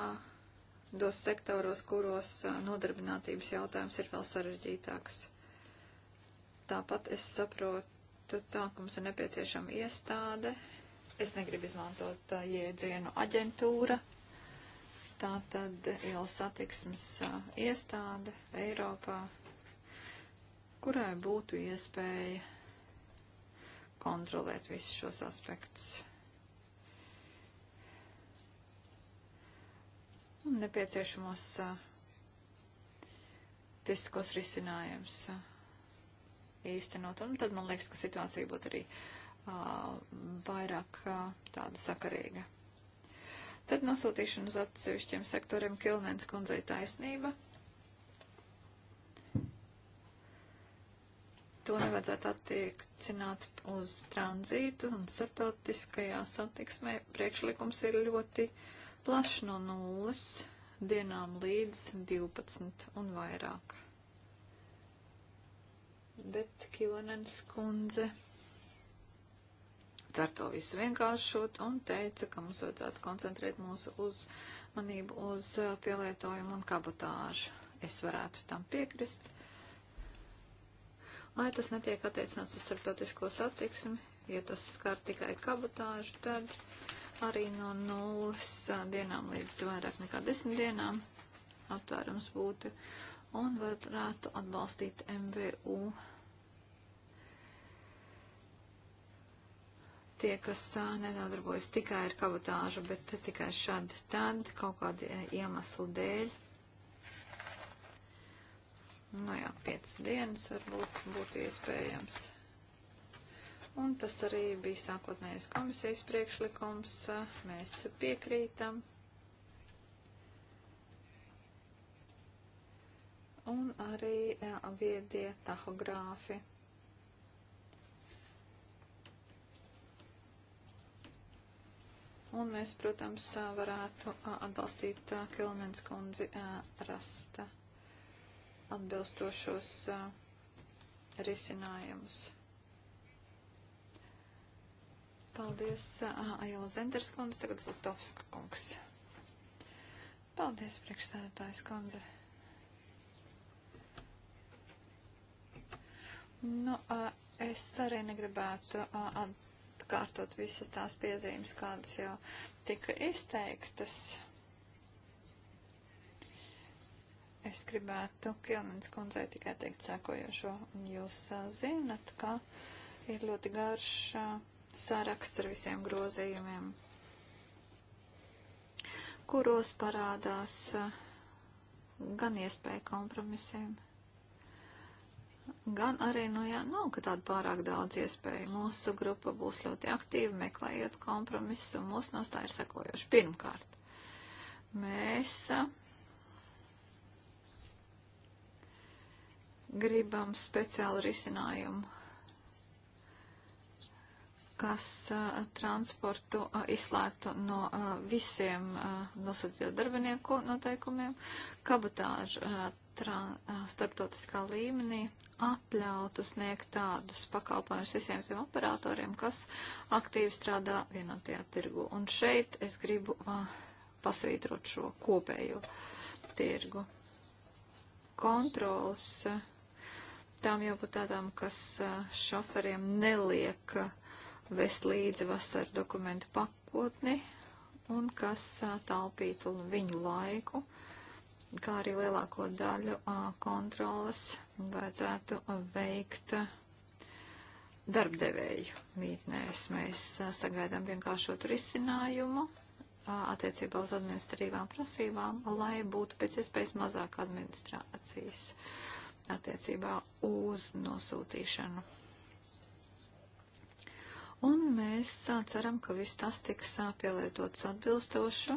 dos sektoros, kuros nodarbinātības jautājums ir vēl sarežģītāks. Tāpat es saprotu tā, ka mums ir nepieciešama iestāde. Es negribu izmantot jēdzienu aģentūra. Tā tad jau satiksmes iestāde Eiropā, kurai būtu iespēja kontrolēt visus šos aspektus. un nepieciešamos tiesiskos risinājums īstenot. Un tad man liekas, ka situācija būtu arī a, vairāk a, tāda sakarīga. Tad nosūtīšana uz atsevišķiem sektoriem Kilnēns kundzei taisnība. To nevajadzētu attiecināt uz tranzītu un starptautiskajā satiksmē. Priekšlikums ir ļoti uh, plašs no nulles dienām līdz 12 un vairāk. Bet Kilonens kundze cer to visu vienkāršot un teica, ka mums vajadzētu koncentrēt mūsu uzmanību uz pielietojumu un kabotāžu. Es varētu tam piekrist. Lai tas netiek attiecināts uz starptautisko satiksmi, ja tas skar tikai kabotāžu, tad arī no nulles dienām līdz vairāk nekā desmit dienām aptvērums būtu un varētu atbalstīt MVU. Tie, kas nedarbojas tikai ar kabatāžu, bet tikai šādi tad, kaut kādi iemesli dēļ. Nu jā, piecas dienas varbūt būtu iespējams. Un tas arī bija sākotnējais komisijas priekšlikums. Mēs piekrītam. Un arī viedie tahogrāfi. Un mēs, protams, varētu atbalstīt Kilnens kundzi rasta atbilstošos risinājumus. Paldies, Aila Zenders kundze, tagad Zlatovska kungs. Paldies, priekšstādātājs kundze. Nu, es arī negribētu atkārtot visas tās piezīmes, kādas jau tika izteiktas. Es gribētu Kilnins kundzei tikai teikt sēkojošo. Jūs zinat, ka ir ļoti garš. Uh, saraksts ar visiem grozījumiem, kuros parādās uh, gan iespēja kompromisiem, gan arī, nu jā, nav, ka tāda pārāk daudz iespēja. Mūsu grupa būs ļoti aktīva, meklējot kompromisu, un mūsu nostāja ir sekojoša. Pirmkārt, mēs uh, gribam speciālu risinājumu kas uh, transportu uh, izslēgtu no uh, visiem uh, nosūtīto darbinieku noteikumiem, kabatāžu uh, uh, starptautiskā līmenī atļautu sniegt tādus pakalpojumus visiem tiem operatoriem, kas aktīvi strādā vienotajā tirgu. Un šeit es gribu uh, pasvītrot šo kopējo tirgu. Kontrols. Uh, Tām jābūt tādām, kas uh, šoferiem neliek uh, vest līdzi vasaru dokumentu pakotni un kas taupītu viņu laiku, kā arī lielāko daļu kontrolas vajadzētu veikt darbdevēju mītnēs. Mēs sagaidām vienkāršotu risinājumu attiecībā uz administratīvām prasībām, lai būtu pēc iespējas mazāk administrācijas attiecībā uz nosūtīšanu. Un mēs a, ceram, ka viss tas tiks a, pielietots atbilstoši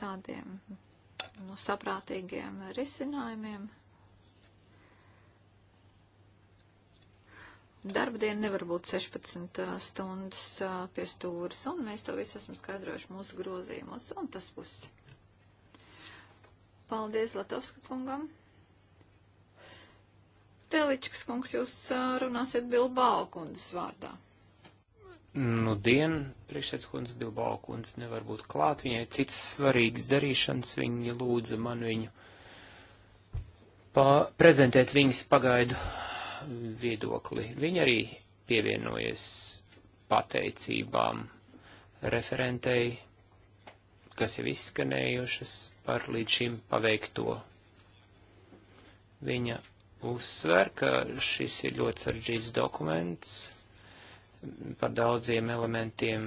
tādiem nu, saprātīgiem risinājumiem. Darbdiena nevar būt 16 a, stundas pie stūras, un mēs to visu esam skaidrojuši mūsu grozījumos, un tas būs. Paldies Latovska kungam! Teličs kungs, jūs runāsiet Bilbao kundzes vārdā. Nu, dien, priekšsēdz kundze Bilbao kundze nevar būt klāt, viņai cits svarīgs darīšanas, viņa lūdza man viņu prezentēt viņas pagaidu viedokli. Viņa arī pievienojas pateicībām referentei, kas jau izskanējušas par līdz šim paveikto. Viņa uzsver, ka šis ir ļoti saržģīts dokuments, par daudziem elementiem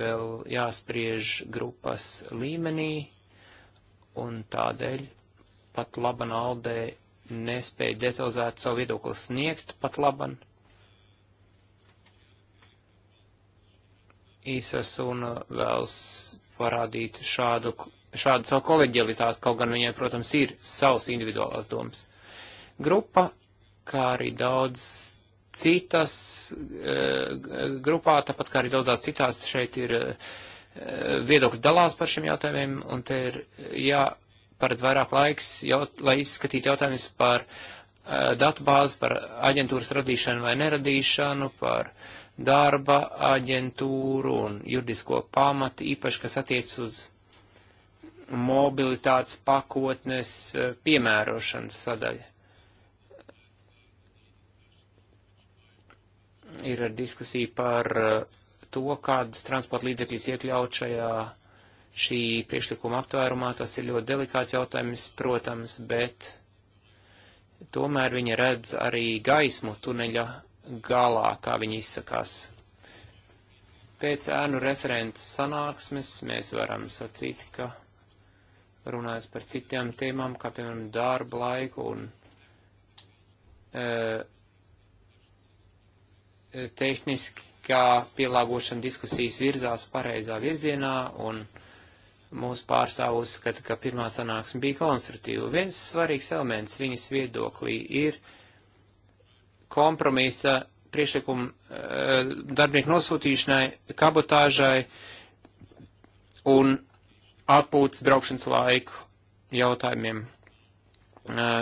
vēl jāspriež grupas līmenī, un tādēļ pat laban Aldē nespēja detalizēt savu viedokli sniegt pat laban. Īsas un vēls parādīt šādu, šādu savu koleģialitāti, kaut gan viņai, protams, ir savs individuālās domas grupa, kā arī daudz citas e, grupā, tāpat kā arī daudzās citās šeit ir e, viedokļi dalās par šiem jautājumiem, un te ir jāparedz vairāk laiks, jaut, lai izskatītu jautājumus par e, datubāzi, par aģentūras radīšanu vai neradīšanu, par darba aģentūru un juridisko pamatu, īpaši, kas attiec uz mobilitātes pakotnes e, piemērošanas sadaļu ir diskusija par eh, to, kādas transporta līdzekļas iekļaut šajā šī priekšlikuma aptvērumā. Tas ir ļoti delikāts jautājums, protams, bet tomēr viņa redz arī gaismu tuneļa galā, kā viņa izsakās. Pēc ēnu referentu sanāksmes mēs varam sacīt, ka runājot par citām tēmām, kā piemēram darba laiku un e, tehniskā pielāgošana diskusijas virzās pareizā virzienā, un mūsu pārstāv uzskata, ka pirmā sanāksme bija konstruktīva. Viens svarīgs elements viņas viedoklī ir kompromisa priekšlikumu eh, darbinieku nosūtīšanai, kabotāžai un atpūtas braukšanas laiku jautājumiem. Eh,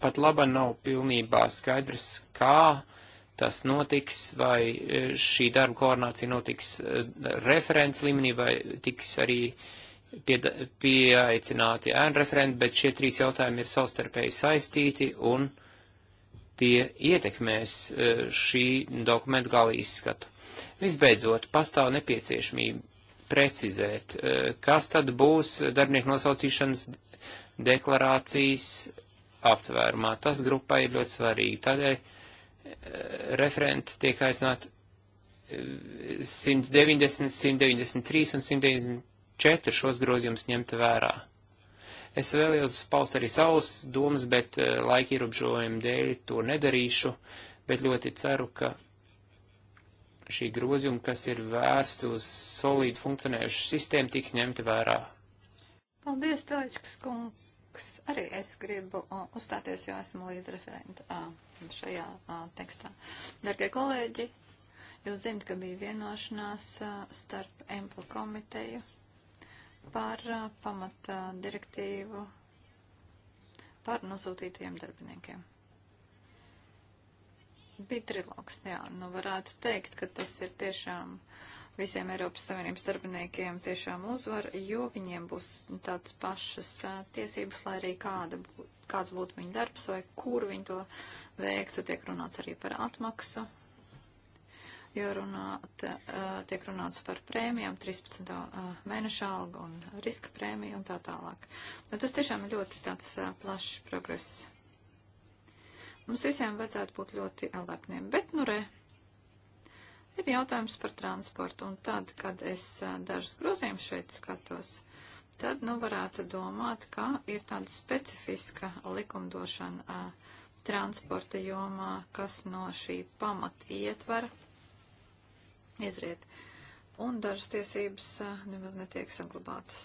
pat laba nav pilnībā skaidrs, kā tas notiks, vai e, šī darba koordinācija notiks e, referents līmenī, vai tiks arī pieaicināti ēnu referenti, bet šie trīs jautājumi ir savstarpēji saistīti un tie ietekmēs e, šī dokumenta gala izskatu. Visbeidzot, pastāv nepieciešamība precizēt, kas tad būs darbinieku nosautīšanas deklarācijas aptvērumā. Tas grupai ir ļoti svarīgi. Tādēļ referenti tiek aicināti 190, eh, 193 un 194 šos grozījumus ņemt vērā. Es vēlējos paust arī savus domas, bet eh, laika ierobežojumu dēļ to nedarīšu, bet ļoti ceru, ka šī grozījuma, kas ir vērsti uz solīdu funkcionējušu sistēmu, tiks ņemta vērā. Paldies, Teličkas kungs! Arī es gribu uzstāties, jo esmu līdz referenta. À šajā a, tekstā. Dargie kolēģi, jūs zinat, ka bija vienošanās a, starp EMPLA komiteju par a, pamata direktīvu par nosūtītajiem darbiniekiem. Bija trilogs, jā, nu varētu teikt, ka tas ir tiešām visiem Eiropas Savienības darbiniekiem tiešām uzvar, jo viņiem būs tādas pašas tiesības, lai arī kāda būtu kāds būtu viņa darbs vai kur viņi to veiktu, tiek runāts arī par atmaksu, jo runāt, tiek runāts par prēmijām, 13. mēneša algu un riska prēmiju un tā tālāk. Nu, tas tiešām ir ļoti tāds plašs progress. Mums visiem vajadzētu būt ļoti lepniem, bet nu re. Ir jautājums par transportu, un tad, kad es dažus grozījumus šeit skatos, tad, nu, varētu domāt, ka ir tāda specifiska likumdošana uh, transporta jomā, kas no šī pamat ietvara izriet. Un dažas tiesības nemaz netiek saglabātas.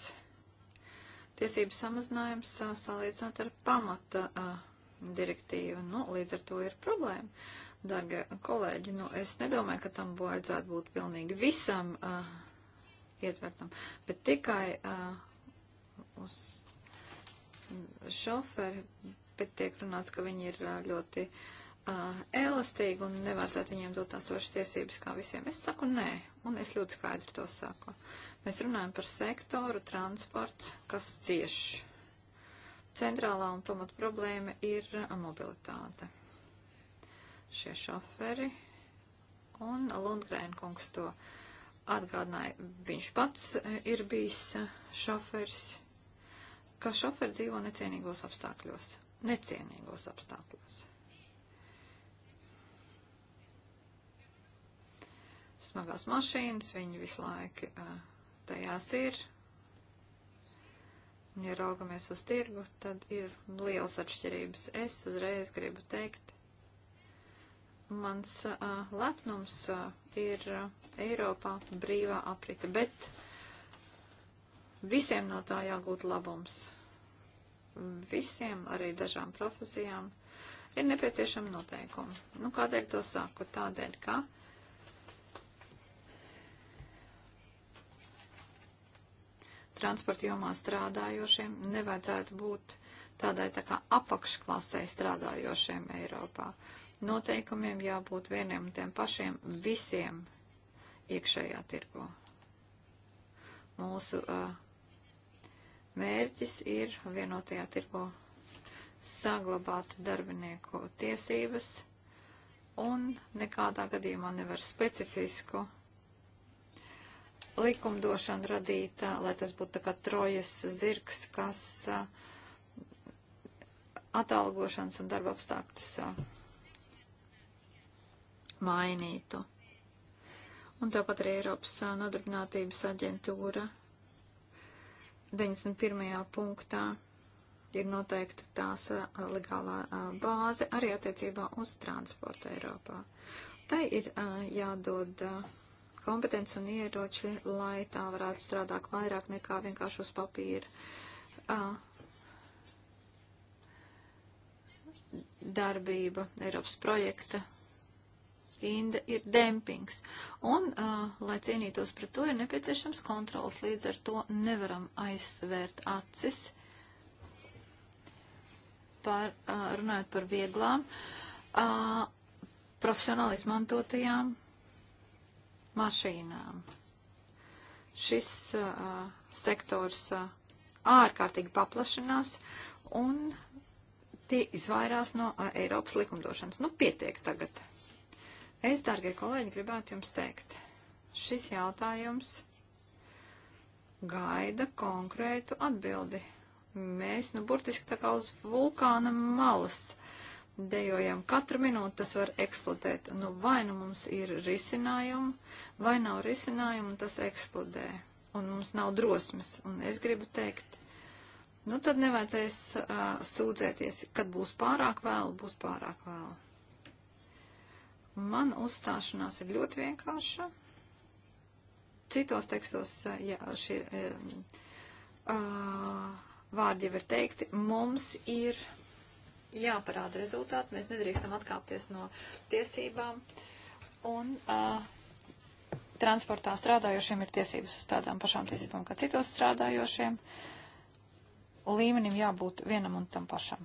Tiesības samazinājums salīdzinot ar pamata direktīvu. Nu, līdz ar to ir problēma. Dargie kolēģi, nu, es nedomāju, ka tam vajadzētu būt pilnīgi visam uh, ietvertam, bet tikai uh, uz šoferi bet tiek runāts, ka viņi ir ļoti uh, elastīgi un nevajadzētu viņiem dot tās pašas tiesības kā visiem. Es saku nē, un es ļoti skaidri to saku. Mēs runājam par sektoru transports, kas cieš. Centrālā un pamat problēma ir mobilitāte. Šie šoferi un Lundgrēna kungs to atgādināja, viņš pats ir bijis šofers, ka šoferi dzīvo necienīgos apstākļos necienīgos apstākļos. Smagās mašīnas, viņi visu laiku tajās ir. Ja raugamies uz tirgu, tad ir liels atšķirības. Es uzreiz gribu teikt, mans uh, lepnums uh, ir uh, Eiropā brīvā aprita, bet visiem no tā jāgūt labums visiem, arī dažām profesijām, ir nepieciešama noteikuma. Nu, kādēļ to saku? Tādēļ, ka transporta jomā strādājošiem nevajadzētu būt tādai tā kā apakšklasē strādājošiem Eiropā. Noteikumiem jābūt vieniem un tiem pašiem visiem iekšējā tirgu. Mūsu uh, Mērķis ir vienotajā tirgo saglabāt darbinieku tiesības un nekādā gadījumā nevar specifisku likumdošanu radīt, lai tas būtu tā kā trojas zirgs, kas atalgošanas un darba apstākļus mainītu. Un tāpat arī Eiropas nodarbinātības aģentūra 91. punktā ir noteikta tās legālā bāze arī attiecībā uz transportu Eiropā. Tai ir jādod kompetence un ieroči, lai tā varētu strādāt vairāk nekā vienkārši uz papīra darbība Eiropas projekta rinda ir dempings. Un, uh, lai cīnītos pret to, ir nepieciešams kontrols. Līdz ar to nevaram aizsvērt acis, par, uh, runājot par vieglām, uh, profesionāli izmantotajām mašīnām. Šis uh, sektors uh, ārkārtīgi paplašinās un tie izvairās no uh, Eiropas likumdošanas. Nu, pietiek tagad. Es, dārgie kolēģi, gribētu jums teikt, šis jautājums gaida konkrētu atbildi. Mēs, nu, burtiski tā kā uz vulkāna malas dejojam katru minūti, tas var eksplodēt. Nu, vai nu mums ir risinājumi, vai nav risinājumi, un tas eksplodē. Un mums nav drosmes. Un es gribu teikt, nu, tad nevajadzēs uh, sūdzēties, kad būs pārāk vēlu, būs pārāk vēlu. Man uzstāšanās ir ļoti vienkārša. Citos tekstos, eh, ja šie uh, vārdi jau ir teikti, mums ir jāparāda rezultāti, mēs nedrīkstam atkāpties no tiesībām. Un uh, transportā strādājošiem ir tiesības uz tādām pašām tiesībām kā citos strādājošiem. Līmenim jābūt vienam un tam pašam.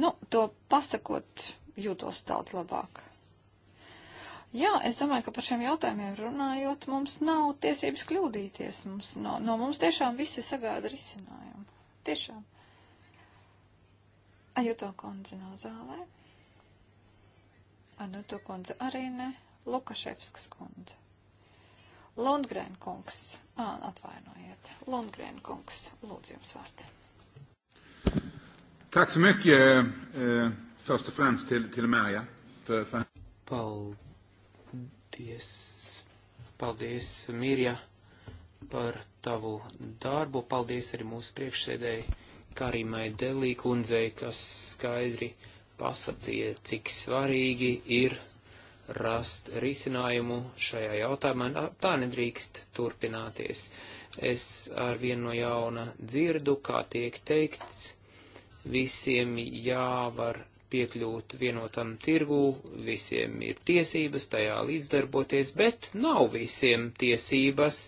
Nu, to pasakot, jūtos daudz labāk. Jā, es domāju, ka par šiem jautājumiem runājot, mums nav tiesības kļūdīties. Mums, no, no mums tiešām visi sagāda risinājumu. Tiešām. Ajuto kundze nav zālē. Anuto kundze arī ne. Lukaševskas kundze. Lundgren kungs. Ā, atvainojiet. Lundgren kungs. Lūdzu jums vārdu. Tack så mycket. Eh, eh Först och främst till, till Merja. För, för... Paldies. Paldies, Mirja, par tavu darbu. Paldies arī mūsu priekšsēdēji Karimai Delī kundzei, kas skaidri pasacīja, cik svarīgi ir rast risinājumu šajā jautājumā. Tā nedrīkst turpināties. Es ar vienu no jauna dzirdu, kā tiek teikts, visiem jāvar piekļūt vienotam tirgu, visiem ir tiesības tajā līdzdarboties, bet nav visiem tiesības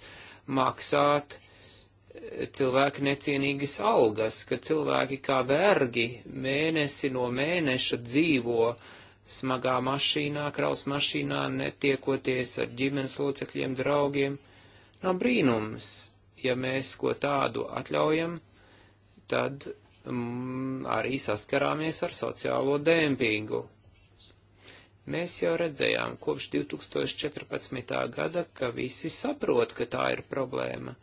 maksāt eh, cilvēki necienīgas algas, ka cilvēki kā vergi mēnesi no mēneša dzīvo smagā mašīnā, kraus mašīnā, netiekoties ar ģimenes locekļiem, draugiem. Nav brīnums, ja mēs ko tādu atļaujam, tad Mm, arī saskarāmies ar sociālo dēmpingu. Mēs jau redzējām kopš 2014. gada, ka visi saprot, ka tā ir problēma.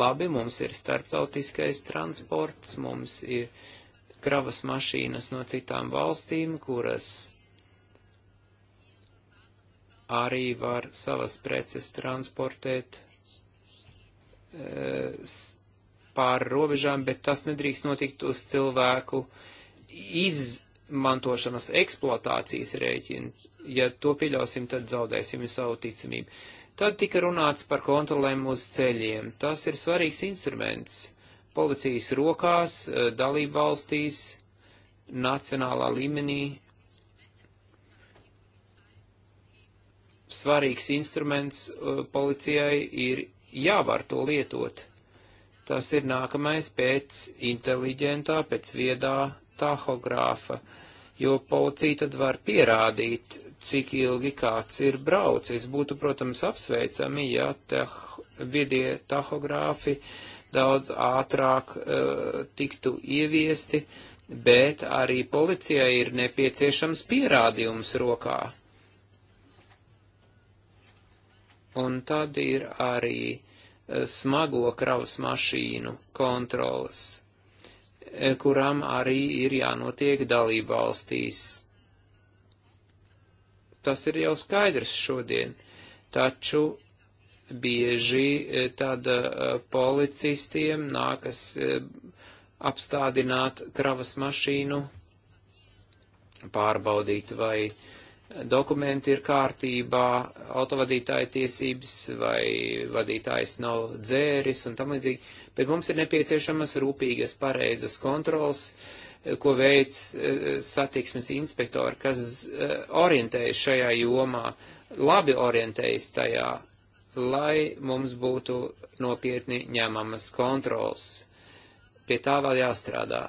Labi, mums ir starptautiskais transports, mums ir kravas mašīnas no citām valstīm, kuras arī var savas preces transportēt e, pāri robežām, bet tas nedrīkst notikt uz cilvēku izmantošanas eksploatācijas rēķina. Ja to pieļausim, tad zaudēsim savu ticamību. Tad tika runāts par kontrolēm uz ceļiem. Tas ir svarīgs instruments policijas rokās, eh, dalību valstīs, nacionālā līmenī, svarīgs instruments uh, policijai ir jāvar to lietot. Tas ir nākamais pēc inteliģentā, pēc viedā tahogrāfa, jo policija tad var pierādīt, cik ilgi kāds ir braucis. Būtu, protams, apsveicami, ja tah, viedie tahogrāfi daudz ātrāk uh, tiktu ieviesti, bet arī policijai ir nepieciešams pierādījums rokā. Un tad ir arī uh, smago kravas mašīnu kontrolas, e, kurām arī ir jānotiek dalība valstīs. Tas ir jau skaidrs šodien, taču bieži e, tad e, policistiem nākas apstādināt kravas mašīnu, pārbaudīt vai uh, dokumenti ir kārtībā, autovadītāja tiesības vai vadītājs nav dzēris un tam līdzīgi, bet mums ir nepieciešamas rūpīgas pareizas kontrols, ko veic e, satiksmes inspektori, kas e, orientējas šajā jomā, labi orientējas tajā, lai mums būtu nopietni ņemamas kontrols. Pie tā vēl jāstrādā.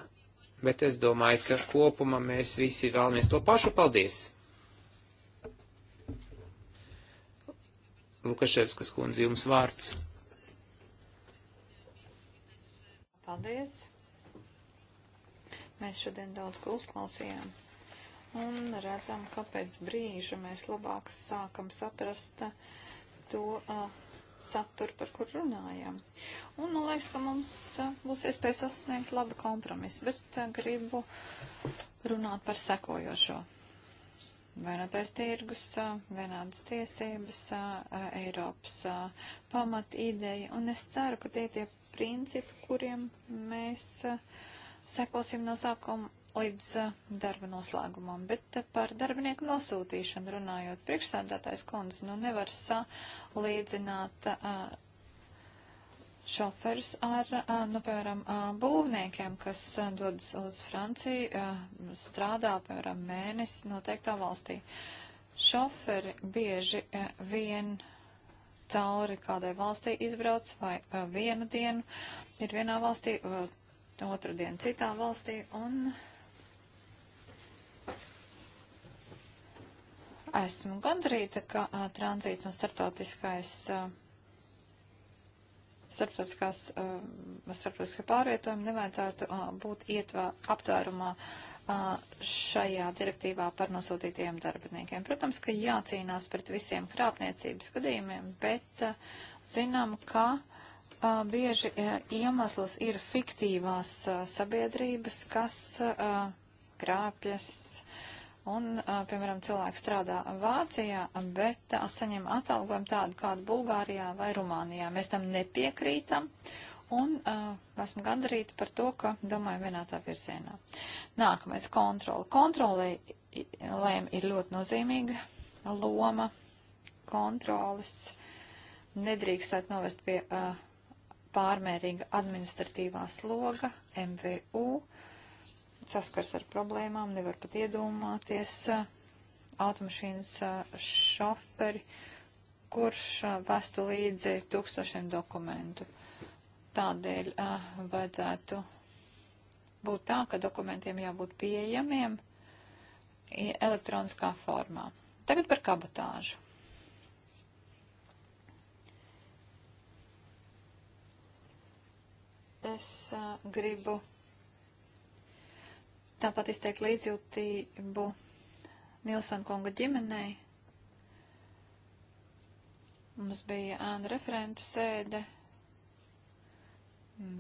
Bet es domāju, ka kopumā mēs visi vēlamies to pašu. Paldies! Lukaševskas kundze, jums vārds. Paldies. Mēs šodien daudz ko uzklausījām un redzam, ka pēc brīža mēs labāk sākam saprast to uh, saturu, par kur runājam. Un man liekas, ka mums uh, būs iespēja sasniegt labu kompromisu, bet uh, gribu runāt par sekojošo vienotais tirgus, vienādas tiesības, Eiropas pamat ideja, un es ceru, ka tie tie principi, kuriem mēs sekosim no sākuma līdz darba noslēgumam. Bet par darbinieku nosūtīšanu runājot, priekšsēdētājs kundze, nu nevar salīdzināt šoferus ar, nu, piemēram, būvniekiem, kas dodas uz Franciju, strādā, piemēram, mēnesi noteiktā valstī. Šoferi bieži vien cauri kādai valstī izbrauc vai vienu dienu ir vienā valstī, otru dienu citā valstī un esmu gandrīta, ka tranzīta un starptautiskais. A, starptautiskās, um, starptautiskie pārvietojumi nevajadzētu uh, būt ietvā aptvērumā uh, šajā direktīvā par nosūtītajiem darbiniekiem. Protams, ka jācīnās pret visiem krāpniecības gadījumiem, bet uh, zinām, ka bieži iemesls ir fiktīvās sabiedrības, kas krāpjas Un, piemēram, cilvēks strādā Vācijā, bet saņem atalgojumu tādu kādu Bulgārijā vai Rumānijā. Mēs tam nepiekrītam. Un uh, esmu gandarīta par to, ka domāju vienā tā virzienā. Nākamais - kontrola. Kontrolēm ir ļoti nozīmīga loma. Kontrolas nedrīkstētu novest pie uh, pārmērīga administratīvā sloga MVU. Uh, saskars ar problēmām, nevar pat iedomāties automašīnas šoferi, kurš vestu līdzi tūkstošiem dokumentu. Tādēļ vajadzētu būt tā, ka dokumentiem jābūt pieejamiem elektroniskā formā. Tagad par kabatāžu. Es gribu Tāpat izteikt līdzjūtību Nilsona kunga ģimenei. Mums bija ēnu referentu sēde.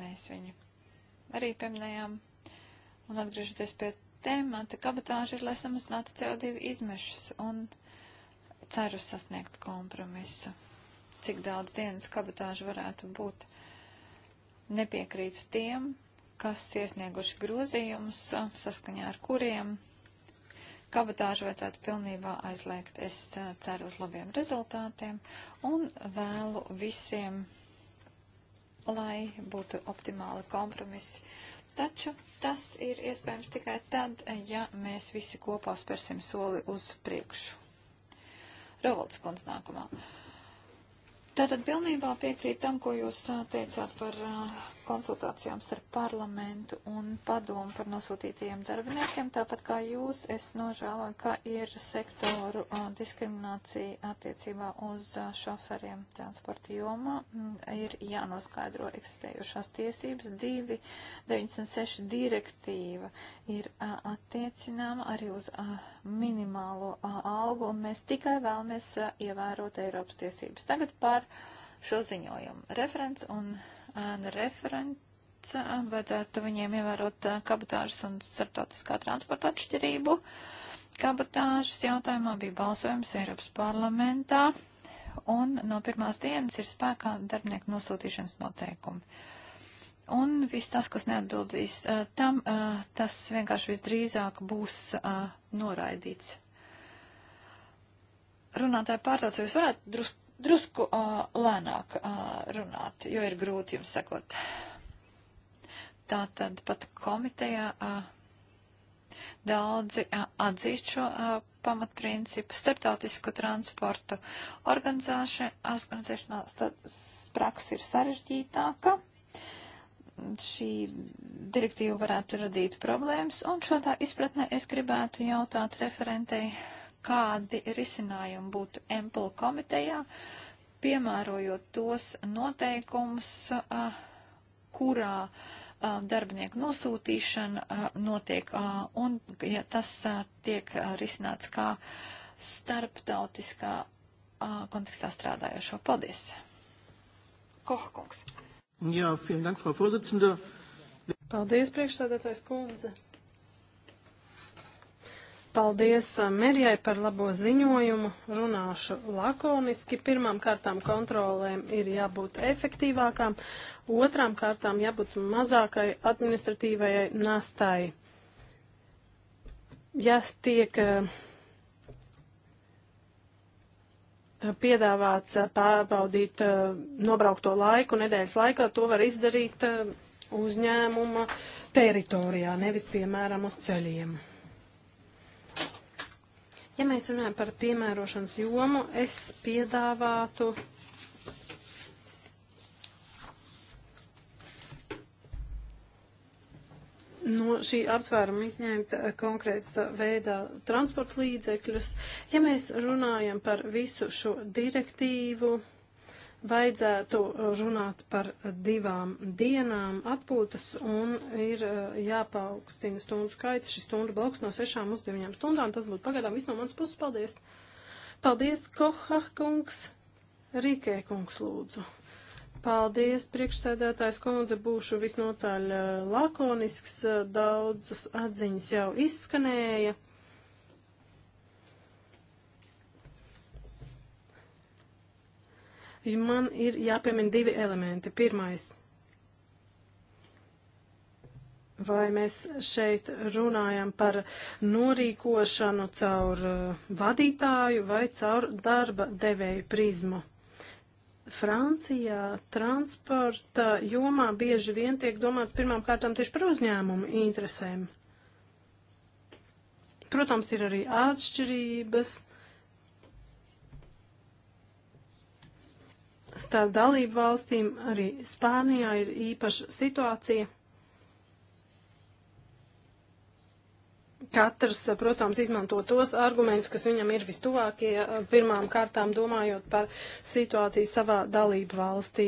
Mēs viņu arī pieminējām. Un atgriežoties pie tēmata, kabatāža ir, lai samazinātu CO2 izmešus un ceru sasniegt kompromisu. Cik daudz dienas kabatāža varētu būt? Nepiekrītu tiem, kas iesnieguši grozījumus, saskaņā ar kuriem kabatāžu vajadzētu pilnībā aizliegt. Es ceru uz labiem rezultātiem un vēlu visiem, lai būtu optimāli kompromisi. Taču tas ir iespējams tikai tad, ja mēs visi kopā spērsim soli uz priekšu. Revolts kundz nākamā. Tātad pilnībā piekrīt tam, ko jūs teicāt par uh, konsultācijām starp parlamentu un padomu par nosūtītajiem darbiniekiem. Tāpat kā jūs, es nožēloju, ka ir sektoru uh, diskriminācija attiecībā uz uh, šoferiem transporta jomā. Mm, ir jānoskaidro eksistējošās tiesības. 296 direktīva ir uh, attiecināma arī uz minimālo algu, un mēs tikai vēlamies ievērot Eiropas tiesības. Tagad par šo ziņojumu. Referents un ēnu referents, vajadzētu viņiem ievērot kabatāžas un starptautiskā transporta atšķirību. Kabatāžas jautājumā bija balsojums Eiropas parlamentā, un no pirmās dienas ir spēkā darbinieku nosūtīšanas noteikumi. Un viss tas, kas neatbildīs tam, tas vienkārši visdrīzāk būs noraidīts runātāju pārtraucu, jūs varētu drusku drusku uh, lēnāk uh, runāt, jo ir grūti jums sakot. Tā tad pat komitejā uh, daudzi uh, atzīst šo uh, pamatprincipu starptautisku transportu organizēšanās praksa ir sarežģītāka. Šī direktīva varētu radīt problēmas, un šādā izpratnē es gribētu jautāt referentei, uh, kādi risinājumi būtu MPL komitejā, piemērojot tos noteikumus, kurā darbinieku nosūtīšana notiek, un ja tas tiek risināts kā starptautiskā kontekstā strādājošo. Paldies! Kohkungs. Jā, vielen dank, Frau Vorsitzende. Paldies, priekšsādātājs kundze. Paldies uh, Merjai par labo ziņojumu. Runāšu lakoniski. Pirmām kārtām kontrolēm ir jābūt efektīvākām, otrām kārtām jābūt mazākai administratīvajai nastai. Ja tiek uh, piedāvāts uh, pārbaudīt nobraukto laiku nedēļas laikā, to var izdarīt uzņēmuma teritorijā, nevis, piemēram, uz ceļiem. Ja mēs runājam par piemērošanas jomu, es piedāvātu no šī apsvēruma izņemt eh, konkrēta eh, veidā transporta līdzekļus. Ja mēs runājam par visu šo direktīvu, vajadzētu runāt par divām dienām atpūtas un ir eh, jāpaukstina stundu skaits. Šis stundu bloks no 6 uz 9 stundām. Tas būtu pagaidām viss no manas puses. Paldies! Paldies, Koha kungs! Rīkē kungs lūdzu. Paldies, priekšsēdētājs kundze, būšu visnotaļ eh, lakonisks, daudzas atziņas jau izskanēja. ja man ir jāpiemina divi elementi. Pirmais. Vai mēs šeit runājam par norīkošanu caur uh, vadītāju vai caur darba devēju prizmu? Francijā transporta jomā bieži vien tiek domāts pirmām kārtām tieši par uzņēmumu interesēm. Protams, ir arī atšķirības starp dalību valstīm, arī Spānijā ir īpaša situācija. Katrs, protams, izmanto tos argumentus, kas viņam ir vistuvākie, pirmām kārtām domājot par situāciju savā dalību valstī.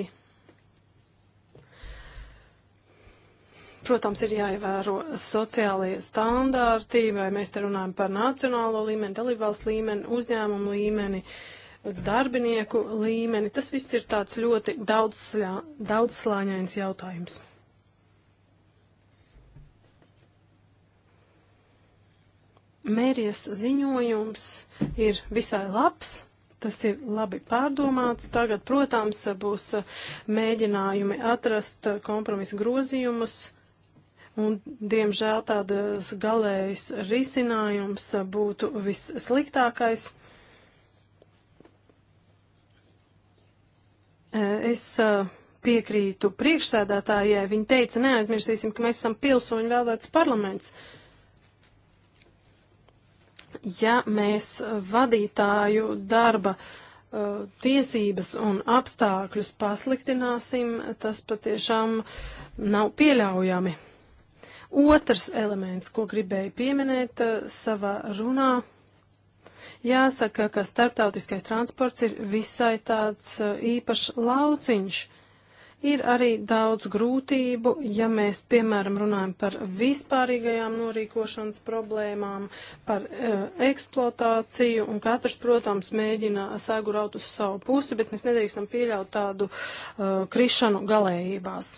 Protams, ir jāievēro sociālie standārti, vai mēs te runājam par nacionālo līmeni, dalībvalsts līmeni, uzņēmumu līmeni. Uh, darbinieku līmeni. Tas viss ir tāds ļoti daudzslāņains daudz jautājums. Mērijas ziņojums ir visai labs. Tas ir labi pārdomāts. Tagad, protams, būs mēģinājumi atrast kompromisu grozījumus, un, diemžēl, tādas galējas risinājums būtu vissliktākais. Es uh, piekrītu priekšsēdētājai. Viņa teica, neaizmirsīsim, ka mēs esam pilsoņu vēlēts parlaments. Ja mēs vadītāju darba uh, tiesības un apstākļus pasliktināsim, tas patiešām nav pieļaujami. Otrs elements, ko gribēju pieminēt uh, savā runā, Jāsaka, ka starptautiskais transports ir visai tāds uh, īpašs lauciņš. Ir arī daudz grūtību, ja mēs, piemēram, runājam par vispārīgajām norīkošanas problēmām, par e, eksploatāciju, un katrs, protams, mēģina saguraut uz savu pusi, bet mēs nedrīkstam pieļaut tādu e, krišanu galējībās.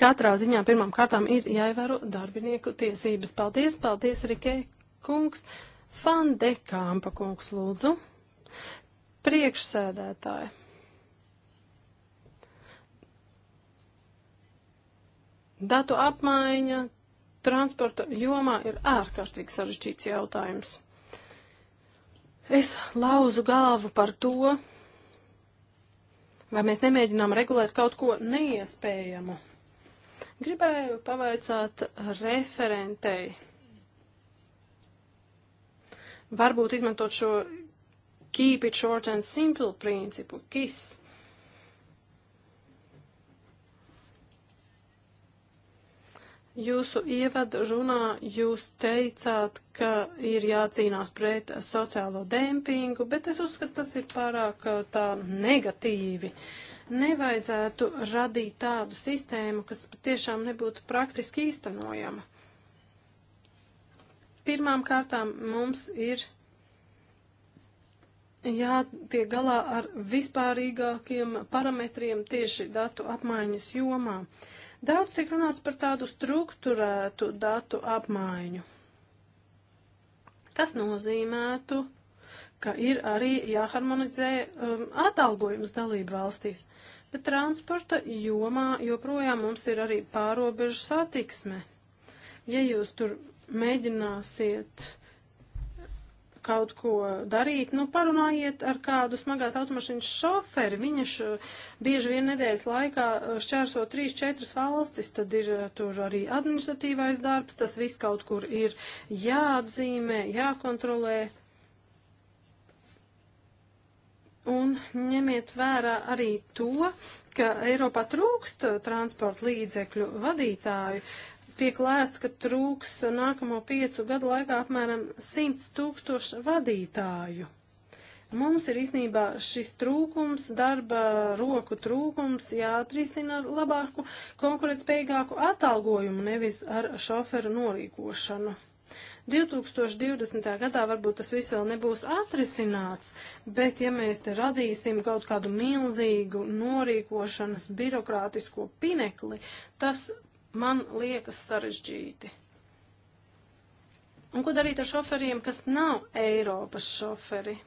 Katrā ziņā pirmām kārtām ir jāievēro darbinieku tiesības. Paldies, paldies, Rikē kungs. Fande Kāmpa kungs, lūdzu. Priekšsēdētāji. Datu apmaiņa transporta jomā ir ārkārtīgi sarežģīts jautājums. Es lauzu galvu par to, vai mēs nemēģinām regulēt kaut ko neiespējamu. Gribēju pavaicāt referentei. Varbūt izmantot šo keep it short and simple principu, KISS. Jūsu ievadu runā jūs teicāt, ka ir jācīnās pret sociālo dempingu, bet es uzskatu, tas ir pārāk tā negatīvi. Uh, nevajadzētu radīt tādu sistēmu, kas patiešām nebūtu praktiski īstenojama. Pirmām kārtām mums ir jātiek galā ar vispārīgākiem parametriem tieši datu apmaiņas jomā. Daudz tiek runāts par tādu strukturētu datu apmaiņu. Tas nozīmētu, ka ir arī jāharmonizē um, atalgojums dalību valstīs. Bet transporta jomā joprojām mums ir arī pārobežu satiksme. Ja jūs tur mēģināsiet kaut ko darīt, nu parunājiet ar kādu smagās automašīnas šoferi. Viņš bieži vien nedēļas laikā uh, šķērso 3-4 valstis, tad ir uh, tur arī administratīvais darbs, tas viss kaut kur ir jāatzīmē, jākontrolē. Un ņemiet vērā arī to, ka Eiropā trūkst transporta līdzekļu vadītāju. Tiek lēsts, ka trūks nākamo piecu gadu laikā apmēram 100 tūkstoši vadītāju. Mums ir īstenībā šis trūkums, darba roku trūkums jāatrisina ar labāku, konkurētspējīgāku atalgojumu, nevis ar šoferu norīkošanu. 2020. gadā varbūt tas viss vēl nebūs atrisināts, bet ja mēs te radīsim kaut kādu milzīgu norīkošanas birokrātisko pinekli, tas man liekas sarežģīti. Un ko darīt ar šoferiem, kas nav Eiropas šoferi?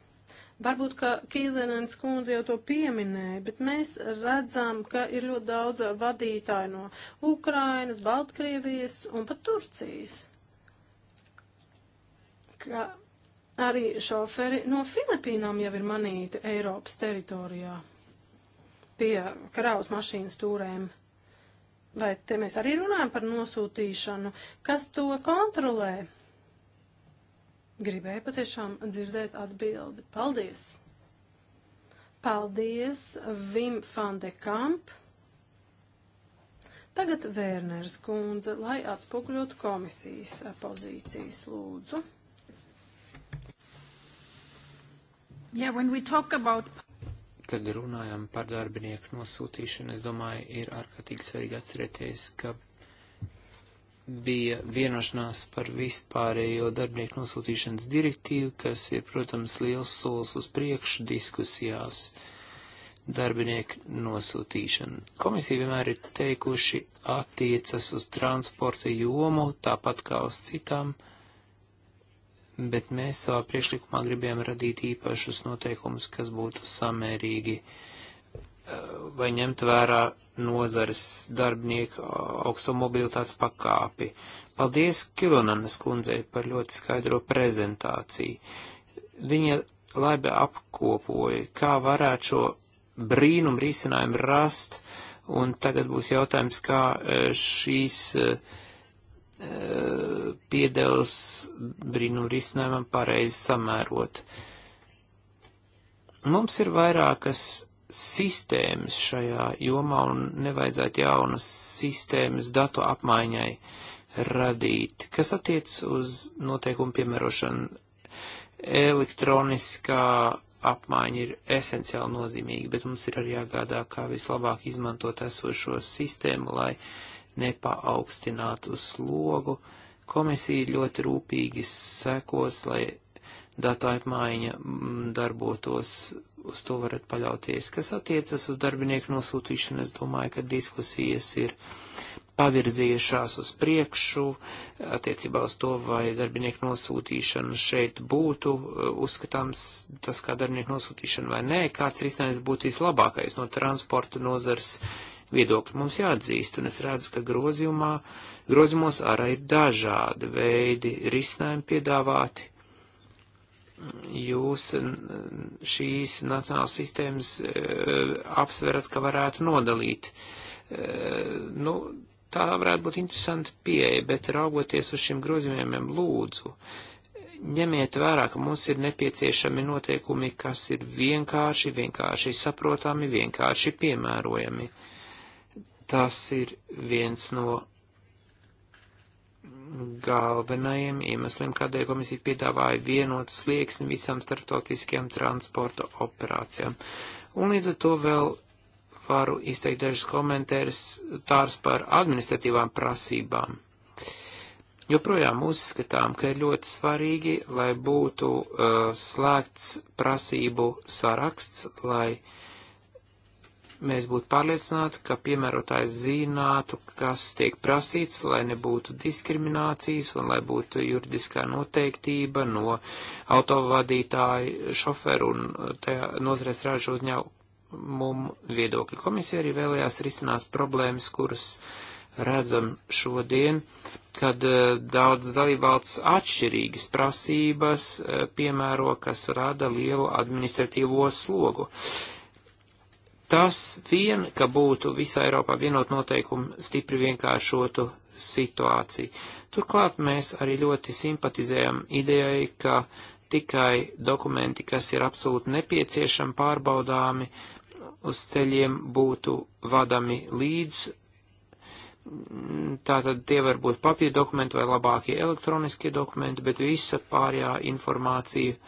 Varbūt, ka Kīlenens kundze jau to pieminēja, bet mēs redzam, ka ir ļoti daudz vadītāju no Ukrainas, Baltkrievijas un pat Turcijas ka arī šoferi no Filipīnām jau ir manīti Eiropas teritorijā pie kravas mašīnas stūrēm. Vai te mēs arī runājam par nosūtīšanu? Kas to kontrolē? Gribēju patiešām dzirdēt atbildi. Paldies! Paldies Vim Fandekamp! Tagad Vērners kundze, lai atspoguļotu komisijas pozīcijas lūdzu. Yeah, about... Kad runājam par darbinieku nosūtīšanu, es domāju, ir ārkārtīgi svarīgi atcerēties, ka bija vienošanās par vispārējo darbinieku nosūtīšanas direktīvu, kas ir, protams, liels solis uz priekšu diskusijās darbinieku nosūtīšana. Komisija vienmēr ir teikuši attiecas uz transporta jomu, tāpat kā uz citām uh, bet mēs savā priekšlikumā gribējām radīt īpašus noteikumus, kas būtu samērīgi eh, vai ņemt vērā nozares darbinieku augsto mobilitātes pakāpi. Paldies Kilonanas kundzei par ļoti skaidro prezentāciju. Viņa labi apkopoja, kā varētu šo brīnumu risinājumu rast, un tagad būs jautājums, kā eh, šīs uh, Uh, piedevs brīnum risinājumam pareizi samērot. Mums ir vairākas sistēmas šajā jomā un nevajadzētu jaunas sistēmas datu apmaiņai radīt, kas attiec uz noteikumu piemērošanu. Elektroniskā apmaiņa ir esenciāli nozīmīga, bet mums ir arī jāgādā, kā vislabāk izmantot esošo sistēmu, lai uh, nepaaugstināt uz slogu. Komisija ļoti rūpīgi sekos, lai datu apmaiņa mm, darbotos, uz to varat paļauties. Kas attiecas uz darbinieku nosūtīšanu, es domāju, ka diskusijas ir pavirzījušās uz priekšu, attiecībā uz to, vai darbinieku nosūtīšana šeit būtu e, uzskatāms tas kā darbinieku nosūtīšana vai nē, kāds risinājums būtu vislabākais no transporta nozars viedokļi mums jāatzīst, un es redzu, ka grozījumā, grozījumos arī ir dažādi veidi risinājumi piedāvāti. Jūs šīs nacionālas sistēmas e, apsverat, ka varētu nodalīt. E, nu, tā varētu būt interesanta pieeja, bet raugoties uz šiem grozījumiem, lūdzu, ņemiet vērā, ka mums ir nepieciešami noteikumi, kas ir vienkārši, vienkārši saprotami, vienkārši piemērojami. Uh, Tas ir viens no galvenajiem iemesliem, kādēļ komisija piedāvāja vienotu slieksni visām starptautiskajām transporta operācijām. Un līdz ar to vēl varu izteikt dažas komentārus tārs par administratīvām prasībām. Joprojām uzskatām, ka ir ļoti svarīgi, lai būtu uh, slēgts prasību saraksts, lai uh, mēs būtu pārliecināti, ka piemērotājs zinātu, kas tiek prasīts, lai nebūtu diskriminācijas un lai būtu juridiskā noteiktība no autovadītāju, šoferu un uh, nozarēs ražu uzņēmumu viedokļa. Komisija arī vēlējās risināt problēmas, kuras redzam šodien, kad uh, daudz dalībvalsts atšķirīgas prasības uh, piemēro, kas rada lielu administratīvo slogu. Uh, Tas vien, ka būtu visā Eiropā vienot noteikumu, stipri vienkāršotu situāciju. Turklāt mēs arī ļoti simpatizējam idejai, ka tikai dokumenti, kas ir absolūti nepieciešami pārbaudāmi, uz ceļiem būtu vadami līdz. Tātad tie var būt papīra dokumenti vai labākie elektroniskie dokumenti, bet visa pārējā informācija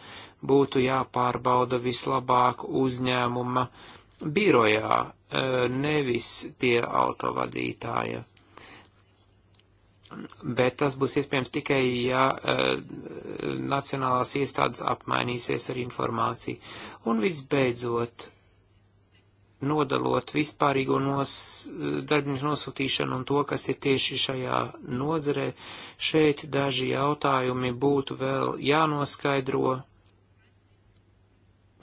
būtu jāpārbauda vislabāk uzņēmuma uh, birojā, e, nevis pie autovadītāja. Bet tas būs iespējams tikai, ja e, nacionālās iestādes apmainīsies ar informāciju. Un visbeidzot, nodalot vispārīgo nos, e, darbinieku nosūtīšanu un to, kas ir tieši šajā nozarē, šeit daži jautājumi būtu vēl jānoskaidro.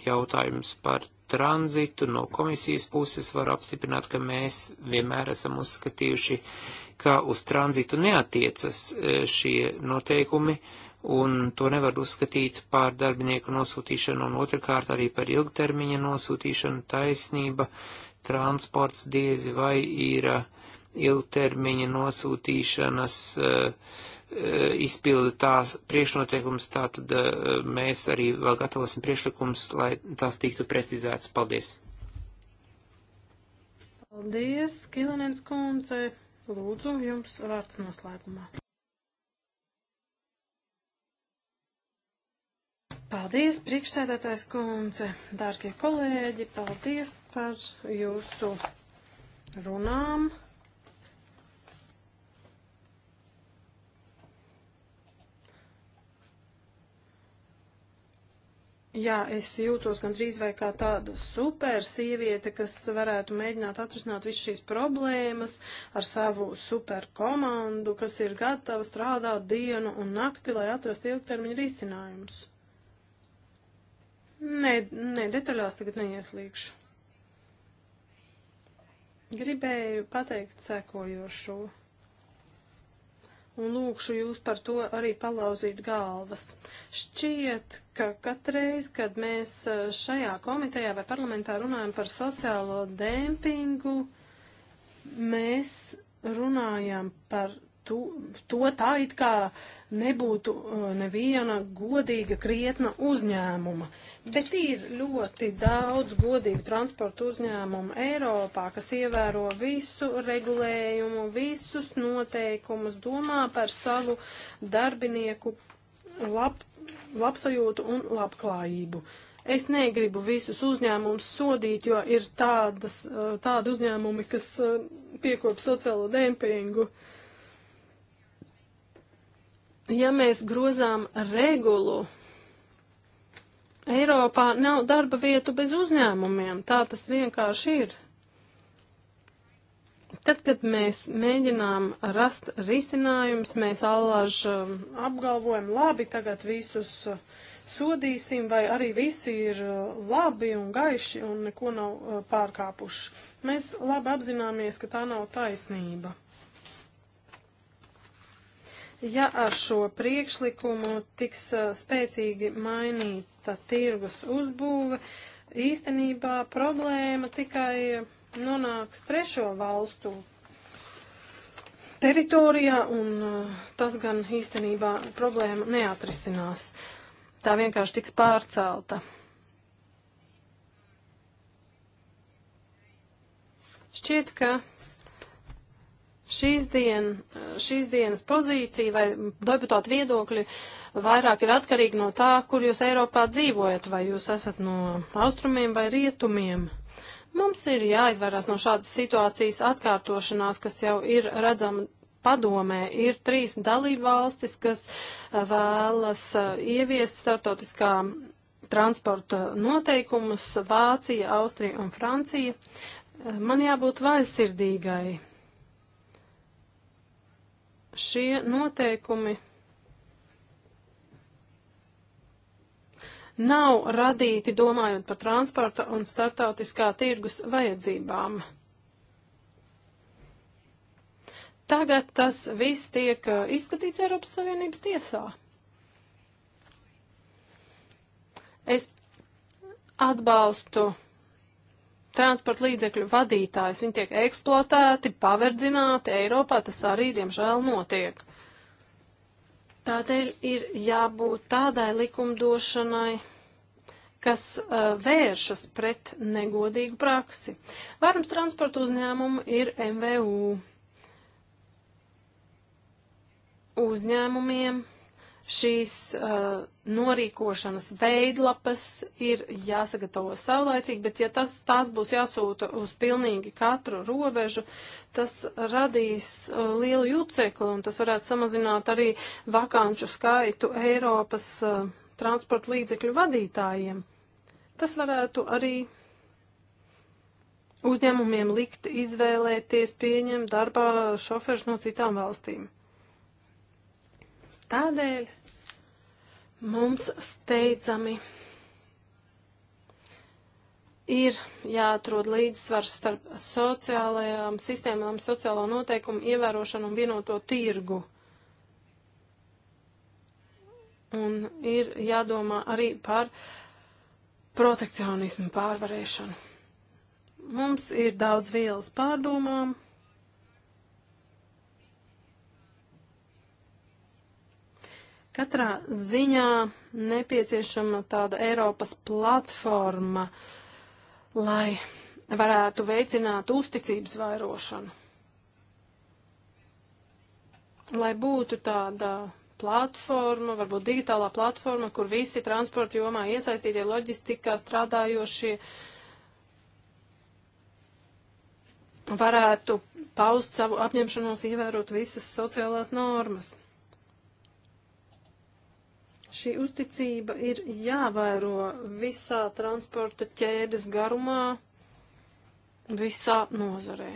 Jautājums par tranzitu no komisijas puses var apstiprināt, ka mēs vienmēr esam uzskatījuši, ka uz tranzitu neatiecas e, šie noteikumi, un to nevar uzskatīt par darbinieku nosūtīšanu, un otrkārt arī par ilgtermiņa nosūtīšanu taisnība, transports diezi vai ir ilgtermiņa nosūtīšanas uh, Eh, izpilda tās priekšnoteikums, tātad eh, mēs arī vēl gatavosim priekšlikums, lai tās tiktu precizētas. Paldies! Paldies, Kilinens kundze! Lūdzu, jums vārds noslēgumā. Paldies, priekšsēdētājs kundze, dārgie kolēģi, paldies par jūsu runām. Jā, es jūtos gandrīz vai kā tāda super sieviete, kas varētu mēģināt atrisināt visu šīs problēmas ar savu super komandu, kas ir gatava strādāt dienu un nakti, lai atrastu ilgtermiņa risinājumus. Nē, nē, detaļās tagad neieslīgšu. Gribēju pateikt sekojošo un lūkšu jūs par to arī palauzīt galvas. Šķiet, ka katreiz, kad mēs e, šajā komitejā vai parlamentā runājam par sociālo dēmpingu, mēs runājam par to, to tā it kā nebūtu uh, neviena godīga, krietna uzņēmuma. Bet ir ļoti daudz godīgu transportu uzņēmumu Eiropā, kas ievēro visu regulējumu, visus noteikumus, domā par savu darbinieku lab, labsajūtu un labklājību. Es negribu visus uzņēmumus sodīt, jo ir tādas, uh, tādi uzņēmumi, kas uh, piekopa sociālo dempingu. Uh, ja mēs grozām regulu, Eiropā nav darba vietu bez uzņēmumiem, tā tas vienkārši ir. Tad, kad mēs mēģinām rast risinājumus, mēs allaž um, apgalvojam, labi, tagad visus uh, sodīsim, vai arī visi ir uh, labi un gaiši un neko nav uh, pārkāpuši. Mēs labi apzināmies, ka tā nav taisnība. Ja ar šo priekšlikumu tiks spēcīgi mainīta tirgus uzbūve, īstenībā problēma tikai nonāks trešo valstu teritorijā, un tas gan īstenībā problēma neatrisinās. Tā vienkārši tiks pārcelta. Šķiet, ka Šīs, dien, šīs dienas pozīcija vai deputāta viedokļi vairāk ir atkarīgi no tā, kur jūs Eiropā dzīvojat, vai jūs esat no austrumiem vai rietumiem. Mums ir jāizvairās no šādas situācijas atkārtošanās, kas jau ir redzama padomē ir trīs dalībvalstis, kas uh, vēlas uh, ieviest startautiskā transporta noteikumus - Vācija, Austrija un Francija. Uh, man jābūt vaļsirdīgai šie noteikumi nav radīti domājot par transporta un startautiskā tirgus vajadzībām. Tagad tas viss tiek uh, izskatīts Eiropas Savienības tiesā. Es atbalstu transporta līdzekļu vadītājus. Viņi tiek eksploatēti, paverdzināti Eiropā, tas arī, diemžēl, notiek. Tādēļ ir jābūt tādai likumdošanai, kas uh, vēršas pret negodīgu praksi. Vairums transporta uzņēmumu ir MVU uzņēmumiem šīs uh, norīkošanas veidlapas ir jāsagatavo saulēcīgi, bet ja tas, tās būs jāsūta uz pilnīgi katru robežu, tas radīs uh, lielu jucekli un tas varētu samazināt arī vakanču skaitu Eiropas uh, transporta līdzekļu vadītājiem. Tas varētu arī uzņēmumiem likt izvēlēties pieņemt darbā šoferus no citām valstīm. Tādēļ mums steidzami ir jāatrod līdzsvars starp sociālajām sistēmām, sociālo noteikumu ievērošanu un vienoto tirgu. Un ir jādomā arī par protekcionismu pārvarēšanu. Mums ir daudz vielas pārdomām. Katrā ziņā nepieciešama tāda Eiropas platforma, lai varētu veicināt uzticības vairošanu. Lai būtu tāda platforma, varbūt digitālā platforma, kur visi transporta jomā iesaistītie loģistikā strādājošie varētu paust savu apņemšanos ievērot visas sociālās normas. Šī uzticība ir jāvēro visā transporta ķēdes garumā, visā nozarē.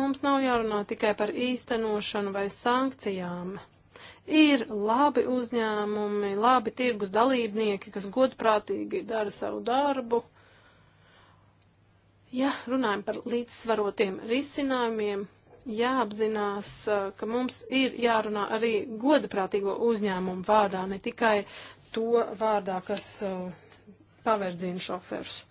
Mums nav jārunā tikai par īstenošanu vai sankcijām ir labi uzņēmumi, labi tirgus dalībnieki, kas godprātīgi dara savu darbu. Ja runājam par līdzsvarotiem risinājumiem, jāapzinās, ka mums ir jārunā arī godaprātīgo uzņēmumu vārdā, ne tikai to vārdā, kas pavērdzina šoferus.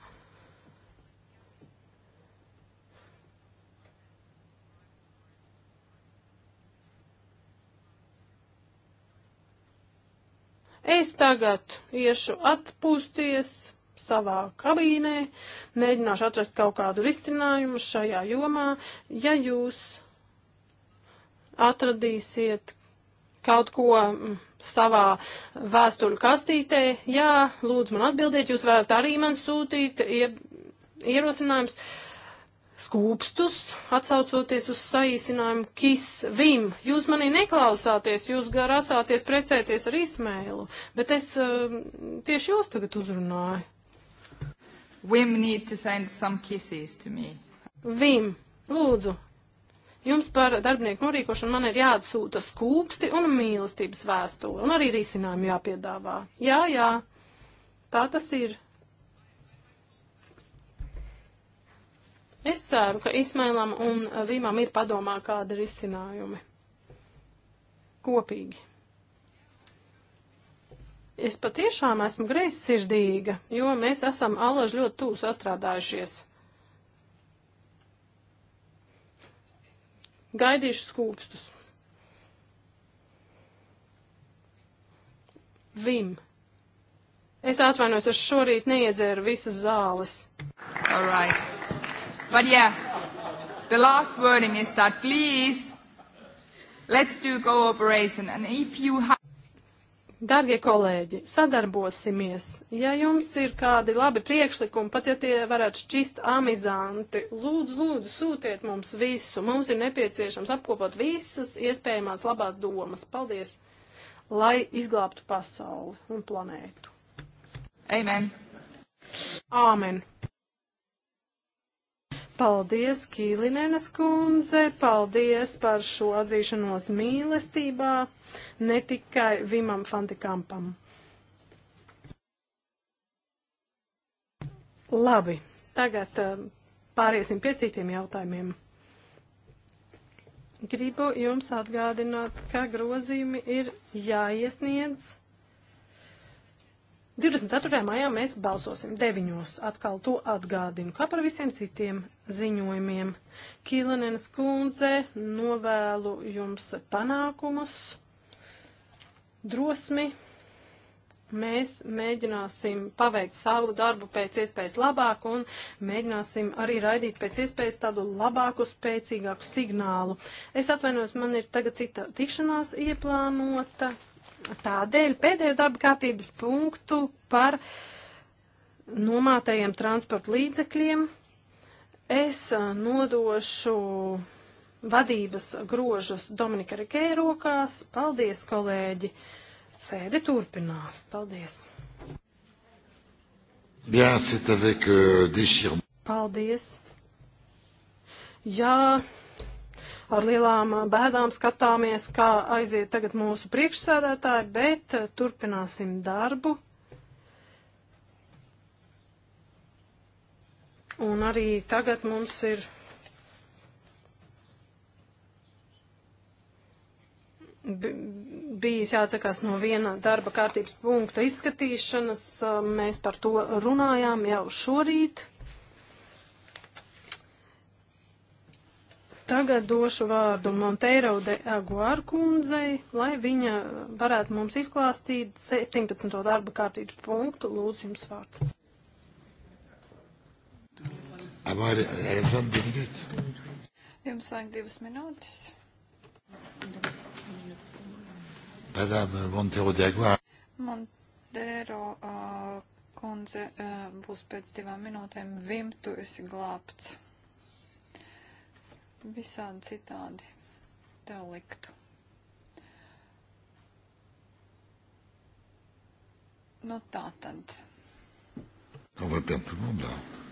Es tagad iešu atpūsties savā kabīnē, mēģināšu atrast kaut kādu risinājumu šajā jomā. Ja jūs atradīsiet kaut ko mm, savā vēstuļu kastītē, jā, lūdzu man atbildiet, jūs varat arī man sūtīt ierosinājums skūpstus, atsaucoties uz saīsinājumu kis vim. Jūs manī neklausāties, jūs garasāties precēties ar Ismēlu, bet es uh, tieši jūs tagad uzrunāju. Vim need to send some kisses to me. Vim, lūdzu, jums par darbinieku norīkošanu man ir jāatsūta skūpsti un mīlestības vēstule, un arī risinājumi jāpiedāvā. Jā, jā, tā tas ir. Es ceru, ka Ismailam un Vīmam ir padomā kādi risinājumi. Kopīgi. Es patiešām esmu greizsirdīga, jo mēs esam allaž ļoti tūs sastrādājušies. Gaidīšu skūpstus. Vim. Es atvainojos, es šorīt neiedzēru visas zāles. All right. But yeah, the last wording is that please, let's do cooperation and if you have Dargie kolēģi, sadarbosimies. Ja jums ir kādi labi priekšlikumi, pat ja tie varētu šķist amizanti, lūdzu, lūdzu, sūtiet mums visu. Mums ir nepieciešams apkopot visas iespējamās labās domas. Paldies, lai izglābtu pasauli un planētu. Amen. Āmen. Paldies, Kīlinēnas kundze, paldies par šo atzīšanos mīlestībā, ne tikai Vimam Fantikampam. Labi, tagad eh, pāriesim pie citiem jautājumiem. Gribu jums atgādināt, ka grozījumi ir jāiesniedz 24. maijā mēs balsosim 9. atkal to atgādinu, kā par visiem citiem ziņojumiem. Kīlenenes kundze, novēlu jums panākumus, drosmi. Mēs mēģināsim paveikt savu darbu pēc iespējas labāk un mēģināsim arī raidīt pēc iespējas tādu labāku, spēcīgāku signālu. Es atvainojos, man ir tagad cita tikšanās ieplānota. Tādēļ pēdējo darba kārtības punktu par nomātajiem transporta līdzekļiem es nodošu vadības grožus Dominika Rikē rokās. Paldies, kolēģi! Sēde turpinās. Paldies! Bien, c'est avec euh, déchirement. Paldies! Jā. Ja ar lielām bēdām skatāmies, kā aiziet tagad mūsu priekšsēdētāji, bet eh, turpināsim darbu. Un arī tagad mums ir bijis jāatsakās no viena darba kārtības punkta izskatīšanas. Mēs par to runājām jau šorīt. Tagad došu vārdu Monteiro de Aguar kundzei, lai viņa varētu mums izklāstīt 17. darba kārtības punktu. Lūdzu, jums vārds. Jums vajag divas minūtes. Madame Montero de Aguar. Montero uh, kundze uh, būs pēc divām minūtēm. Vim, tu esi glābts visādi citādi tev liktu. Nu tā tad. Kā lai pie tā nobraukt?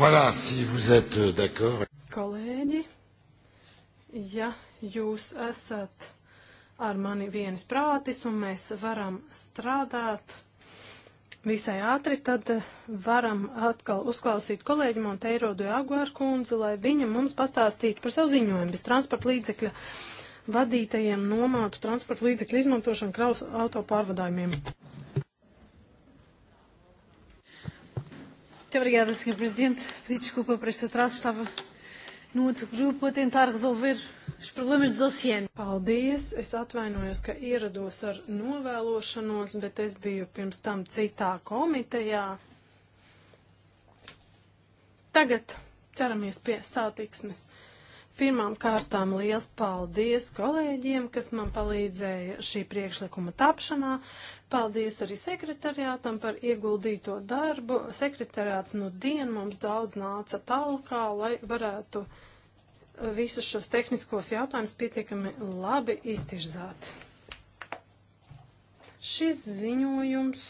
Voilà, si vous êtes euh, d'accord. Kolēģi, ja jūs esat ar mani vienas prātis un mēs varam strādāt visai ātri, tad eh, varam atkal uzklausīt kolēģi Monteirodu Aguāru kundzi, lai viņa mums pastāstītu par savu ziņojumu bez transporta līdzekļa vadītajiem nomātu transporta līdzekļu izmantošanu kraus autopārvadājumiem. obrigada, Sr. Presidente. Pedi desculpa por este atraso. Estava num outro grupo a tentar resolver os problemas dos oceanos. Paldies. Es atvainojos, ka ierados ar novēlošanos, bet es biju pirms tam citā komitejā. Tagad ķeramies pie sātiksmes. Pirmām kārtām liels paldies kolēģiem, kas man palīdzēja šī priekšlikuma tapšanā. Paldies arī sekretariātam par ieguldīto darbu. Sekretariāts nu dien mums daudz nāca talkā, lai varētu eh, visus šos tehniskos jautājumus pietiekami labi iztirzāt. Šis ziņojums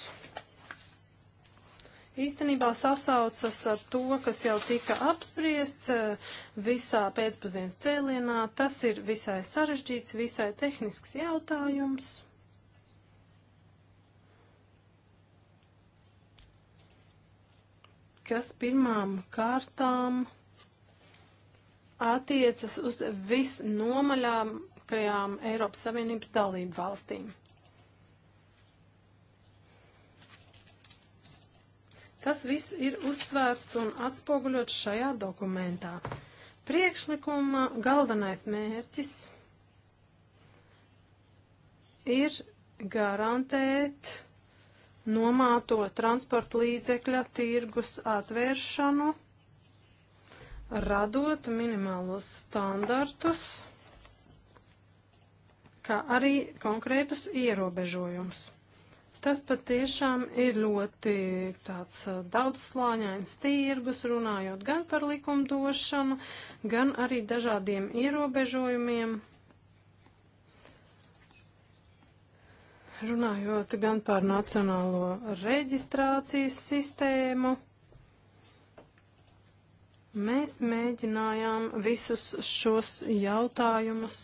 īstenībā sasaucas ar to, kas jau tika apspriests eh, visā pēcpusdienas cēlienā. Tas ir visai sarežģīts, visai tehnisks jautājums. kas pirmām kārtām attiecas uz visnomaļākajām Eiropas Savienības dalību valstīm. Tas viss ir uzsvērts un atspoguļots šajā dokumentā. Priekšlikuma galvenais mērķis ir garantēt nomāto transporta līdzekļa tirgus atvēršanu, radot minimālos standartus, kā arī konkrētus ierobežojumus. Tas patiešām ir ļoti tāds daudzslāņains tirgus, runājot gan par likumdošanu, gan arī dažādiem ierobežojumiem, runājot gan par nacionālo reģistrācijas sistēmu, mēs mēģinājām visus šos jautājumus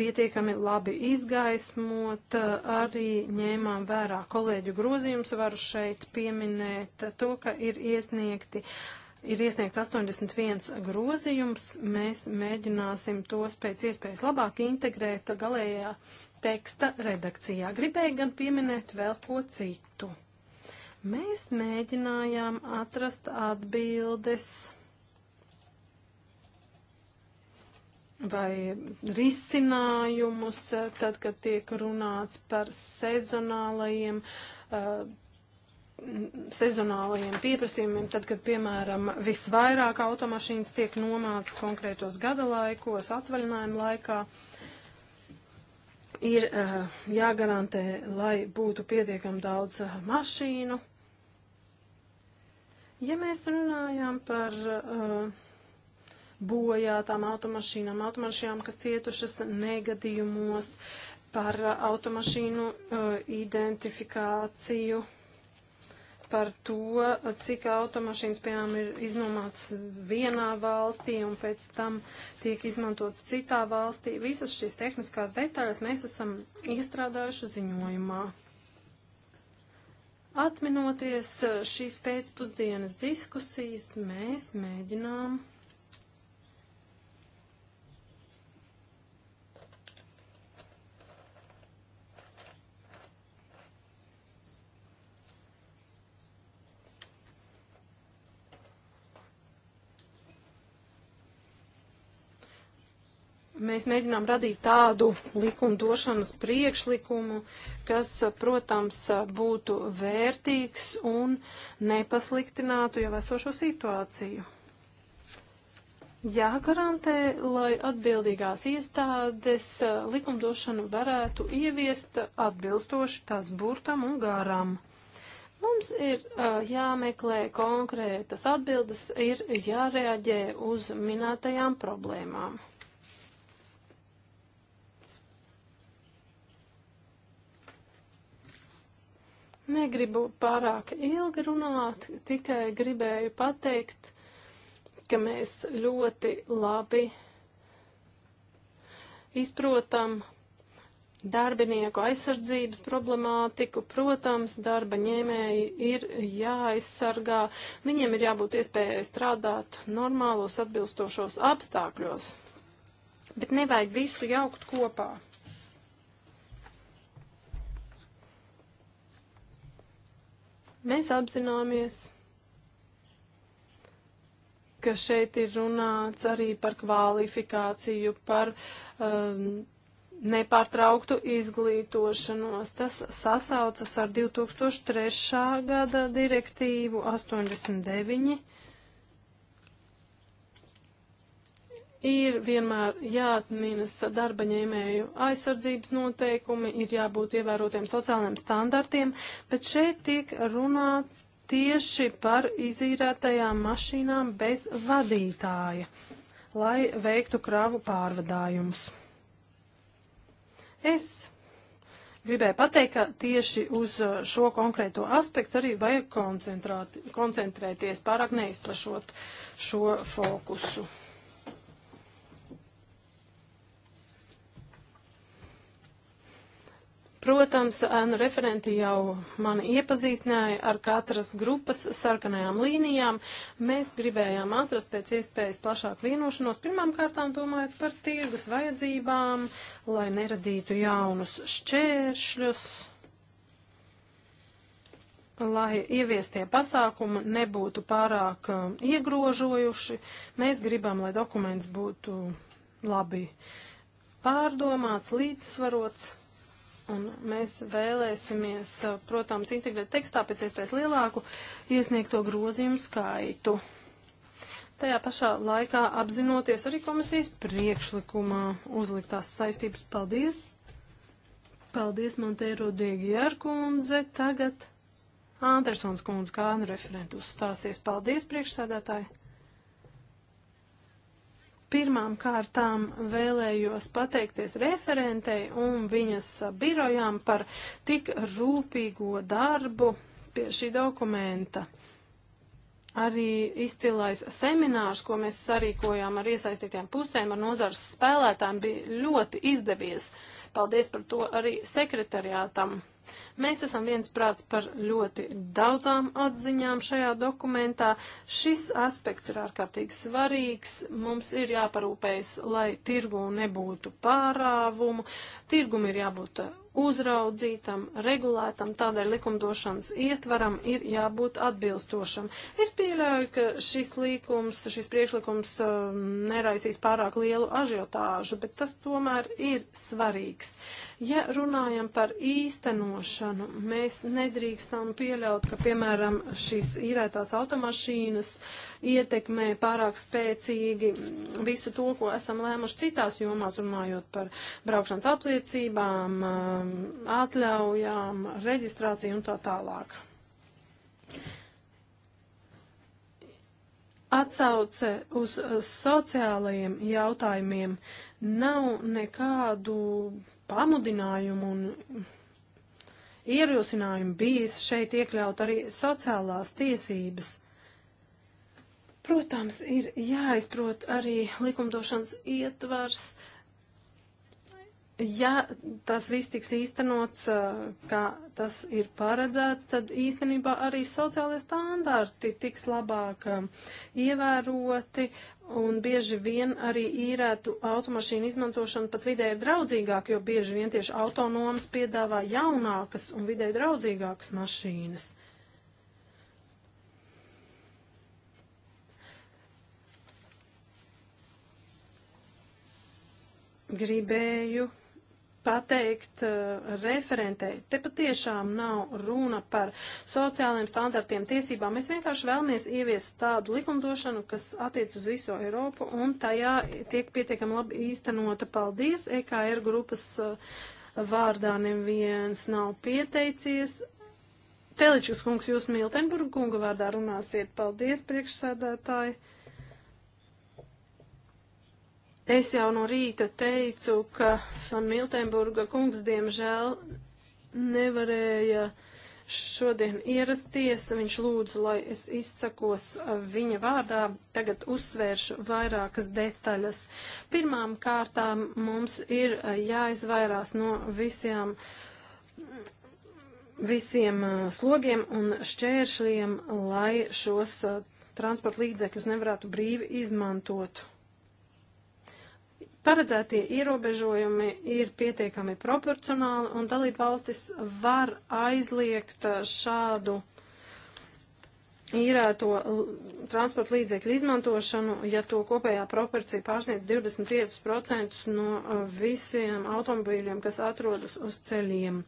pietiekami labi izgaismot, arī ņēmām vērā kolēģu grozījums, varu šeit pieminēt to, ka ir iesniegti ir iesniegts 81 grozījums. Mēs mēģināsim tos pēc iespējas labāk integrēt galējā teksta redakcijā. Gribēju gan pieminēt vēl ko citu. Mēs mēģinājām atrast atbildes vai risinājumus, tad, kad tiek runāts par sezonālajiem, uh, sezonālajiem pieprasījumiem, tad, kad, piemēram, visvairāk automašīnas tiek nomāts konkrētos gada laikos, atvaļinājuma laikā. Uh, ir eh, jāgarantē, lai būtu pietiekam daudz eh, mašīnu. Ja mēs runājām par uh, bojātām automašīnām, automašīnām, kas cietušas negadījumos, par automašīnu uh, identifikāciju par to, cik automašīnas, piemēram, ir iznomāts vienā valstī un pēc tam tiek izmantots citā valstī. Visas šīs tehniskās detaļas mēs esam iestrādājuši ziņojumā. Atminoties šīs pēcpusdienas diskusijas, mēs mēģinām mēs mēģinām radīt tādu likumdošanas priekšlikumu, kas, protams, būtu vērtīgs un nepasliktinātu jau esošo situāciju. Jāgarantē, lai atbildīgās iestādes likumdošanu varētu ieviest atbilstoši tās burtam un gārām. Mums ir uh, jāmeklē konkrētas atbildes, ir jāreaģē uz minētajām problēmām. Negribu pārāk ilgi runāt, tikai gribēju pateikt, ka mēs ļoti labi izprotam darbinieku aizsardzības problemātiku. Protams, darba ņēmēji ir jāaizsargā, viņiem ir jābūt iespējai strādāt normālos atbilstošos apstākļos, bet nevajag visu jaukt kopā. Mēs apzināmies, ka šeit ir runāts arī par kvalifikāciju, par um, nepārtrauktu izglītošanos. Tas sasaucas ar 2003. gada direktīvu 89 ir vienmēr jāatminas darba ņēmēju aizsardzības noteikumi, ir jābūt ievērotiem sociālajiem standartiem, bet šeit tiek runāts tieši par izīrētajām mašīnām bez vadītāja, lai veiktu kravu pārvadājumus. Es gribēju pateikt, ka tieši uz šo konkrēto aspektu arī vajag koncentrēties, pārāk neizplašot šo fokusu. Protams, ēnu referenti jau mani iepazīstināja ar katras grupas sarkanajām līnijām. Mēs gribējām atrast pēc iespējas plašāku vienošanos, pirmām kārtām domājot par tirgus vajadzībām, lai neradītu jaunus šķēršļus, lai ieviestie pasākumi nebūtu pārāk um, iegrožojuši. Mēs gribam, lai dokuments būtu labi pārdomāts, līdzsvarots Un mēs vēlēsimies, eh, protams, integrēt tekstā pēc iespējas lielāku iesniegto grozījumu skaitu. Tajā pašā laikā apzinoties arī komisijas priekšlikumā uzliktās saistības. Paldies! Paldies, Monteiro Diegijar kundze. Tagad Andersons kundze kā referentu uzstāsies. Paldies, priekšsēdētāji! Pirmām kārtām vēlējos pateikties referentei un viņas birojām par tik rūpīgo darbu pie šī dokumenta. Arī izcilais seminārs, ko mēs sarīkojām ar iesaistītiem pusēm, ar nozars spēlētājiem, bija ļoti izdevies. Paldies par to arī sekretariātam. Mēs esam viensprāts par ļoti daudzām atziņām šajā dokumentā. Šis aspekts ir ārkārtīgi svarīgs. Mums ir jāparūpējas, lai tirgu nebūtu pārāvumu. Tirgum ir jābūt uzraudzītam, regulētam, tādai likumdošanas ietvaram ir jābūt atbilstošam. Es pieļauju, ka šis līkums, šis priekšlikums um, neraisīs pārāk lielu ažiotāžu, bet tas tomēr ir svarīgs. Ja runājam par īstenu īstenošanu. Mēs nedrīkstam pieļaut, ka, piemēram, šīs īrētās automašīnas ietekmē pārāk spēcīgi visu to, ko esam lēmuši citās jomās, runājot par braukšanas apliecībām, um, atļaujām, reģistrāciju un tā tālāk. Atsauce uz sociālajiem jautājumiem nav nekādu pamudinājumu un ierosinājumu bijis šeit iekļaut arī sociālās tiesības. Protams, ir jāizprot arī likumdošanas ietvars, uh, ja tas viss tiks īstenots, eh, kā tas ir paredzēts, tad īstenībā arī sociālai standarti tiks labāk eh, ievēroti un bieži vien arī īrētu automašīnu izmantošanu pat vidē ir draudzīgāk, jo bieži vien tieši autonomas piedāvā jaunākas un vidē draudzīgākas mašīnas. Gribēju pateikt uh, eh, referentei. Te patiešām nav runa par sociālajiem standartiem, tiesībām. Mēs vienkārši vēlamies ieviest tādu likumdošanu, kas attiec uz visu Eiropu un tajā tiek pietiekami labi īstenota. Paldies! EKR grupas uh, vārdā neviens nav pieteicies. Teličus kungs, jūs Miltenburgu kunga vārdā runāsiet. Paldies, priekšsēdētāji! Es jau no rīta teicu, ka Fan Miltenburga kungs diemžēl nevarēja šodien ierasties. Viņš lūdzu, lai es izsakos viņa vārdā. Tagad uzsvēršu vairākas detaļas. Pirmām kārtām mums ir jāizvairās no visiem, visiem uh, slogiem un šķēršļiem, lai šos uh, transporta līdzekļus nevarētu brīvi izmantot. Paredzētie ierobežojumi ir pietiekami proporcionāli, un dalība valstis var aizliegt uh, šādu īrēto transporta līdzekļu izmantošanu, ja to kopējā proporcija pārsniedz 25% no uh, visiem automobīļiem, kas atrodas uz ceļiem.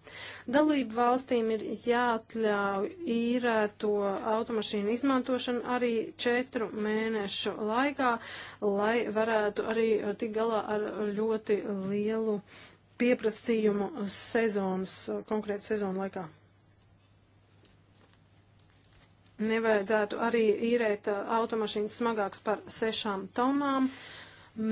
Dalību valstīm ir jāatļauj īrēto automašīnu izmantošanu arī 4 mēnešu laikā, lai varētu arī tik galā ar ļoti lielu pieprasījumu sezonas, konkrētu sezonu laikā nevajadzētu arī īrēt uh, automašīnas smagāks par sešām tonām.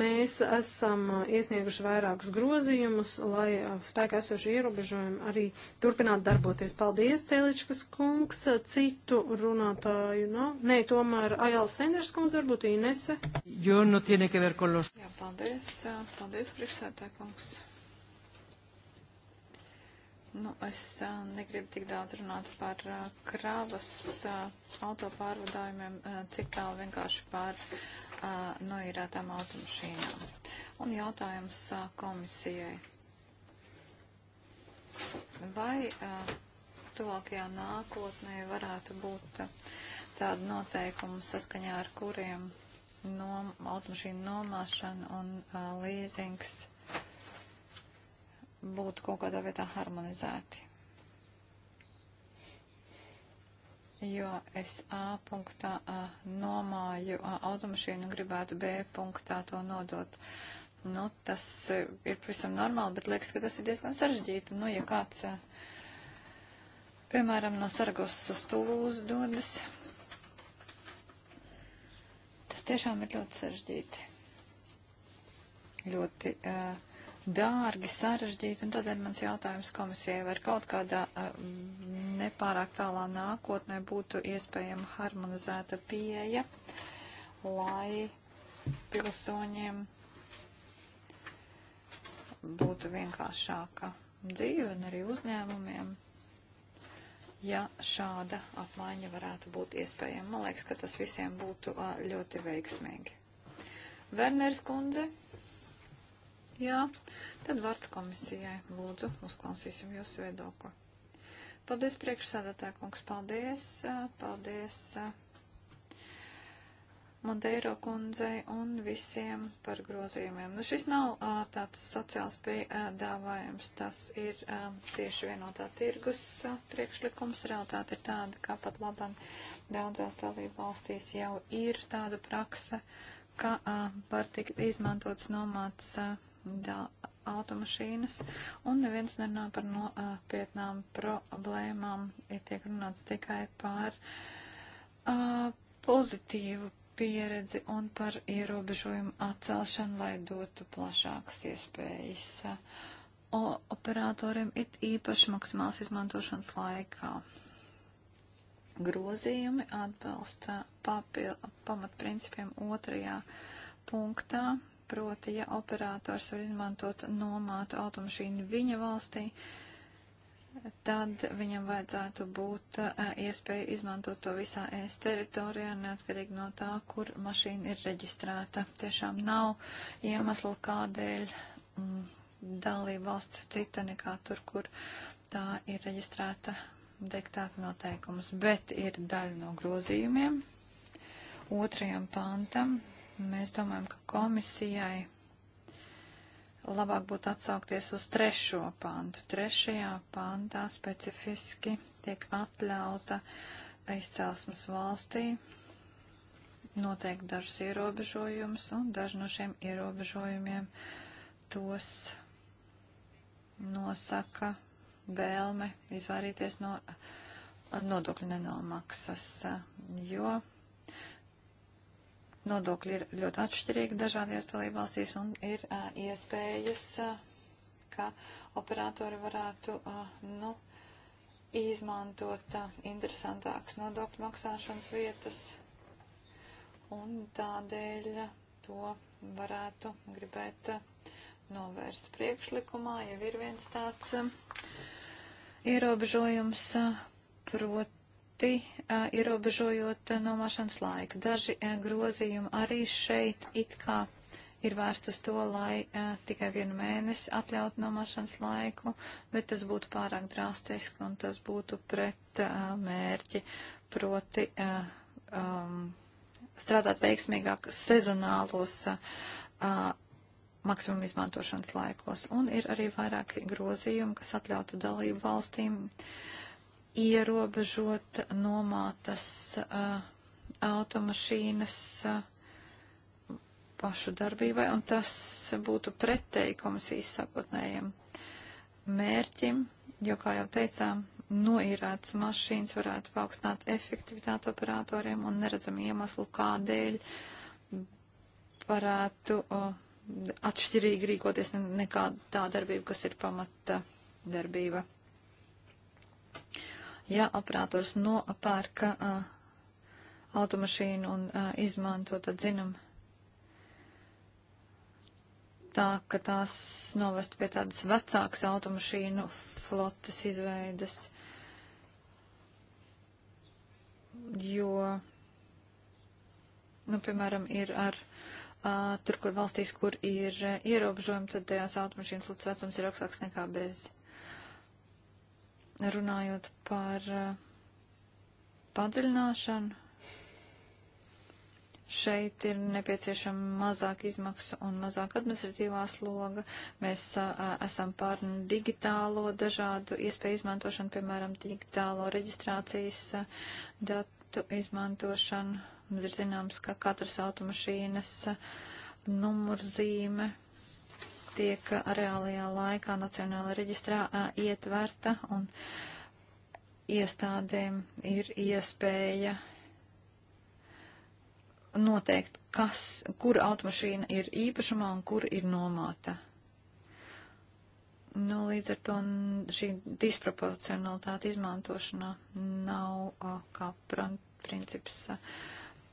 Mēs esam uh, iesnieguši vairākus grozījumus, lai uh, spēkā esoši ierobežojumi arī turpinātu darboties. Paldies, Teličkas kungs, citu runātāju nav. No? Nē, tomēr Ajāls Senders kungs, varbūt Inese. Jo, nu, tie nekavēr kolos. Jā, paldies, paldies, priekšsētāj kungs. Nu, es a, negribu tik daudz runāt par a, kravas autopārvadājumiem, cik tālu vienkārši par noīrētām automašīnām. Un jautājums a, komisijai. Vai tuvākajā nākotnē varētu būt tādi noteikumi, saskaņā ar kuriem nom, automašīnu nomāšana un līzings? būtu kaut kādā vietā harmonizēti. Jo es A punktā a, nomāju a, automašīnu un gribētu B punktā to nodot. Nu, tas ir pavisam normāli, bet liekas, ka tas ir diezgan sarežģīti. Nu, ja kāds, a, piemēram, no Sargosas uz Tulūzu dodas, tas tiešām ir ļoti sarežģīti. Ļoti uh, dārgi, sarežģīti, un tādēļ mans jautājums komisijai, vai kaut kādā eh, nepārāk tālā nākotnē būtu iespējama harmonizēta pieeja, lai pilsoņiem būtu vienkāršāka dzīve un arī uzņēmumiem, ja šāda apmaiņa varētu būt iespējama. Man liekas, ka tas visiem būtu eh, ļoti veiksmīgi. Werners kundze, Jā, tad vārds komisijai. Lūdzu, uzklausīsim jūsu viedokli. Paldies, priekšsēdētāj kungs, paldies, paldies Monteiro kundzei un visiem par grozījumiem. Nu, šis nav uh, tāds sociāls piedāvājums, tas ir uh, tieši vienotā tirgus uh, priekšlikums. Realtāte ir tāda, ka pat labam daudzās dalību valstīs jau ir tāda praksa, ka uh, var tikt izmantots nomāts. Uh, automašīnas, un neviens nerunā par nopietnām problēmām. Ir tiek runāts tikai par uh, pozitīvu pieredzi un par ierobežojumu atcelšanu, lai dotu plašākas iespējas o, operatoriem, it īpaši maksimāls izmantošanas laikā. Grozījumi atbalsta papil, pamatprincipiem otrajā punktā, Proti, ja operators var izmantot nomātu automašīnu viņa valstī, tad viņam vajadzētu būt uh, iespēja izmantot to visā ēst teritorijā, neatkarīgi no tā, kur mašīna ir reģistrēta. Tiešām nav iemesla, kādēļ mm, dalība valsts cita nekā tur, kur tā ir reģistrēta degtāk noteikums, bet ir daļa no grozījumiem. Otrajam pantam Mēs domājam, ka komisijai labāk būtu atsaukties uz trešo pantu. Trešajā pantā specifiski tiek atļauta izcelsmes valstī noteikti dažus ierobežojumus, un daži no šiem ierobežojumiem tos nosaka vēlme izvairīties no nodokļu nenomaksas, jo Nodokļi ir ļoti atšķirīgi dažādajās dalībvalstīs un ir uh, iespējas, uh, ka operatori varētu uh, nu, izmantot uh, interesantākas nodokļu maksāšanas vietas un tādēļ to varētu gribēt uh, novērst priekšlikumā, ja ir viens tāds uh, ierobežojums, uh, proti proti uh, ierobežojot uh, nomāšanas laiku. Daži uh, grozījumi arī šeit it kā ir vērst uz to, lai uh, tikai vienu mēnesi atļaut nomāšanas laiku, bet tas būtu pārāk drastiski un tas būtu pret uh, mērķi, proti uh, um, strādāt veiksmīgāk sezonālos. Uh, maksimuma izmantošanas laikos. Un ir arī vairāki grozījumi, kas atļautu dalību valstīm uh, ierobežot nomātas uh, automašīnas uh, pašu darbībai, un tas būtu pretēji komisijas sapotnējiem mērķim, jo, kā jau teicām, noīrētas mašīnas varētu paaugstināt efektivitāti operatoriem un neredzam iemeslu, kādēļ varētu uh, atšķirīgi rīkoties nekā tā darbība, kas ir pamata darbība ja operators nopērka automašīnu un a, izmanto, tad zinām, tā, ka tās novest pie tādas vecākas automašīnu flotas izveidas, jo, nu, piemēram, ir ar, uh, tur, kur valstīs, kur ir uh, ierobežojumi, tad tajās automašīnu flotas vecums ir augstāks nekā bez runājot par eh, padziļināšanu, šeit ir nepieciešama mazāk izmaksu un mazāk administratīvā sloga. Mēs a, eh, esam pār digitālo dažādu iespēju izmantošanu, piemēram, digitālo reģistrācijas a, eh, datu izmantošanu. Mums ir zināms, ka katras automašīnas numurzīme tiek reālajā laikā Nacionāla reģistrā ietverta un iestādēm ir iespēja noteikt, kas, kur automašīna ir īpašumā un kur ir nomāta. Nu, līdz ar to šī disproporcionalitāte izmantošanā nav a, kā princips a,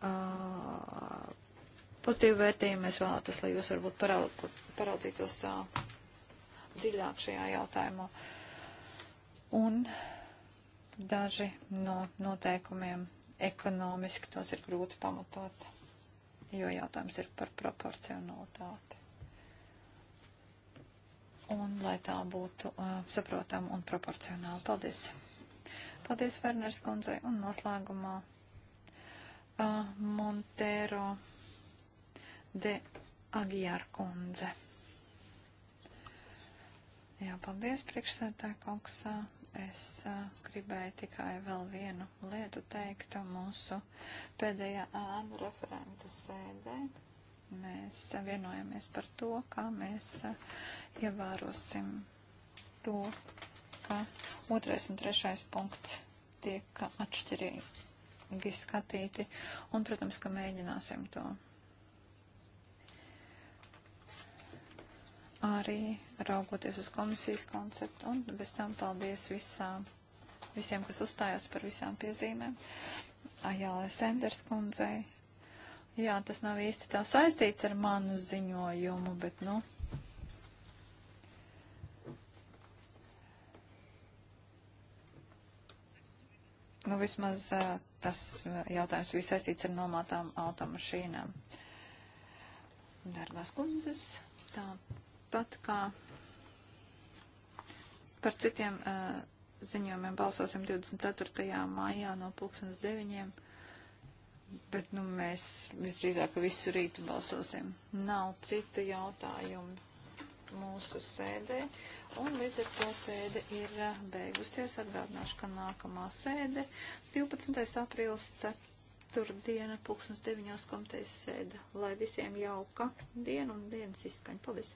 a, pozitīvu vērtījumu. Es vēlētos, lai jūs varbūt paraud, paraudzītos uh, dziļāk šajā jautājumā. Un daži no noteikumiem ekonomiski tos ir grūti pamatot, jo jautājums ir par proporcionalitāti. Un lai tā būtu uh, saprotama un proporcionāla. Paldies! Paldies, Verners kundzei, un noslēgumā uh, Montero de Agijāra kundze. Jā, paldies, priekšsētā koksā. Es a, gribēju tikai vēl vienu lietu teikt mūsu pēdējā ēnu referentu sēdē. Mēs a, vienojamies par to, kā mēs a, ievērosim to, ka otrais un trešais punkts tiek atšķirīgi skatīti. Un, protams, ka mēģināsim to arī raugoties uz komisijas konceptu. Un bez tam paldies visām, visiem, kas uzstājās par visām piezīmēm. Ajālē Senders kundzei. Jā, tas nav īsti tā saistīts ar manu ziņojumu, bet, nu. Nu, vismaz tas jautājums bija saistīts ar nomātām automašīnām. Darbās kundzes, tā Tāpat kā par citiem uh, ziņojumiem balsosim 24. maijā no pulksnes 9. Bet nu, mēs visdrīzāk visu rītu balsosim. Nav citu jautājumu mūsu sēdē. Un līdz ar to sēde ir eh, beigusies. Atgādināšu, ka nākamā sēde 12. aprīlis ceturtdiena pulksnes 9. komitejas sēde. Lai visiem jauka diena un dienas izskaņa. Paldies!